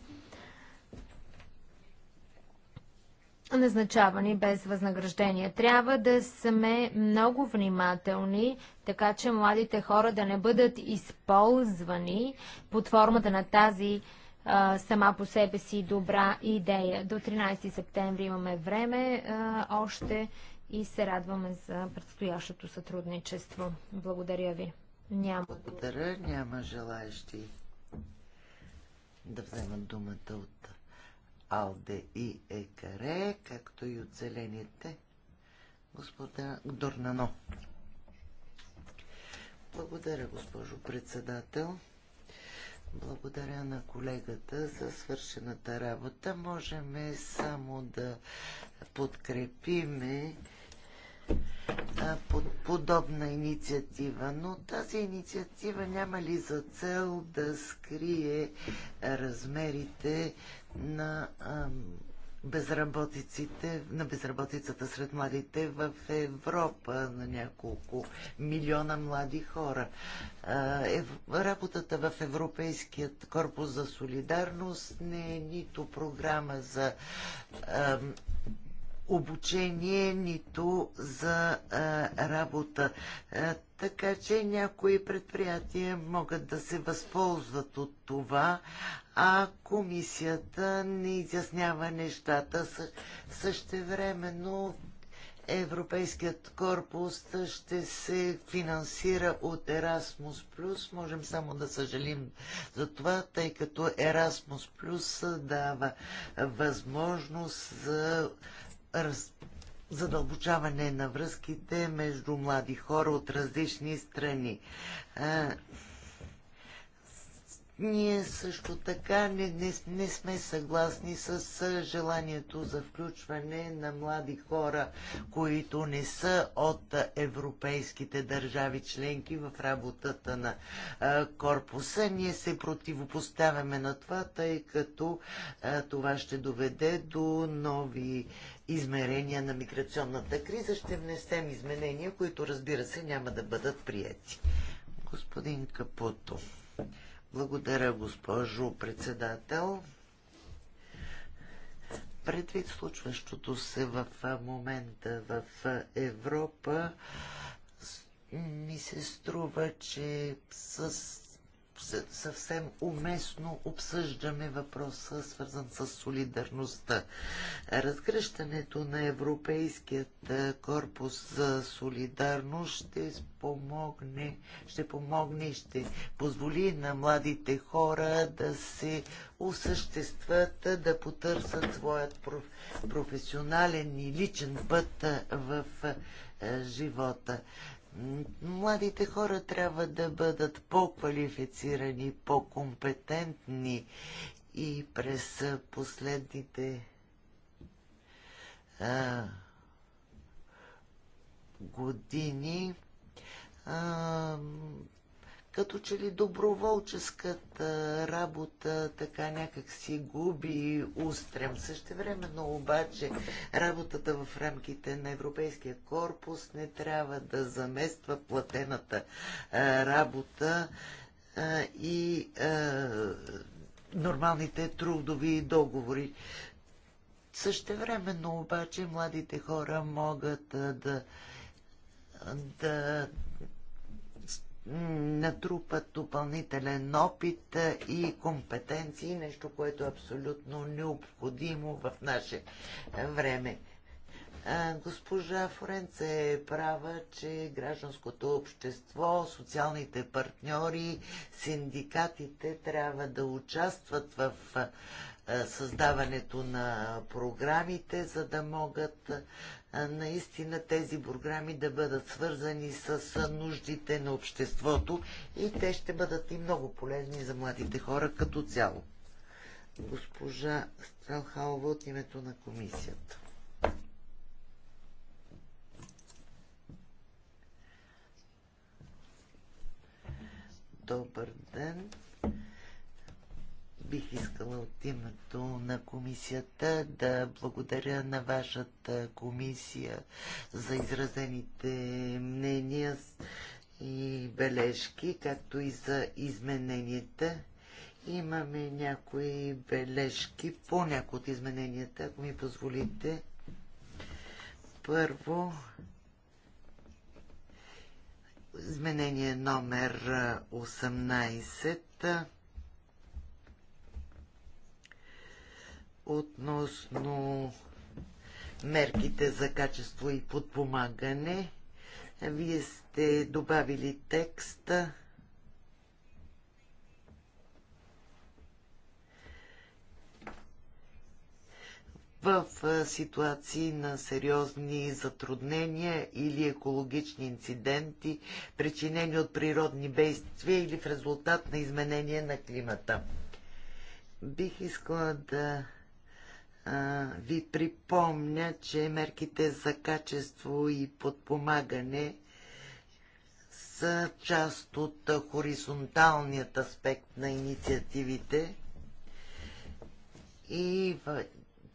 назначавани без възнаграждение. Трябва да сме много внимателни, така че младите хора да не бъдат използвани под формата на тази а, сама по себе си добра идея. До 13 септември имаме време а, още и се радваме за предстоящото сътрудничество. Благодаря ви. Няма. Благодаря. Няма желаящи да вземат думата от Алде и Екаре, както и от зелените, господа Дорнано. Благодаря, госпожо председател. Благодаря на колегата за свършената работа. Можеме само да подкрепиме под подобна инициатива, но тази инициатива няма ли за цел да скрие размерите на безработиците, на безработицата сред младите в Европа, на няколко милиона млади хора. Работата в Европейският корпус за солидарност не е нито програма за обучение, нито за а, работа. А, така че някои предприятия могат да се възползват от това, а комисията не изяснява нещата. времено Европейският корпус ще се финансира от Erasmus+. Можем само да съжалим за това, тъй като Erasmus+, дава възможност за раз... задълбочаване на връзките между млади хора от различни страни. Ние също така не, не, не сме съгласни с желанието за включване на млади хора, които не са от европейските държави членки в работата на а, корпуса. Ние се противопоставяме на това, тъй като а, това ще доведе до нови измерения на миграционната криза. Ще внесем изменения, които разбира се няма да бъдат прияти. Господин Капуто. Благодаря, госпожо председател. Предвид случващото се в момента в Европа, ми се струва, че с съвсем уместно обсъждаме въпроса, свързан с солидарността. Разгръщането на Европейският корпус за солидарност ще помогне, ще помогне и ще позволи на младите хора да се осъществят, да потърсят своят професионален и личен път в живота. Младите хора трябва да бъдат по-квалифицирани, по-компетентни и през последните а, години а, като че ли доброволческата работа така някак си губи устрем. Същевременно обаче работата в рамките на Европейския корпус не трябва да замества платената а, работа а, и а, нормалните трудови договори. Същевременно обаче младите хора могат да да натрупат допълнителен опит и компетенции, нещо, което е абсолютно необходимо в наше време. Госпожа Форенц е права, че гражданското общество, социалните партньори, синдикатите трябва да участват в създаването на програмите, за да могат наистина тези програми да бъдат свързани с нуждите на обществото и те ще бъдат и много полезни за младите хора като цяло. Госпожа Стралхалова от името на комисията. Добър ден бих искала от името на комисията да благодаря на вашата комисия за изразените мнения и бележки, както и за измененията. Имаме някои бележки по някои от измененията, ако ми позволите. Първо, изменение номер 18 относно мерките за качество и подпомагане. Вие сте добавили текста. в ситуации на сериозни затруднения или екологични инциденти, причинени от природни бедствия или в резултат на изменение на климата. Бих искала да ви припомня, че мерките за качество и подпомагане са част от хоризонталният аспект на инициативите и в...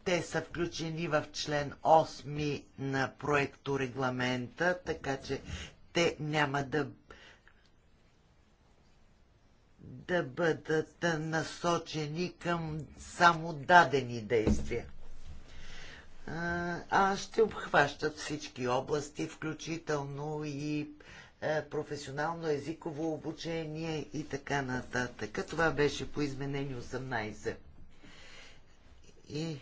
те са включени в член 8 на проекто регламента, така че те няма да да бъдат насочени към само дадени действия, а ще обхващат всички области, включително и е, професионално езиково обучение и така нататък. Това беше по изменение 18. И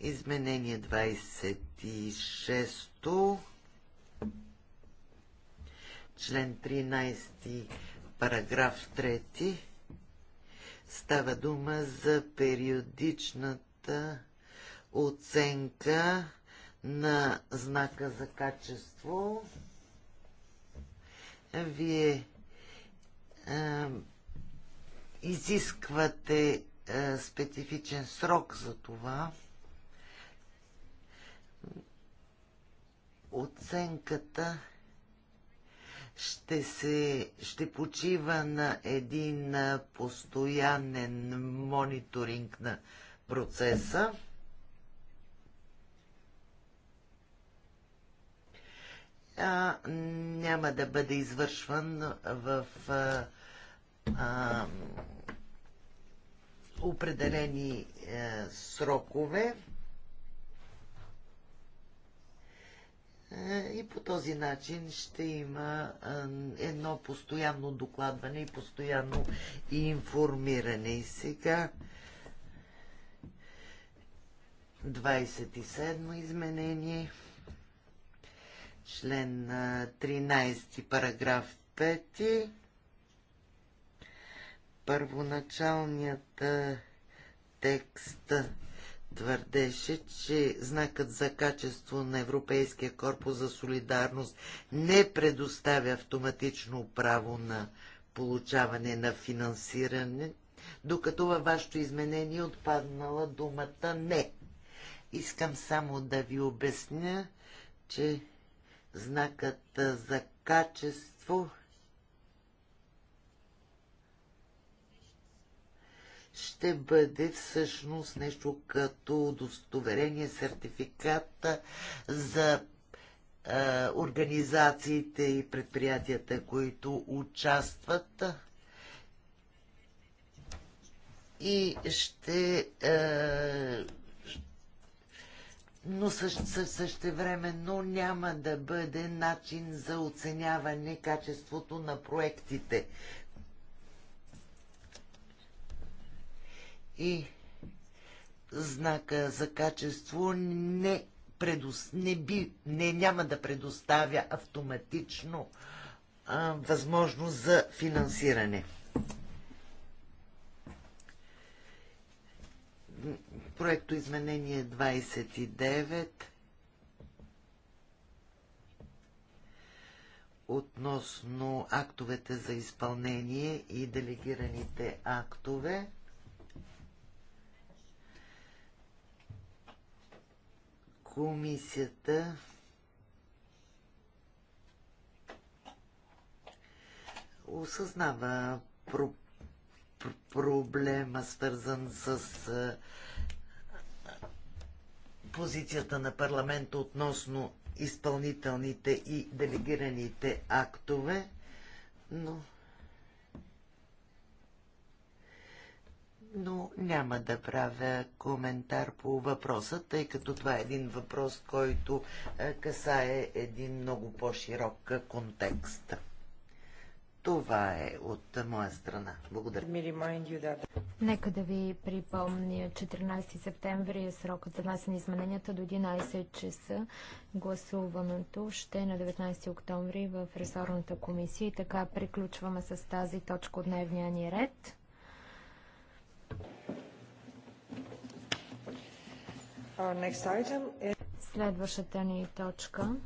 изменение 26 член 13, параграф 3 става дума за периодичната оценка на знака за качество. Вие а, изисквате а, специфичен срок за това. Оценката ще, се, ще почива на един постоянен мониторинг на процеса. А, няма да бъде извършван в а, а, определени а, е, срокове. Е, и по този начин ще има е, едно постоянно докладване и постоянно информиране. И сега 27 изменение, член 13, е, параграф 5. Първоначалният текст твърдеше, че знакът за качество на Европейския корпус за солидарност не предоставя автоматично право на получаване на финансиране, докато във вашето изменение отпаднала думата не. Искам само да ви обясня, че знакът за качество ще бъде всъщност нещо като удостоверение, сертификата за организациите и предприятията, които участват и ще но също но няма да бъде начин за оценяване качеството на проектите, и знака за качество не, предос... не, би... не няма да предоставя автоматично а, възможност за финансиране. Проекто изменение 29 относно актовете за изпълнение и делегираните актове. комисията осъзнава про- проблема, свързан с позицията на парламента относно изпълнителните и делегираните актове, но но няма да правя коментар по въпроса, тъй като това е един въпрос, който е, касае един много по-широк е, контекст. Това е от моя страна. Благодаря. Нека да ви припомня, 14 септември е срокът за на измененията до 11 часа. Гласуването ще е на 19 октомври в ресорната комисия. И така приключваме с тази точка от дневния ни ред. Следващата ни точка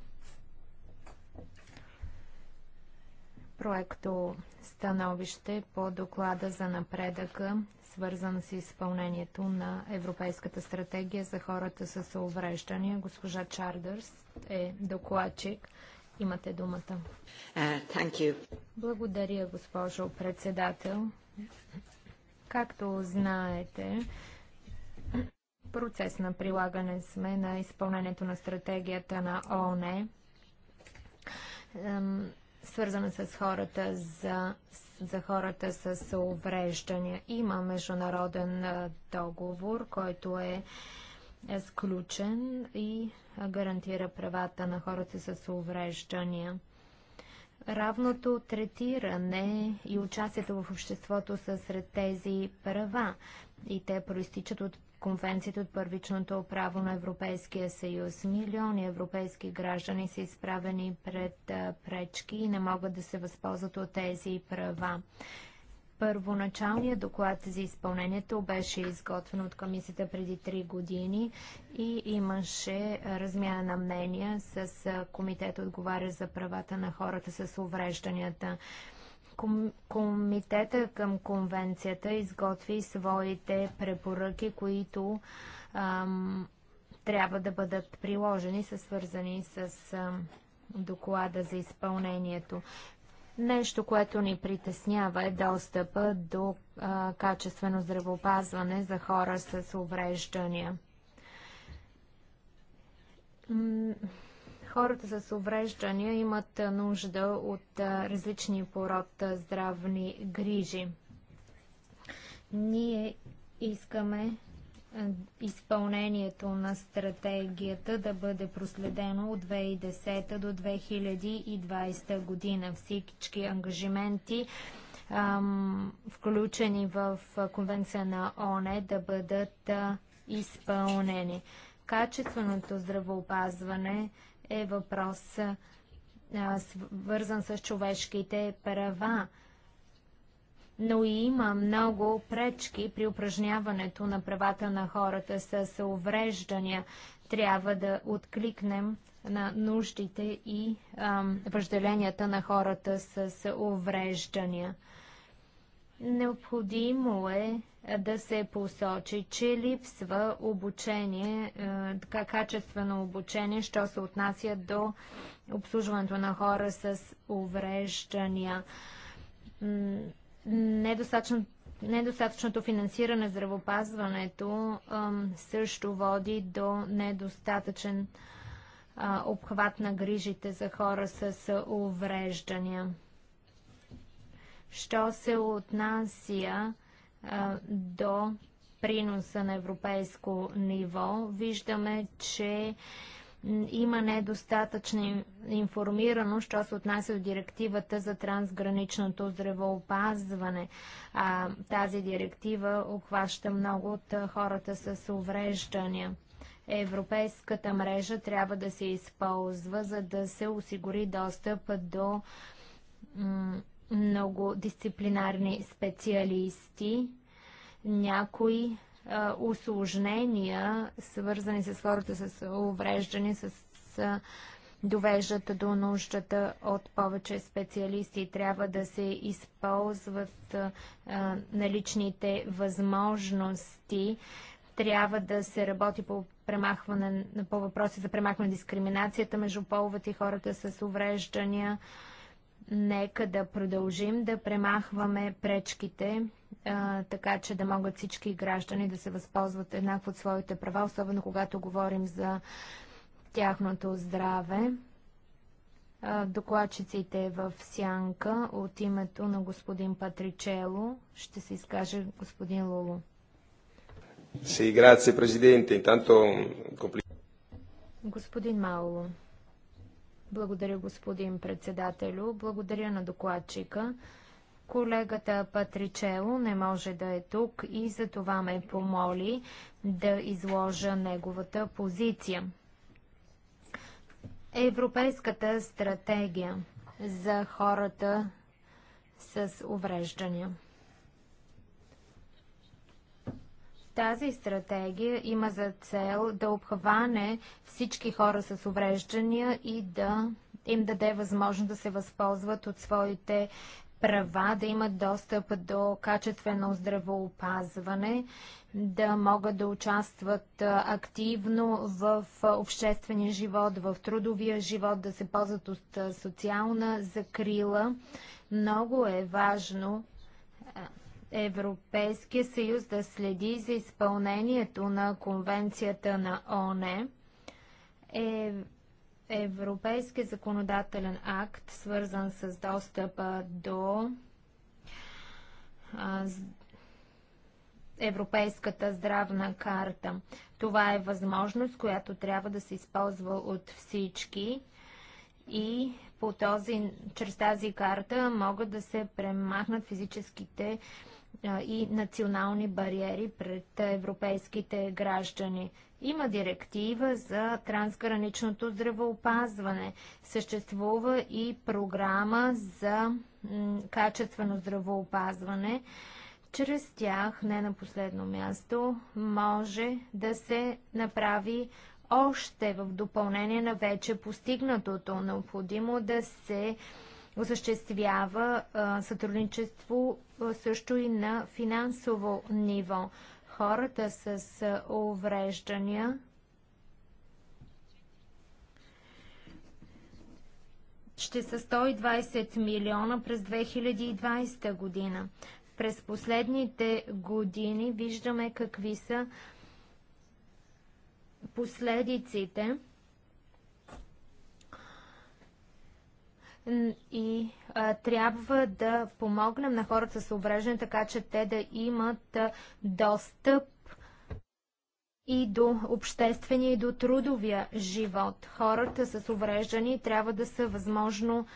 проекто становище по доклада за напредъка, свързан с изпълнението на Европейската стратегия за хората с увреждания. Госпожа Чардърс е докладчик. Имате думата. Uh, Благодаря, госпожо председател. Както знаете, процес на прилагане сме на изпълнението на стратегията на ООН, свързана с хората за, за хората с увреждания. Има международен е, договор, който е е сключен и гарантира правата на хората с увреждания равното третиране и участието в обществото са сред тези права и те проистичат от Конвенцията от първичното право на Европейския съюз. Милиони европейски граждани са изправени пред пречки и не могат да се възползват от тези права. Първоначалният доклад за изпълнението беше изготвен от комисията преди 3 години и имаше размяна на мнения с комитет отговаря за правата на хората с уврежданията. комитета към конвенцията изготви своите препоръки, които ам, трябва да бъдат приложени, са свързани с ам, доклада за изпълнението. Нещо, което ни притеснява е достъпа до а, качествено здравеопазване за хора с увреждания. Хората с увреждания имат нужда от а, различни пород здравни грижи. Ние искаме изпълнението на стратегията да бъде проследено от 2010 до 2020 година. Всички ангажименти, включени в Конвенция на ОНЕ, да бъдат изпълнени. Качественото здравеопазване е въпрос свързан с човешките права но и има много пречки при упражняването на правата на хората с увреждания. Трябва да откликнем на нуждите и ам, въжделенията на хората с увреждания. Необходимо е да се посочи, че липсва обучение, е, така качествено обучение, що се отнася до обслужването на хора с увреждания недостатъчно Недостатъчното финансиране в здравопазването също води до недостатъчен обхват на грижите за хора с увреждания. Що се отнася до приноса на европейско ниво, виждаме, че има недостатъчна информираност, що се отнася от директивата за трансграничното здравеопазване. А, тази директива обхваща много от хората с увреждания. Европейската мрежа трябва да се използва, за да се осигури достъп до много дисциплинарни специалисти. Някои осложнения, свързани с хората с увреждане, с, с довеждат до нуждата от повече специалисти. Трябва да се използват а, наличните възможности. Трябва да се работи по, премахване, по въпроси за премахване на дискриминацията между половете и хората с увреждания. Нека да продължим да премахваме пречките така че да могат всички граждани да се възползват еднакво от своите права, особено когато говорим за тяхното здраве. докладчиците в Сянка от името на господин Патричело ще се изкаже господин Лоло. Sì, президенте. Presidente. Intanto... Господин Маоло, Благодаря, господин председателю. Благодаря на докладчика. Колегата Патричело не може да е тук и за това ме помоли да изложа неговата позиция. Европейската стратегия за хората с увреждания. Тази стратегия има за цел да обхване всички хора с увреждания и да им даде възможност да се възползват от своите права, да имат достъп до качествено здравоопазване, да могат да участват активно в обществения живот, в трудовия живот, да се ползват от социална закрила. Много е важно Европейския съюз да следи за изпълнението на Конвенцията на ОНЕ. Е, европейски законодателен акт, свързан с достъпа до Европейската здравна карта. Това е възможност, която трябва да се използва от всички и по този, чрез тази карта могат да се премахнат физическите и национални бариери пред европейските граждани. Има директива за трансграничното здравеопазване. Съществува и програма за качествено здравеопазване. Чрез тях, не на последно място, може да се направи още в допълнение на вече постигнатото. Необходимо да се осъществява сътрудничество също и на финансово ниво хората с увреждания. ще са 120 милиона през 2020 година. През последните години виждаме какви са последиците – и а, трябва да помогнем на хората с увреждане, така че те да имат достъп и до обществения и до трудовия живот. Хората с увреждани трябва да са възможно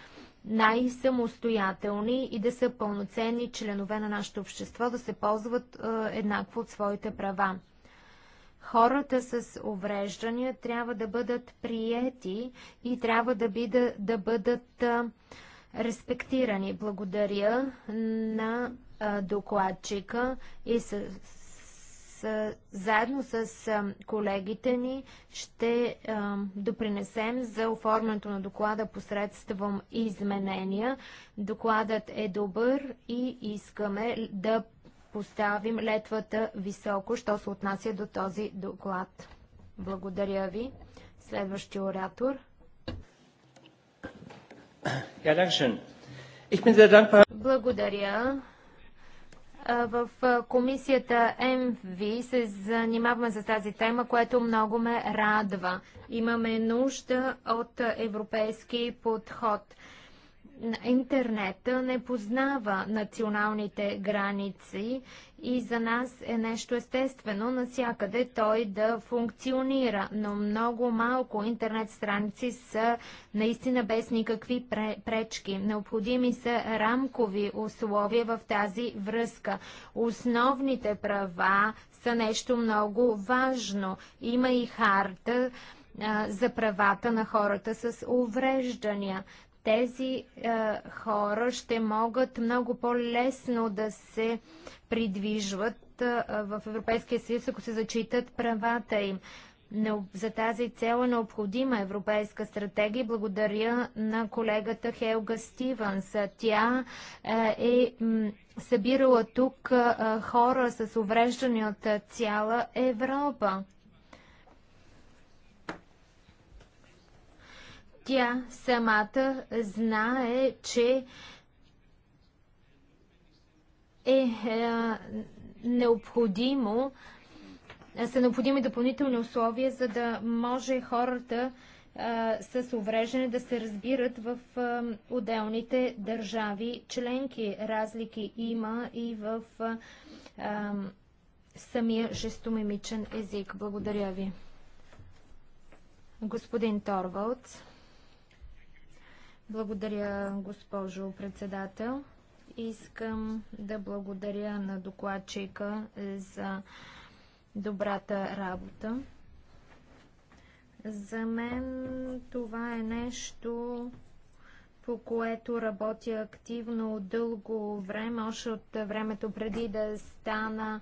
най-самостоятелни и да са пълноценни членове на нашето общество, да се ползват е, еднакво от своите права. Хората с увреждания трябва да бъдат приети и трябва да, би, да, да бъдат а, респектирани. Благодаря на а, докладчика и с, с, заедно с а, колегите ни ще а, допринесем за оформянето на доклада посредством изменения. Докладът е добър и искаме да поставим летвата високо, що се отнася до този доклад. Благодаря ви. Следващия оратор. Благодаря. В комисията МВ се занимаваме за тази тема, което много ме радва. Имаме нужда от европейски подход. Интернет не познава националните граници и за нас е нещо естествено насякъде той да функционира, но много малко интернет страници са наистина без никакви пречки. Необходими са рамкови условия в тази връзка. Основните права са нещо много важно. Има и харта, за правата на хората с увреждания тези е, хора ще могат много по-лесно да се придвижват е, в Европейския съюз, ако се зачитат правата им. Но за тази цел е необходима европейска стратегия. Благодаря на колегата Хелга Стивенс. Тя е, е събирала тук е, хора с увреждане от цяла Европа. Тя самата знае, че е, е необходимо са необходими допълнителни условия, за да може хората е, с увреждане да се разбират в е, отделните държави членки. Разлики има и в е, е самия жестомимичен език. Благодаря ви. Господин Торвалдс. Благодаря, госпожо председател. Искам да благодаря на докладчика за добрата работа. За мен това е нещо, по което работя активно дълго време, още от времето преди да стана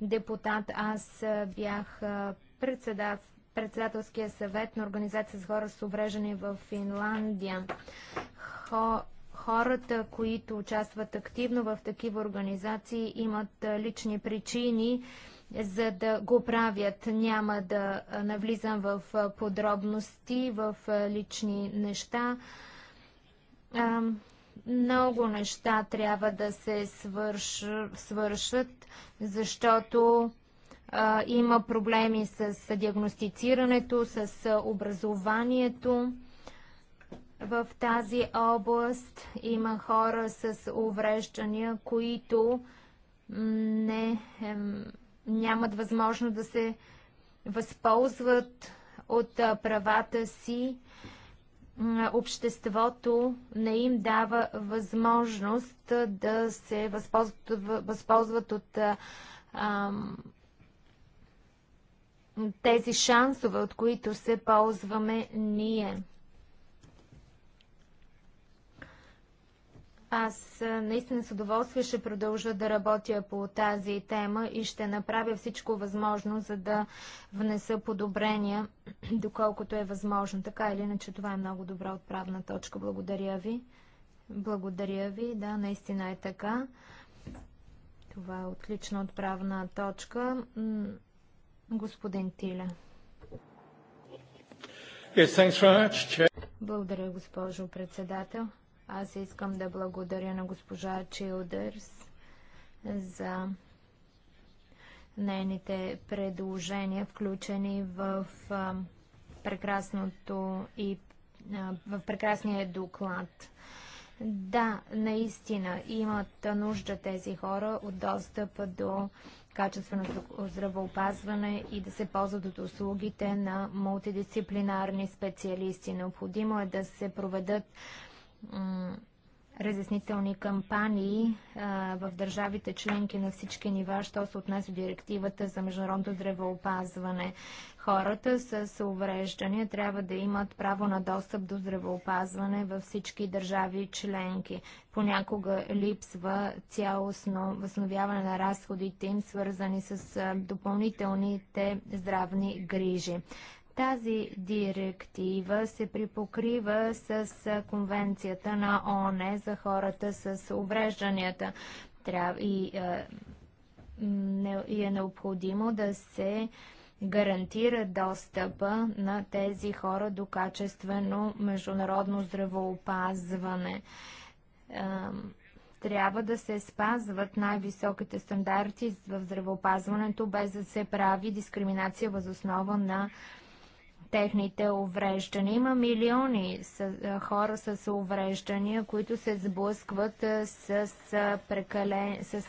депутат. Аз бях председател председателския съвет на Организация с хора с увреждане в Финландия. Хо, хората, които участват активно в такива организации, имат лични причини за да го правят. Няма да навлизам в подробности, в лични неща. много неща трябва да се свърш, свършат, защото има проблеми с диагностицирането, с образованието. В тази област има хора с увреждания, които не, нямат възможност да се възползват от правата си. Обществото не им дава възможност да се възползват, възползват от тези шансове, от които се ползваме ние. Аз наистина с удоволствие ще продължа да работя по тази тема и ще направя всичко възможно, за да внеса подобрения, доколкото е възможно. Така или иначе, това е много добра отправна точка. Благодаря ви. Благодаря ви. Да, наистина е така. Това е отлична отправна точка господин Тиле. Yes, Благодаря, госпожо председател. Аз искам да благодаря на госпожа Чилдърс за нейните предложения, включени в прекрасното и в прекрасния доклад. Да, наистина имат нужда тези хора от достъп до качествено здравоопазване и да се ползват от услугите на мултидисциплинарни специалисти. Необходимо е да се проведат разяснителни кампании а, в държавите членки на всички нива, що се отнесе директивата за международното здравеопазване. Хората с увреждания трябва да имат право на достъп до здравеопазване във всички държави членки. Понякога липсва цялостно възновяване на разходите им, свързани с допълнителните здравни грижи. Тази директива се припокрива с конвенцията на ООН за хората с уврежданията. и е необходимо да се гарантира достъпа на тези хора до качествено международно здравоопазване. Трябва да се спазват най-високите стандарти в здравеопазването, без да се прави дискриминация възоснова на техните увреждания. Има милиони с, хора с увреждания, които се сблъскват с, прекален, с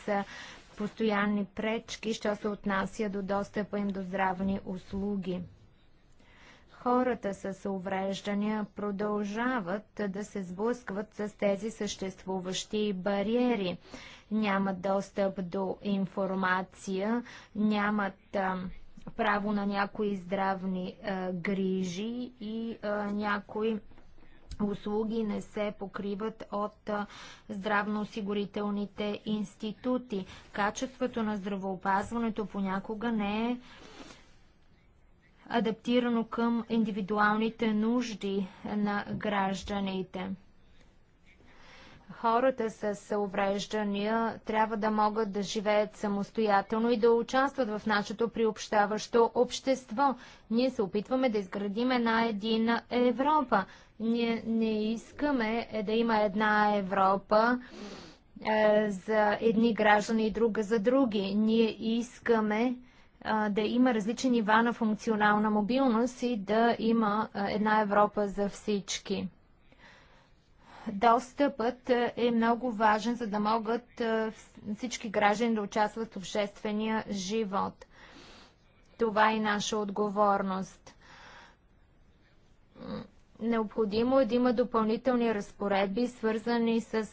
постоянни пречки, що се отнася до достъпа им до здравни услуги. Хората с увреждания продължават да се сблъскват с тези съществуващи бариери. Нямат достъп до информация, нямат а, право на някои здравни а, грижи и а, някои услуги не се покриват от здравноосигурителните институти. Качеството на здравоопазването понякога не е адаптирано към индивидуалните нужди на гражданите. Хората с увреждания трябва да могат да живеят самостоятелно и да участват в нашето приобщаващо общество. Ние се опитваме да изградим една едина Европа. Ние не искаме е, да има една Европа е, за едни граждани и друга за други. Ние искаме е, да има различни нива на функционална мобилност и да има една Европа за всички. Достъпът е много важен, за да могат всички граждани да участват в обществения живот. Това е наша отговорност Необходимо е да има допълнителни разпоредби, свързани с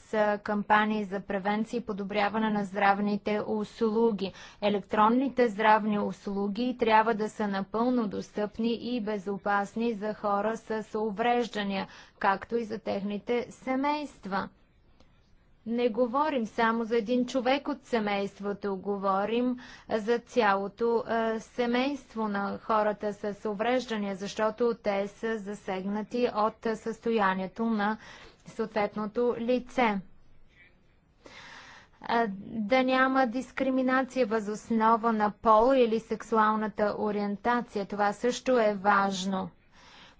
кампании за превенция и подобряване на здравните услуги. Електронните здравни услуги трябва да са напълно достъпни и безопасни за хора с увреждания, както и за техните семейства. Не говорим само за един човек от семейството, говорим за цялото семейство на хората с увреждания, защото те са засегнати от състоянието на съответното лице да няма дискриминация въз основа на пол или сексуалната ориентация. Това също е важно.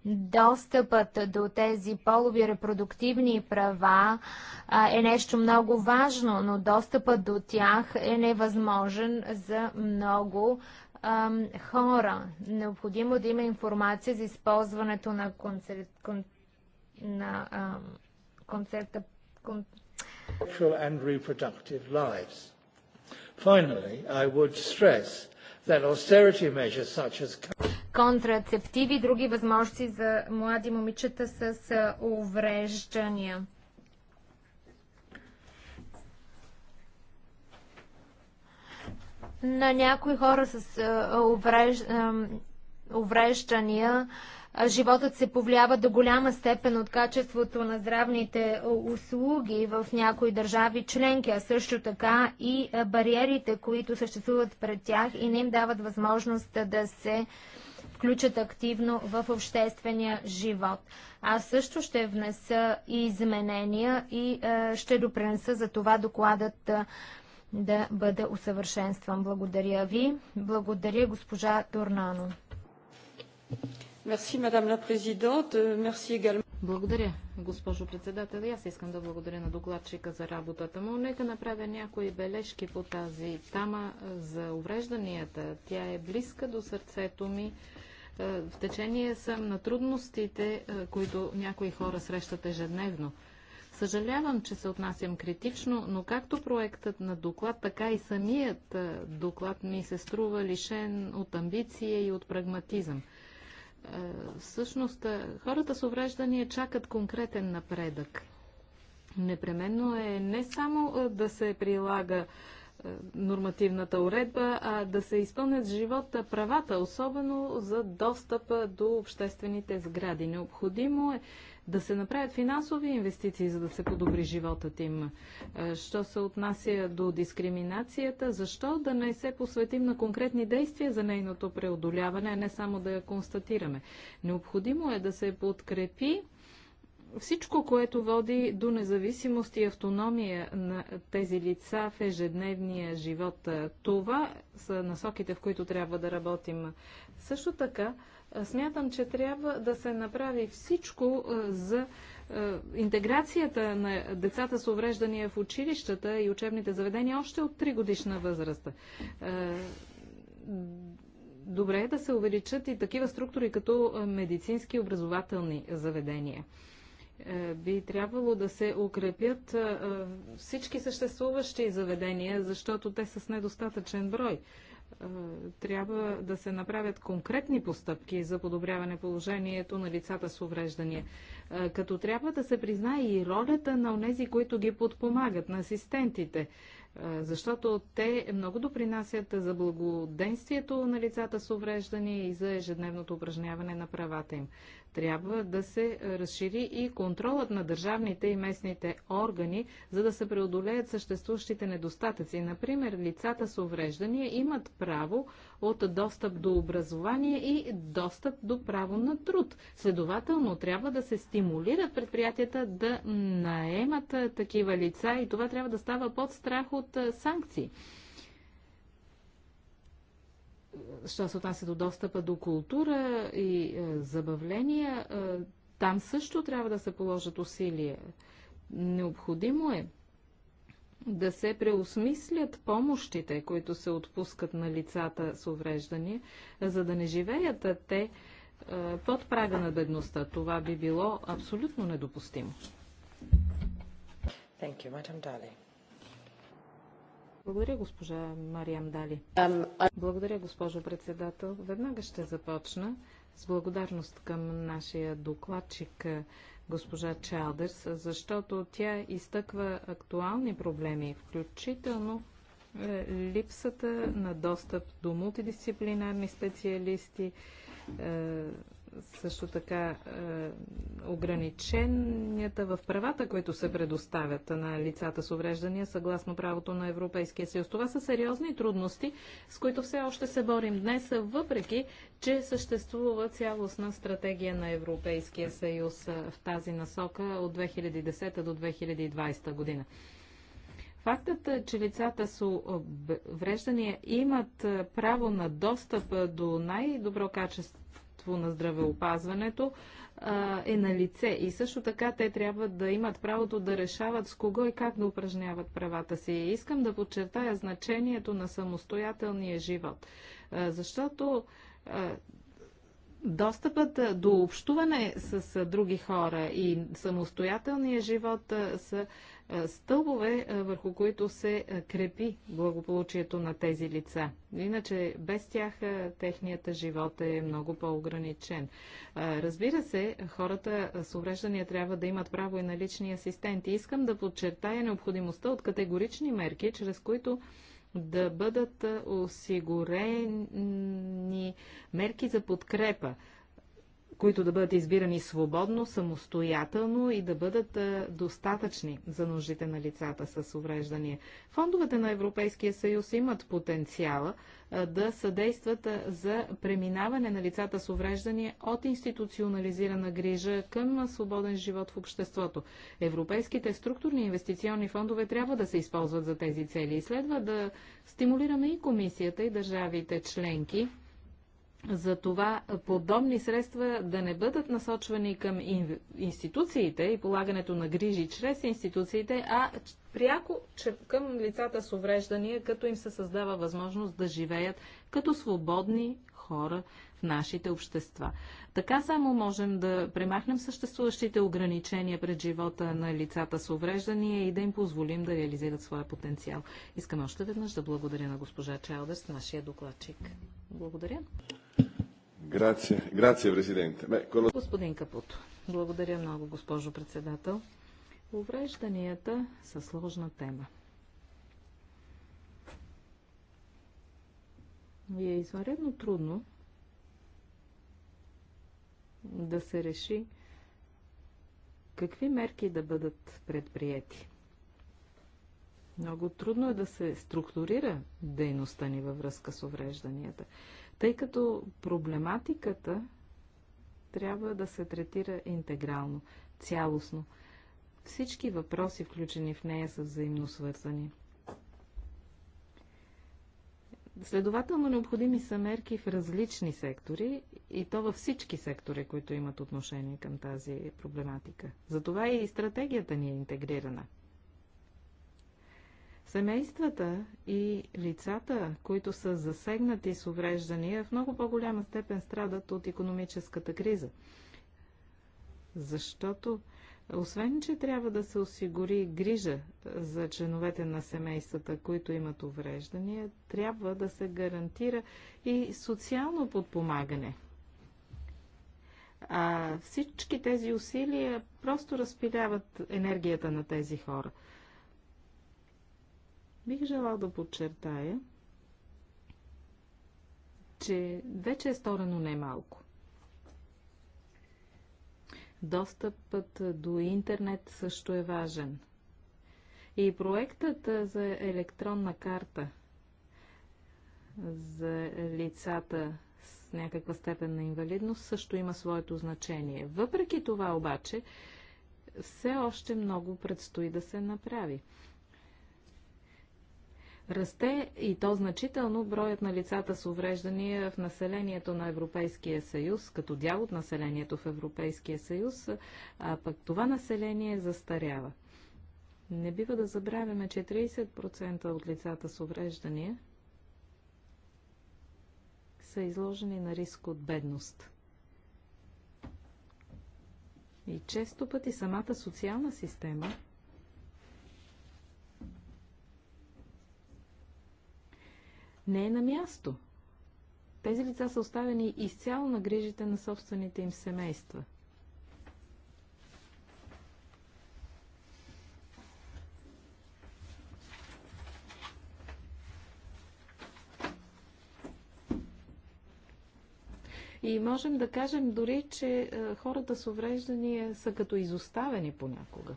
Достъпът до тези полови репродуктивни права а, е нещо много важно, но достъпът до тях е невъзможен за много а, хора. Необходимо да има информация за използването на, концерт, кон, на а, концерта. Кон... And reproductive lives. Finally, I would stress that austerity measures such as контрацептиви и други възможности за млади момичета с увреждания. На някои хора с увреж... увреждания животът се повлиява до голяма степен от качеството на здравните услуги в някои държави членки, а също така и бариерите, които съществуват пред тях и не им дават възможност да се включат активно в обществения живот. Аз също ще внеса и изменения и е, ще допренеса за това докладът е, да бъде усъвършенстван. Благодаря ви. Благодаря госпожа Торнано. Мерси, мадам ла президент. Мерси Благодаря, госпожо председател. Аз искам да благодаря на докладчика за работата му. Нека направя някои бележки по тази тама за уврежданията. Тя е близка до сърцето ми е, в течение съм на трудностите, е, които някои хора срещат ежедневно. Съжалявам, че се отнасям критично, но както проектът на доклад, така и самият е, доклад ми се струва лишен от амбиция и от прагматизъм. Всъщност, хората с увреждания чакат конкретен напредък. Непременно е не само да се прилага нормативната уредба, а да се изпълнят с живота правата, особено за достъпа до обществените сгради. Необходимо е да се направят финансови инвестиции, за да се подобри животът им. Е, що се отнася до дискриминацията, защо да не се посветим на конкретни действия за нейното преодоляване, а не само да я констатираме? Необходимо е да се подкрепи всичко, което води до независимост и автономия на тези лица в ежедневния живот. Това са насоките, в които трябва да работим. Също така, смятам, че трябва да се направи всичко за интеграцията на децата с увреждания в училищата и учебните заведения още от 3 годишна възраст. Добре е да се увеличат и такива структури като медицински образователни заведения. Е, би трябвало да се укрепят е, всички съществуващи заведения, защото те са с недостатъчен брой. Е, трябва да се направят конкретни постъпки за подобряване положението на лицата с увреждания, като трябва да се признае и ролята на тези, които ги подпомагат, на асистентите, защото те много допринасят за благоденствието на лицата с увреждания и за ежедневното упражняване на правата им. Трябва да се разшири и контролът на държавните и местните органи, за да се преодолеят съществуващите недостатъци. Например, лицата с увреждания имат право от достъп до образование и достъп до право на труд. Следователно, трябва да се стимулират предприятията да наемат такива лица и това трябва да става под страх от санкции що се отнася до достъпа до култура и е, забавления, е, там също трябва да се положат усилия. Необходимо е да се преосмислят помощите, които се отпускат на лицата с увреждания, за да не живеят те е, под прага на бедността. Това би било абсолютно недопустимо. Thank you, Madam Dali. Благодаря, госпожа Мариям Дали. Благодаря, госпожо председател. Веднага ще започна с благодарност към нашия докладчик госпожа Чалдърс, защото тя изтъква актуални проблеми, включително е, липсата на достъп до мултидисциплинарни специалисти, е, също така е, ограниченията в правата, които се предоставят на лицата с увреждания съгласно правото на Европейския съюз. Това са сериозни трудности, с които все още се борим днес, въпреки, че съществува цялостна стратегия на Европейския съюз е, в тази насока от 2010 до 2020 година. Фактът, е, че лицата с увреждания имат право на достъп до най-добро качество Министерство на здравеопазването е на лице. И също така те трябва да имат правото да решават с кого и как да упражняват правата си. И искам да подчертая значението на самостоятелния живот, защото Достъпът до общуване с други хора и самостоятелния живот са стълбове, върху които се крепи благополучието на тези лица. Иначе без тях техният живот е много по-ограничен. Разбира се, хората с увреждания трябва да имат право и на лични асистенти. Искам да подчертая необходимостта от категорични мерки, чрез които да бъдат осигурени мерки за подкрепа които да бъдат избирани свободно, самостоятелно и да бъдат достатъчни за нуждите на лицата с увреждания. Фондовете на Европейския съюз имат потенциала да съдействат за преминаване на лицата с увреждания от институционализирана грижа към свободен живот в обществото. Европейските структурни инвестиционни фондове трябва да се използват за тези цели и следва да стимулираме и комисията и държавите членки за това подобни средства да не бъдат насочвани към институциите и полагането на грижи чрез институциите, а пряко към лицата с увреждания, като им се създава възможност да живеят като свободни хора в нашите общества. Така само можем да премахнем съществуващите ограничения пред живота на лицата с увреждания и да им позволим да реализират своя потенциал. Искам още веднъж да благодаря на госпожа Чалдърс, нашия докладчик. Благодаря. Грация, грация, Господин Капуто, благодаря много, госпожо председател. Уврежданията са сложна тема. И е извънредно трудно да се реши какви мерки да бъдат предприяти. Много трудно е да се структурира дейността ни във връзка с уврежданията тъй като проблематиката трябва да се третира интегрално, цялостно. Всички въпроси, включени в нея, са взаимно свързани. Следователно необходими са мерки в различни сектори и то във всички сектори, които имат отношение към тази проблематика. Затова и стратегията ни е интегрирана – Семействата и лицата, които са засегнати с увреждания, в много по-голяма степен страдат от економическата криза. Защото, освен, че трябва да се осигури грижа за членовете на семействата, които имат увреждания, трябва да се гарантира и социално подпомагане. А всички тези усилия просто разпиляват енергията на тези хора – Бих желал да подчертая, че вече е сторено немалко. Достъпът до интернет също е важен. И проектът за електронна карта за лицата с някаква степен на инвалидност също има своето значение. Въпреки това обаче, все още много предстои да се направи. Расте и то значително броят на лицата с увреждания в населението на Европейския съюз, като дял от населението в Европейския съюз, а пък това население застарява. Не бива да забравяме, че 30% от лицата с увреждания са изложени на риск от бедност. И често пъти самата социална система – не е на място. Тези лица са оставени изцяло на грижите на собствените им семейства. И можем да кажем дори, че е, хората с увреждания са като изоставени понякога.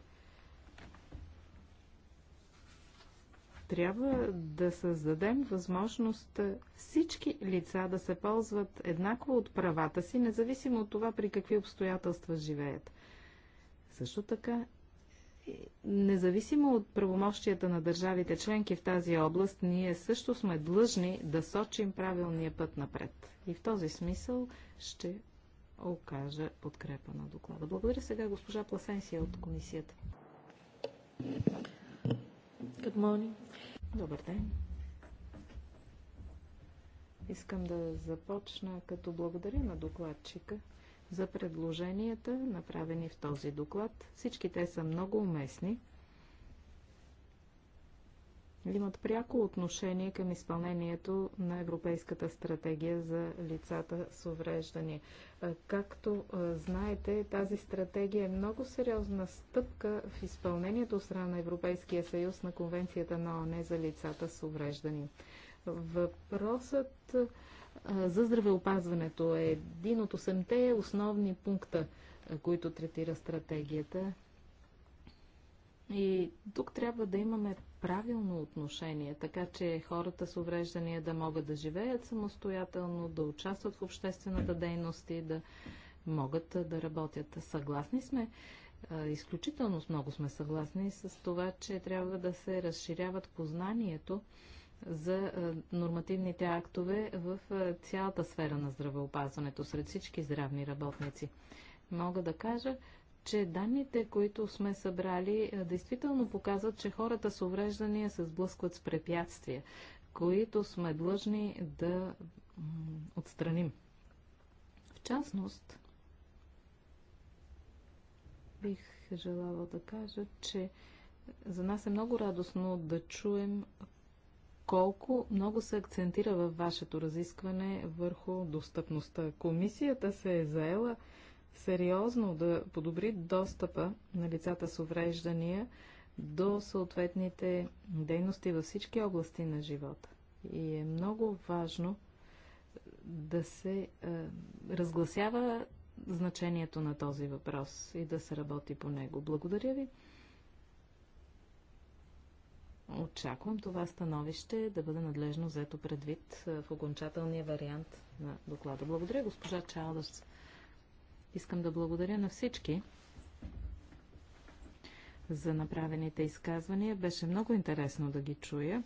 трябва да създадем възможност всички лица да се ползват еднакво от правата си, независимо от това при какви обстоятелства живеят. Също така, независимо от правомощията на държавите членки в тази област, ние също сме длъжни да сочим правилния път напред. И в този смисъл ще окажа подкрепа на доклада. Благодаря сега госпожа Пласенсия от комисията. Good morning. Добър ден. Искам да започна като благодаря на докладчика за предложенията, направени в този доклад. Всички те са много уместни имат пряко отношение към изпълнението на Европейската стратегия за лицата с увреждания. Както знаете, тази стратегия е много сериозна стъпка в изпълнението от страна на Европейския съюз на Конвенцията на ОНЕ за лицата с увреждания. Въпросът за здравеопазването е един от 8-те основни пункта, които третира стратегията. И тук трябва да имаме правилно отношение, така че хората с увреждания да могат да живеят самостоятелно, да участват в обществената дейност и да могат да работят. Съгласни сме, изключително много сме съгласни с това, че трябва да се разширяват познанието за нормативните актове в цялата сфера на здравеопазването, сред всички здравни работници. Мога да кажа, че данните, които сме събрали, е, действително показват, че хората с увреждания се сблъскват с препятствия, които сме длъжни да отстраним. В частност, бих желала да кажа, че за нас е много радостно да чуем колко много се акцентира във вашето разискване върху достъпността. Комисията се е заела сериозно да подобри достъпа на лицата с увреждания до съответните дейности във всички области на живота. И е много важно да се е, разгласява значението на този въпрос и да се работи по него. Благодаря ви. Очаквам това становище да бъде надлежно взето предвид в окончателния вариант на доклада. Благодаря, госпожа Чалдърс. Искам да благодаря на всички за направените изказвания. Беше много интересно да ги чуя.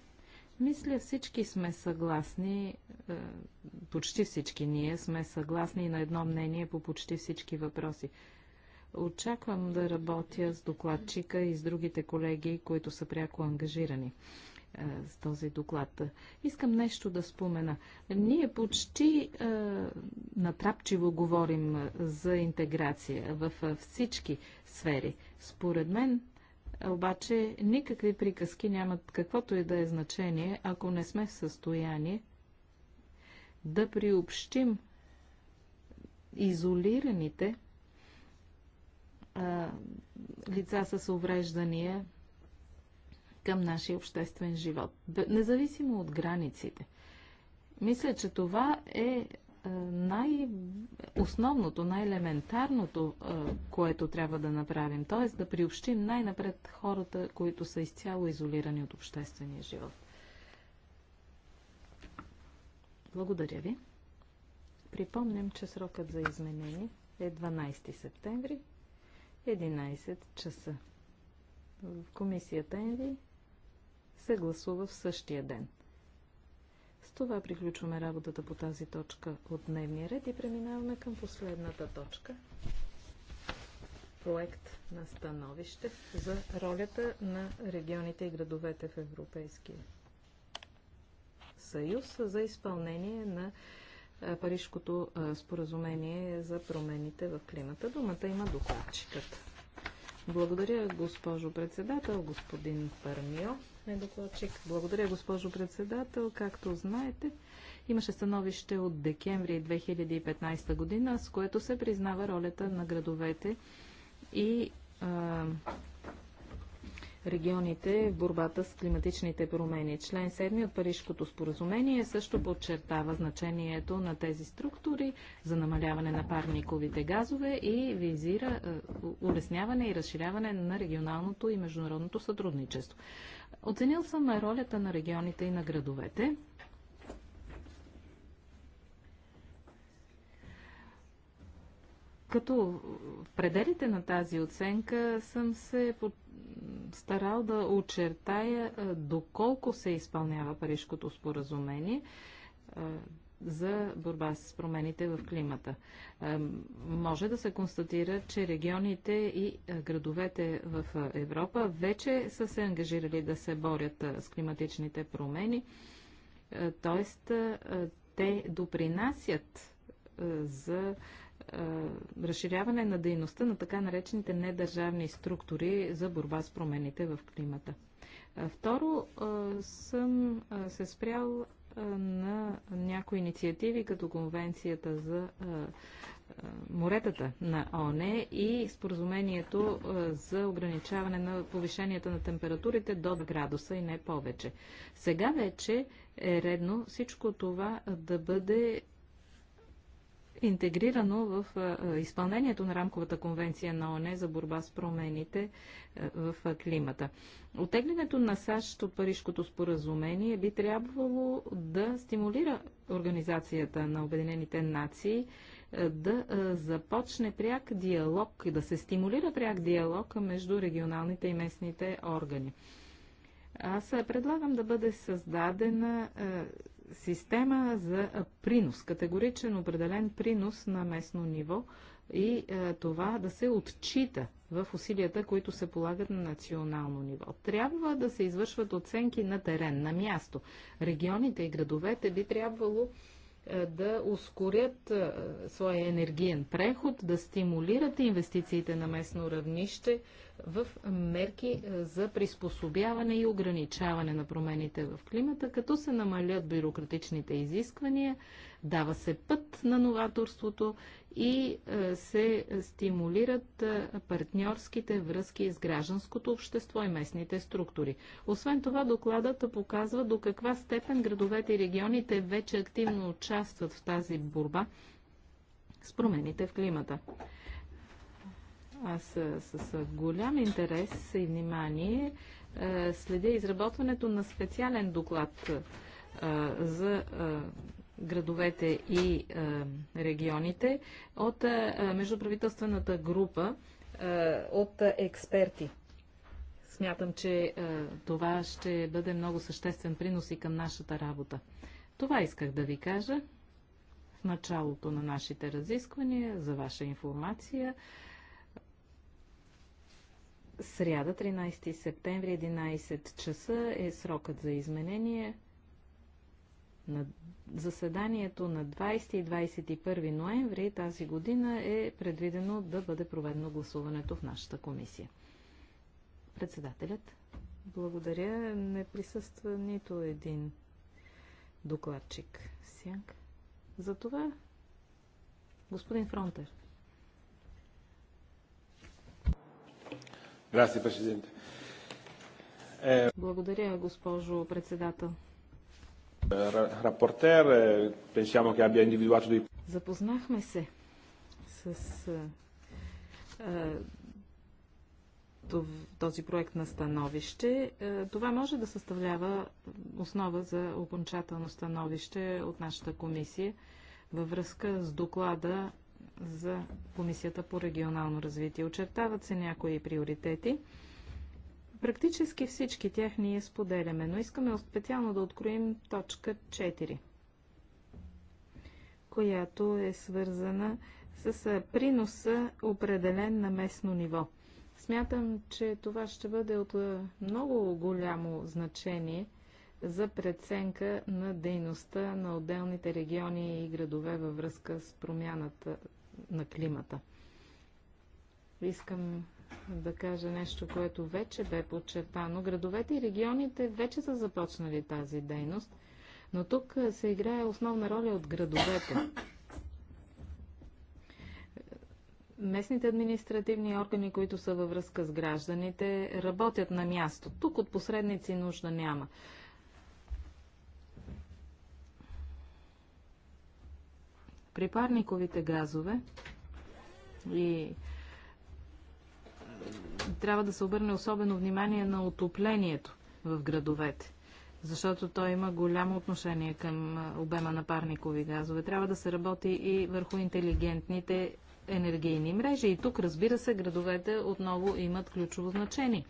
Мисля, всички сме съгласни, е, почти всички ние сме съгласни на едно мнение по почти всички въпроси. Очаквам да работя с докладчика и с другите колеги, които са пряко ангажирани е, с този доклад. Искам нещо да спомена. Ние почти е, натрапчиво говорим е, за интеграция в е, всички сфери. Според мен, обаче, никакви приказки нямат каквото и да е значение, ако не сме в състояние да приобщим изолираните е, лица с увреждания към нашия обществен живот, независимо от границите. Мисля, че това е, е най-основното, най-елементарното, е, което трябва да направим, т.е. да приобщим най-напред хората, които са изцяло изолирани от обществения живот. Благодаря ви. Припомням, че срокът за изменение е 12 септември, 11 часа. В комисията ви се гласува в същия ден. С това приключваме работата по тази точка от дневния ред и преминаваме към последната точка. Проект на становище за ролята на регионите и градовете в Европейския съюз за изпълнение на Парижското споразумение за промените в климата. Думата има докладчикът. Благодаря, госпожо председател, господин Пармио е докладчик. Благодаря, госпожо председател. Както знаете, имаше становище от декември 2015 година, с което се признава ролята на градовете и а, регионите в борбата с климатичните промени. Член 7 от Парижското споразумение също подчертава значението на тези структури за намаляване на парниковите газове и визира улесняване и разширяване на регионалното и международното сътрудничество. Оценил съм ролята на регионите и на градовете. Като в пределите на тази оценка съм се старал да очертая доколко се изпълнява Парижското споразумение, за борба с промените в климата. Е, може да се констатира, че регионите и е, градовете в е, Европа вече са се ангажирали да се борят с климатичните промени, т.е. те допринасят за разширяване на дейността на така наречените недържавни структури за борба с промените в климата. Второ, съм се спрял на някои инициативи, като Конвенцията за моретата на ОНЕ и споразумението за ограничаване на повишенията на температурите до 2 градуса и не повече. Сега вече е редно всичко това да бъде интегрирано в изпълнението на рамковата конвенция на ОНЕ за борба с промените в климата. Отеглянето на САЩ от Парижкото споразумение би трябвало да стимулира Организацията на Обединените нации да започне пряк диалог и да се стимулира пряк диалог между регионалните и местните органи. Аз предлагам да бъде създадена система за принос, категоричен определен принос на местно ниво и е, това да се отчита в усилията, които се полагат на национално ниво. Трябва да се извършват оценки на терен, на място. Регионите и градовете би трябвало е, да ускорят е, своя енергиен преход, да стимулират инвестициите на местно равнище в мерки е, за приспособяване и ограничаване на промените в климата, като се намалят бюрократичните изисквания, дава се път на новаторството и е, се стимулират е, партньорските връзки с гражданското общество и местните структури. Освен това, докладът показва до каква степен градовете и регионите вече активно участват в тази борба с промените в климата. Аз е, с, с голям интерес и внимание следя изработването на специален доклад за градовете и е, регионите от е, междуправителствената група е, от експерти. Смятам, че това ще бъде много съществен принос и към нашата работа. Това исках да ви кажа в началото на нашите разисквания за ваша информация. Сряда, 13 септември, 11 часа е срокът за изменение. На заседанието на 20 и 21 ноември тази година е предвидено да бъде проведено гласуването в нашата комисия. Председателят, благодаря. Не присъства нито един докладчик. За Затова господин Фронтер. Е, благодаря, госпожо председател. Рапортер, eh, Запознахме се с е, е, този проект на становище. Е, това може да съставлява основа за окончателно становище от нашата комисия във връзка с доклада за Комисията по регионално развитие. Очертават се някои приоритети. Практически всички тях ние споделяме, но искаме специално да откроим точка 4, която е свързана с приноса определен на местно ниво. Смятам, че това ще бъде от много голямо значение за преценка на дейността на отделните региони и градове във връзка с промяната на климата. Искам да кажа нещо, което вече бе подчертано. Градовете и регионите вече са започнали тази дейност, но тук се играе основна роля от градовете. Местните административни органи, които са във връзка с гражданите, работят на място. Тук от посредници нужда няма. При парниковите газове и трябва да се обърне особено внимание на отоплението в градовете, защото то има голямо отношение към обема на парникови газове. Трябва да се работи и върху интелигентните енергийни мрежи. И тук, разбира се, градовете отново имат ключово значение.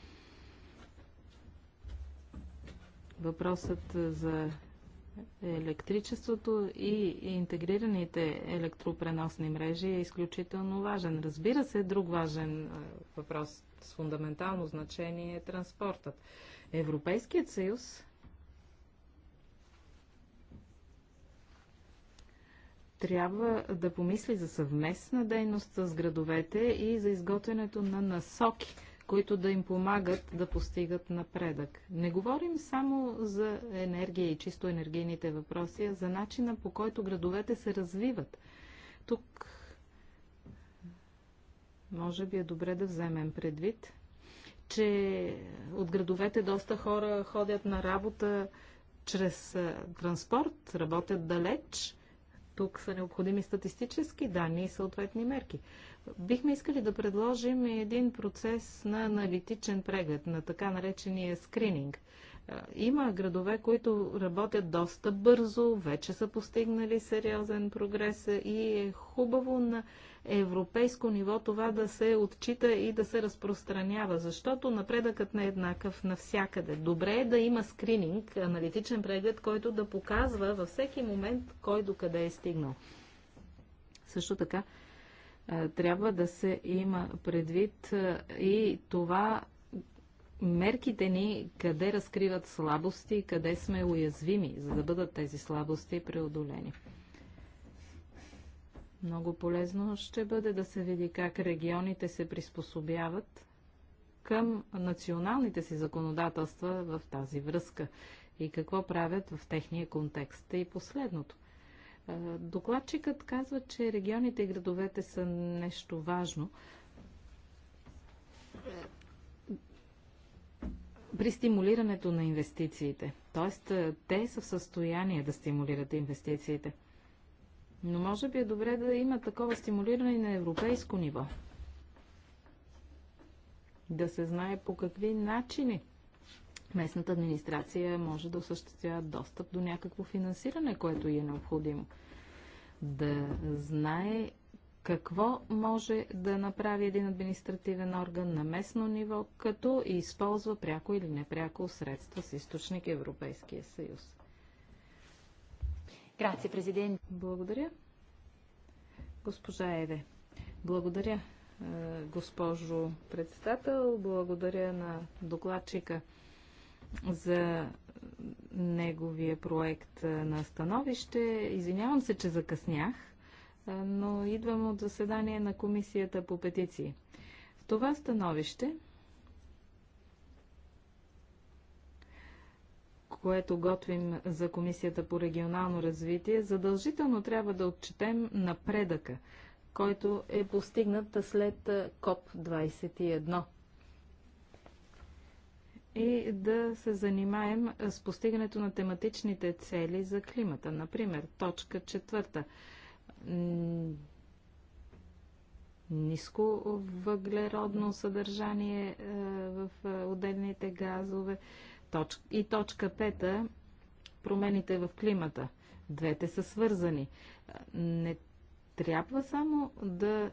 Въпросът за електричеството и интегрираните електропреносни мрежи е изключително важен. Разбира се, друг важен въпрос с фундаментално значение е транспортът. Европейският съюз трябва да помисли за съвместна дейност с градовете и за изготвянето на насоки които да им помагат да постигат напредък. Не говорим само за енергия и чисто енергийните въпроси, а за начина по който градовете се развиват. Тук може би е добре да вземем предвид, че от градовете доста хора ходят на работа чрез транспорт, работят далеч. Тук са необходими статистически данни и съответни мерки. Бихме искали да предложим един процес на аналитичен преглед, на така наречения скрининг. Е, има градове, които работят доста бързо, вече са постигнали сериозен прогрес и е хубаво на европейско ниво това да се отчита и да се разпространява, защото напредъкът не е еднакъв навсякъде. Добре е да има скрининг, аналитичен преглед, който да показва във всеки момент кой докъде е стигнал. Също така, е, трябва да се има предвид е, и това мерките ни къде разкриват слабости, къде сме уязвими, за да бъдат тези слабости преодолени. Много полезно ще бъде да се види как регионите се приспособяват към националните си законодателства в тази връзка и какво правят в техния контекст. И последното. Е, докладчикът казва, че регионите и градовете са нещо важно. При стимулирането на инвестициите. Тоест, е, те са в състояние да стимулират инвестициите. Но може би е добре да има такова стимулиране и на европейско ниво. Да се знае по какви начини местната администрация може да осъществява достъп до някакво финансиране, което е необходимо. Да знае какво може да направи един административен орган на местно ниво, като използва пряко или непряко средства с източник Европейския съюз. Грация, президент. Благодаря. Госпожа Еве. Благодаря, е, госпожо председател. Благодаря на докладчика за неговия проект на становище. Извинявам се, че закъснях, но идвам от заседание на Комисията по петиции. В това становище, което готвим за Комисията по регионално развитие, задължително трябва да отчетем напредъка, който е постигнат след КОП 21. И да се занимаем с постигането на тематичните цели за климата. Например, точка четвърта. Ниско въглеродно съдържание е, в е, отделните газове. И точка пета промените в климата. Двете са свързани. Е, не трябва само да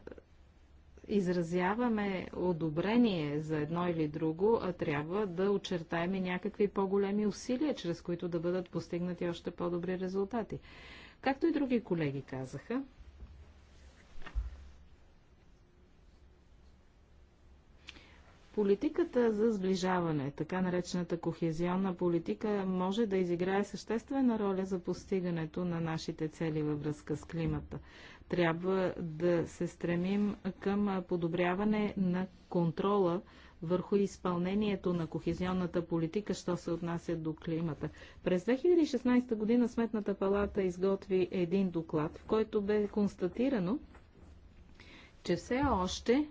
изразяваме одобрение за едно или друго, а трябва да очертаем и някакви по-големи усилия, чрез които да бъдат постигнати още по-добри резултати. Както и други колеги казаха, Политиката за сближаване, така наречената кохезионна политика, може да изиграе съществена роля за постигането на нашите цели във връзка с климата. Трябва да се стремим към подобряване на контрола върху изпълнението на кохезионната политика, що се отнася до климата. През 2016 година Сметната палата изготви един доклад, в който бе констатирано, че все още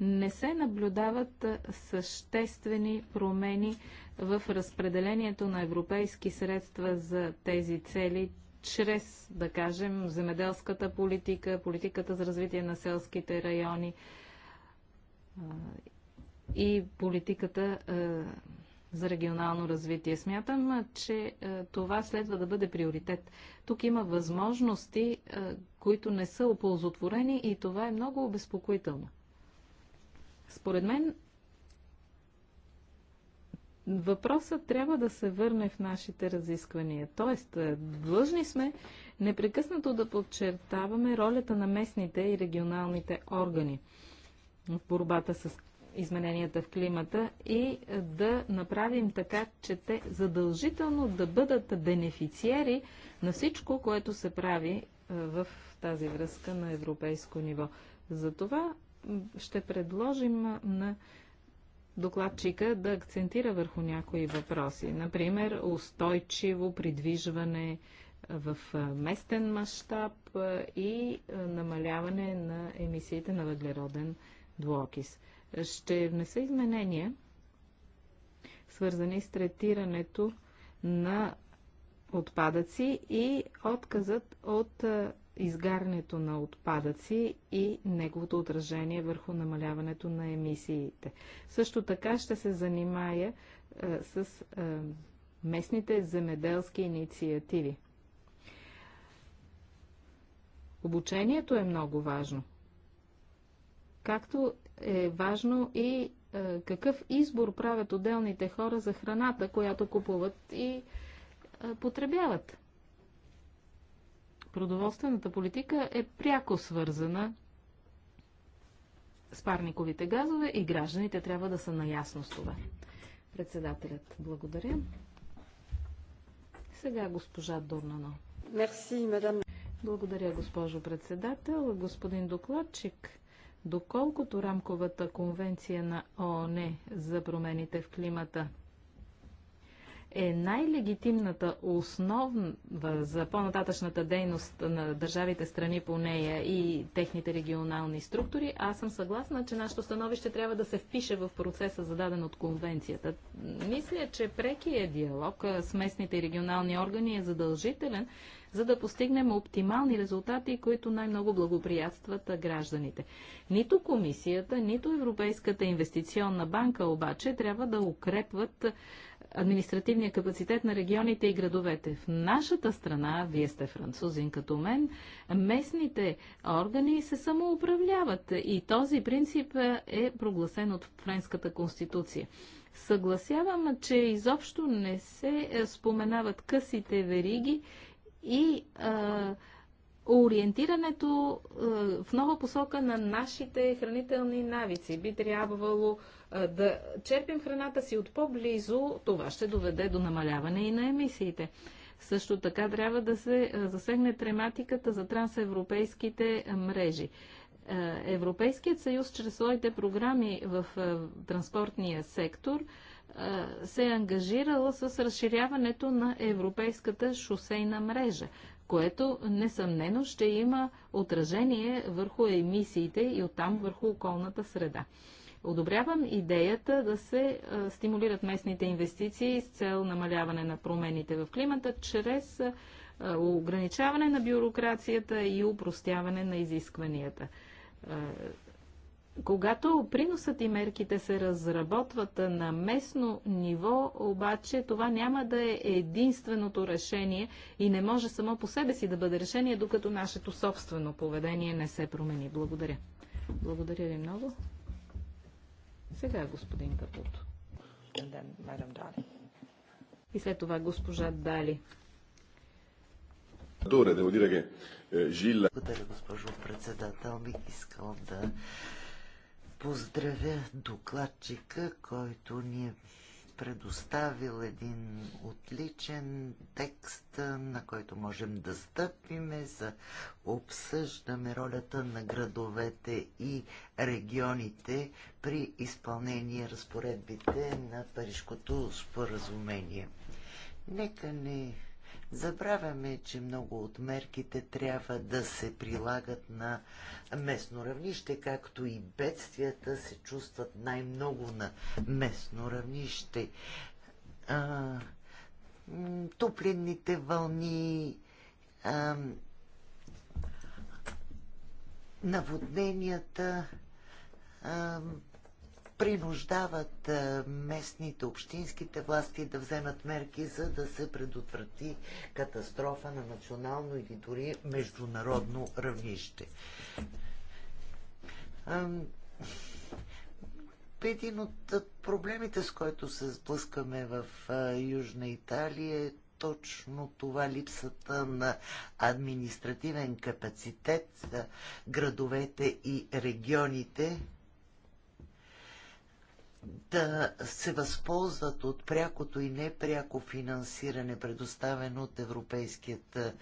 не се наблюдават съществени промени в разпределението на европейски средства за тези цели чрез, да кажем, земеделската политика, политиката за развитие на селските райони и политиката за регионално развитие. Смятам, че това следва да бъде приоритет. Тук има възможности, които не са оползотворени и това е много обезпокоително. Според мен въпросът трябва да се върне в нашите разисквания. Тоест, е, длъжни сме непрекъснато да подчертаваме ролята на местните и регионалните органи в борбата с измененията в климата и е, да направим така, че те задължително да бъдат бенефициери на всичко, което се прави е, в тази връзка на европейско ниво. Затова ще предложим на докладчика да акцентира върху някои въпроси. Например, устойчиво придвижване в местен мащаб и намаляване на емисиите на въглероден двуокис. Ще внеса изменения, свързани с третирането на отпадъци и отказът от изгарянето на отпадъци и неговото отражение върху намаляването на емисиите. Също така ще се занимая е, с е, местните земеделски инициативи. Обучението е много важно. Както е важно и е, какъв избор правят отделните хора за храната, която купуват и е, потребяват продоволствената политика е пряко свързана с парниковите газове и гражданите трябва да са наясно с това. Председателят, благодаря. Сега госпожа Дурнано. Мерси, мадам. Благодаря, госпожо председател. Господин докладчик, доколкото рамковата конвенция на ООН за промените в климата е най-легитимната основа за по-нататъчната дейност на държавите страни по нея и техните регионални структури, аз съм съгласна, че нашето становище трябва да се впише в процеса зададен от конвенцията. Мисля, че прекият диалог с местните и регионални органи е задължителен, за да постигнем оптимални резултати, които най-много благоприятстват гражданите. Нито комисията, нито Европейската инвестиционна банка обаче трябва да укрепват административния капацитет на регионите и градовете. В нашата страна, вие сте французин като мен, местните органи се самоуправляват и този принцип е прогласен от Френската конституция. Съгласявам, че изобщо не се е, споменават късите вериги и а, ориентирането а, в нова посока на нашите хранителни навици. Би трябвало а, да черпим храната си от по-близо, това ще доведе до намаляване и на емисиите. Също така трябва да се засегне тематиката за трансевропейските мрежи. Европейският съюз чрез своите програми в транспортния сектор се е ангажирала с разширяването на европейската шосейна мрежа, което несъмнено ще има отражение върху емисиите и оттам върху околната среда. Одобрявам идеята да се стимулират местните инвестиции с цел намаляване на промените в климата чрез ограничаване на бюрокрацията и упростяване на изискванията. Когато приносът и мерките се разработват на местно ниво, обаче това няма да е единственото решение и не може само по себе си да бъде решение, докато нашето собствено поведение не се промени. Благодаря. Благодаря ви много. Сега господин Капуто. И след това госпожа Дали. Е, Благодаря, госпожо председател. Бих искал да поздравя докладчика, който ни е предоставил един отличен текст, на който можем да стъпиме, за обсъждаме ролята на градовете и регионите при изпълнение разпоредбите на Парижкото споразумение. Нека не Забравяме, че много от мерките трябва да се прилагат на местно равнище, както и бедствията се чувстват най-много на местно равнище. А, топлинните вълни, а, наводненията, а, принуждават местните, общинските власти да вземат мерки, за да се предотврати катастрофа на национално или дори международно равнище. Един от проблемите, с който се сблъскваме в Южна Италия е точно това липсата на административен капацитет за градовете и регионите, да се възползват от прякото и непряко финансиране, предоставено от Европейският е,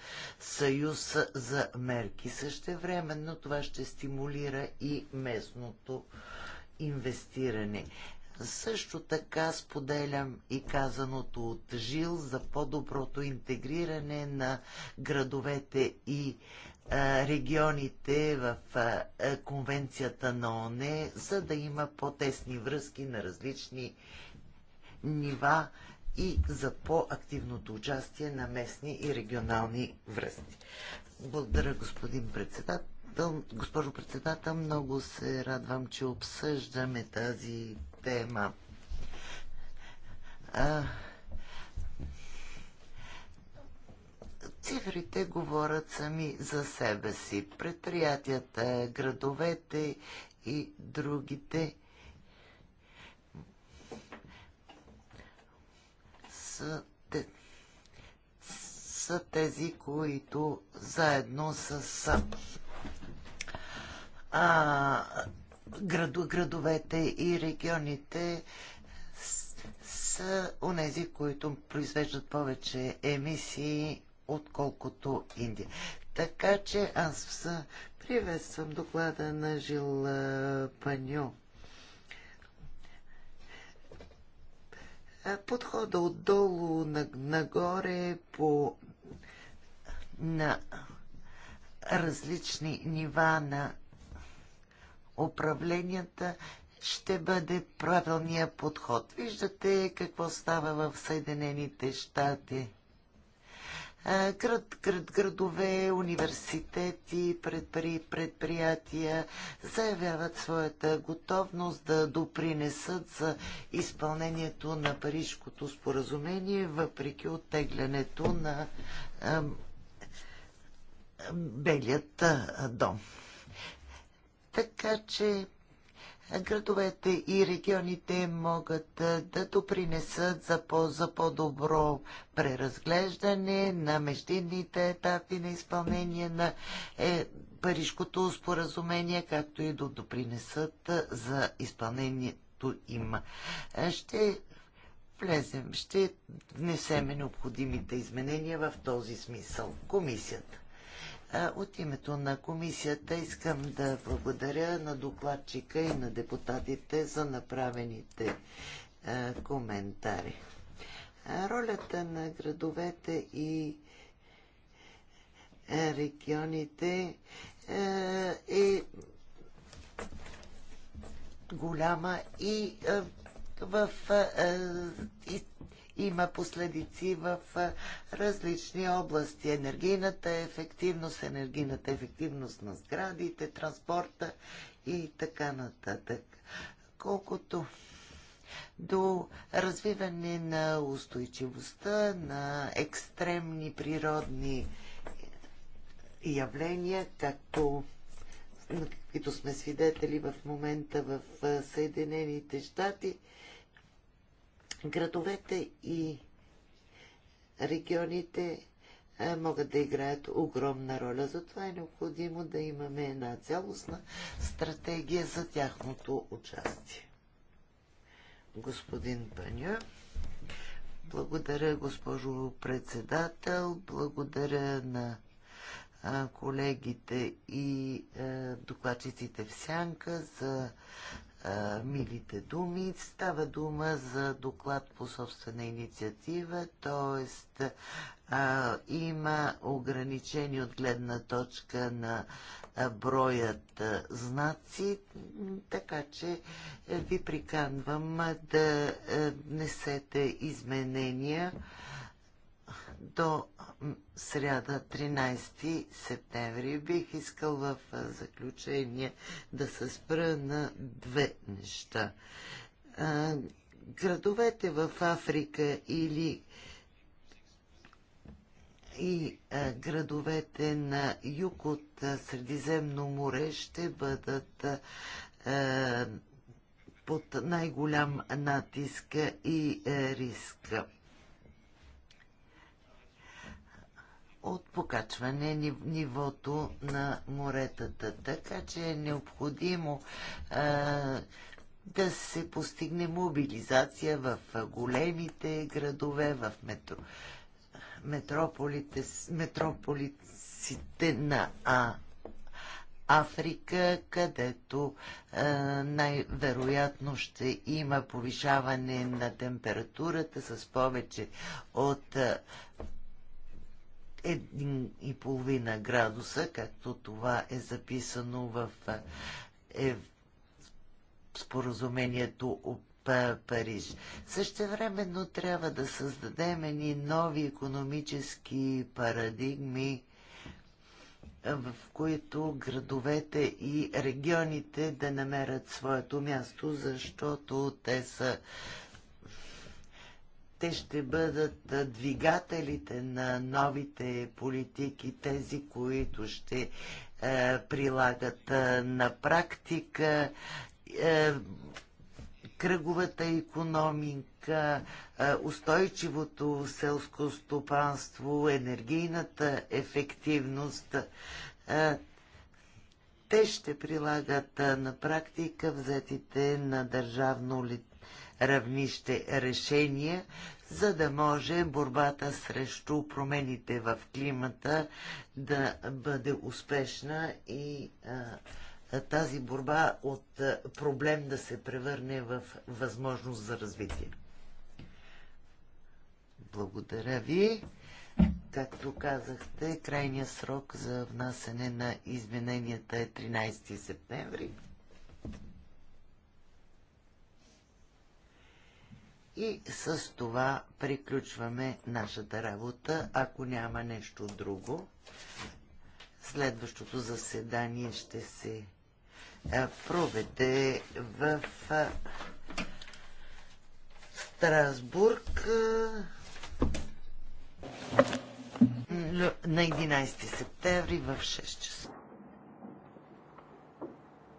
съюз за мерки. Същевременно това ще стимулира и местното инвестиране. Също така споделям и казаното от Жил за по-доброто интегриране на градовете и регионите в конвенцията на ОНЕ, за да има по-тесни връзки на различни нива и за по-активното участие на местни и регионални връзки. Благодаря, господин председател. Госпожо председател, много се радвам, че обсъждаме тази тема. Цифрите говорят сами за себе си. Предприятията, градовете и другите са, те, са тези, които заедно с а, град, градовете и регионите са онези, които произвеждат повече емисии отколкото Индия. Така че аз приветствам доклада на Жил Паньо. Подхода отдолу нагоре по на различни нива на управленията ще бъде правилният подход. Виждате какво става в Съединените щати. Е, град, град, градове, университети, предпри, предприятия заявяват своята готовност да допринесат за изпълнението на Парижкото споразумение, въпреки оттеглянето на а, Белият е, дом. Така че градовете и регионите могат да допринесат за, по, за по-добро преразглеждане на междинните етапи на изпълнение на е, Парижкото споразумение, както и да допринесат за изпълнението им. Ще влезем, ще внесеме необходимите изменения в този смисъл. Комисията. От името на комисията искам да благодаря на докладчика и на депутатите за направените коментари. Ролята на градовете и регионите е голяма и в има последици в различни области. Енергийната ефективност, енергийната ефективност на сградите, транспорта и така нататък. Колкото до развиване на устойчивостта на екстремни природни явления, както на каквито сме свидетели в момента в Съединените щати – Градовете и регионите могат да играят огромна роля. Затова е необходимо да имаме една цялостна стратегия за тяхното участие. Господин Паня. Благодаря, госпожо председател. Благодаря на колегите и докладчиците в Сянка за милите думи. Става дума за доклад по собствена инициатива, т.е. има ограничени от гледна точка на броят знаци, така че ви приканвам да внесете изменения до сряда 13 септември. Бих искал в заключение да се спра на две неща. Градовете в Африка или и градовете на юг от Средиземно море ще бъдат под най-голям натиск и риск. от покачване нивото на моретата. Така че е необходимо а, да се постигне мобилизация в големите градове, в метро, метрополите, метрополиците на А. Африка, където е, най-вероятно ще има повишаване на температурата с повече от 1,5 градуса, както това е записано в е, е споразумението от Париж. Същевременно трябва да създадем едни нови економически парадигми, е, в които градовете и регионите да намерят своето място, защото те са те ще бъдат двигателите на новите политики, тези, които ще е, прилагат е, на практика е, кръговата економика, е, устойчивото селско стопанство, енергийната ефективност. Е, те ще прилагат на практика взетите на държавно лице равнище решения, за да може борбата срещу промените в климата да бъде успешна и а, тази борба от проблем да се превърне в възможност за развитие. Благодаря ви. Както казахте, крайният срок за внасене на измененията е 13 септември. И с това приключваме нашата работа, ако няма нещо друго. Следващото заседание ще се проведе в Страсбург на 11 септември в 6 часа.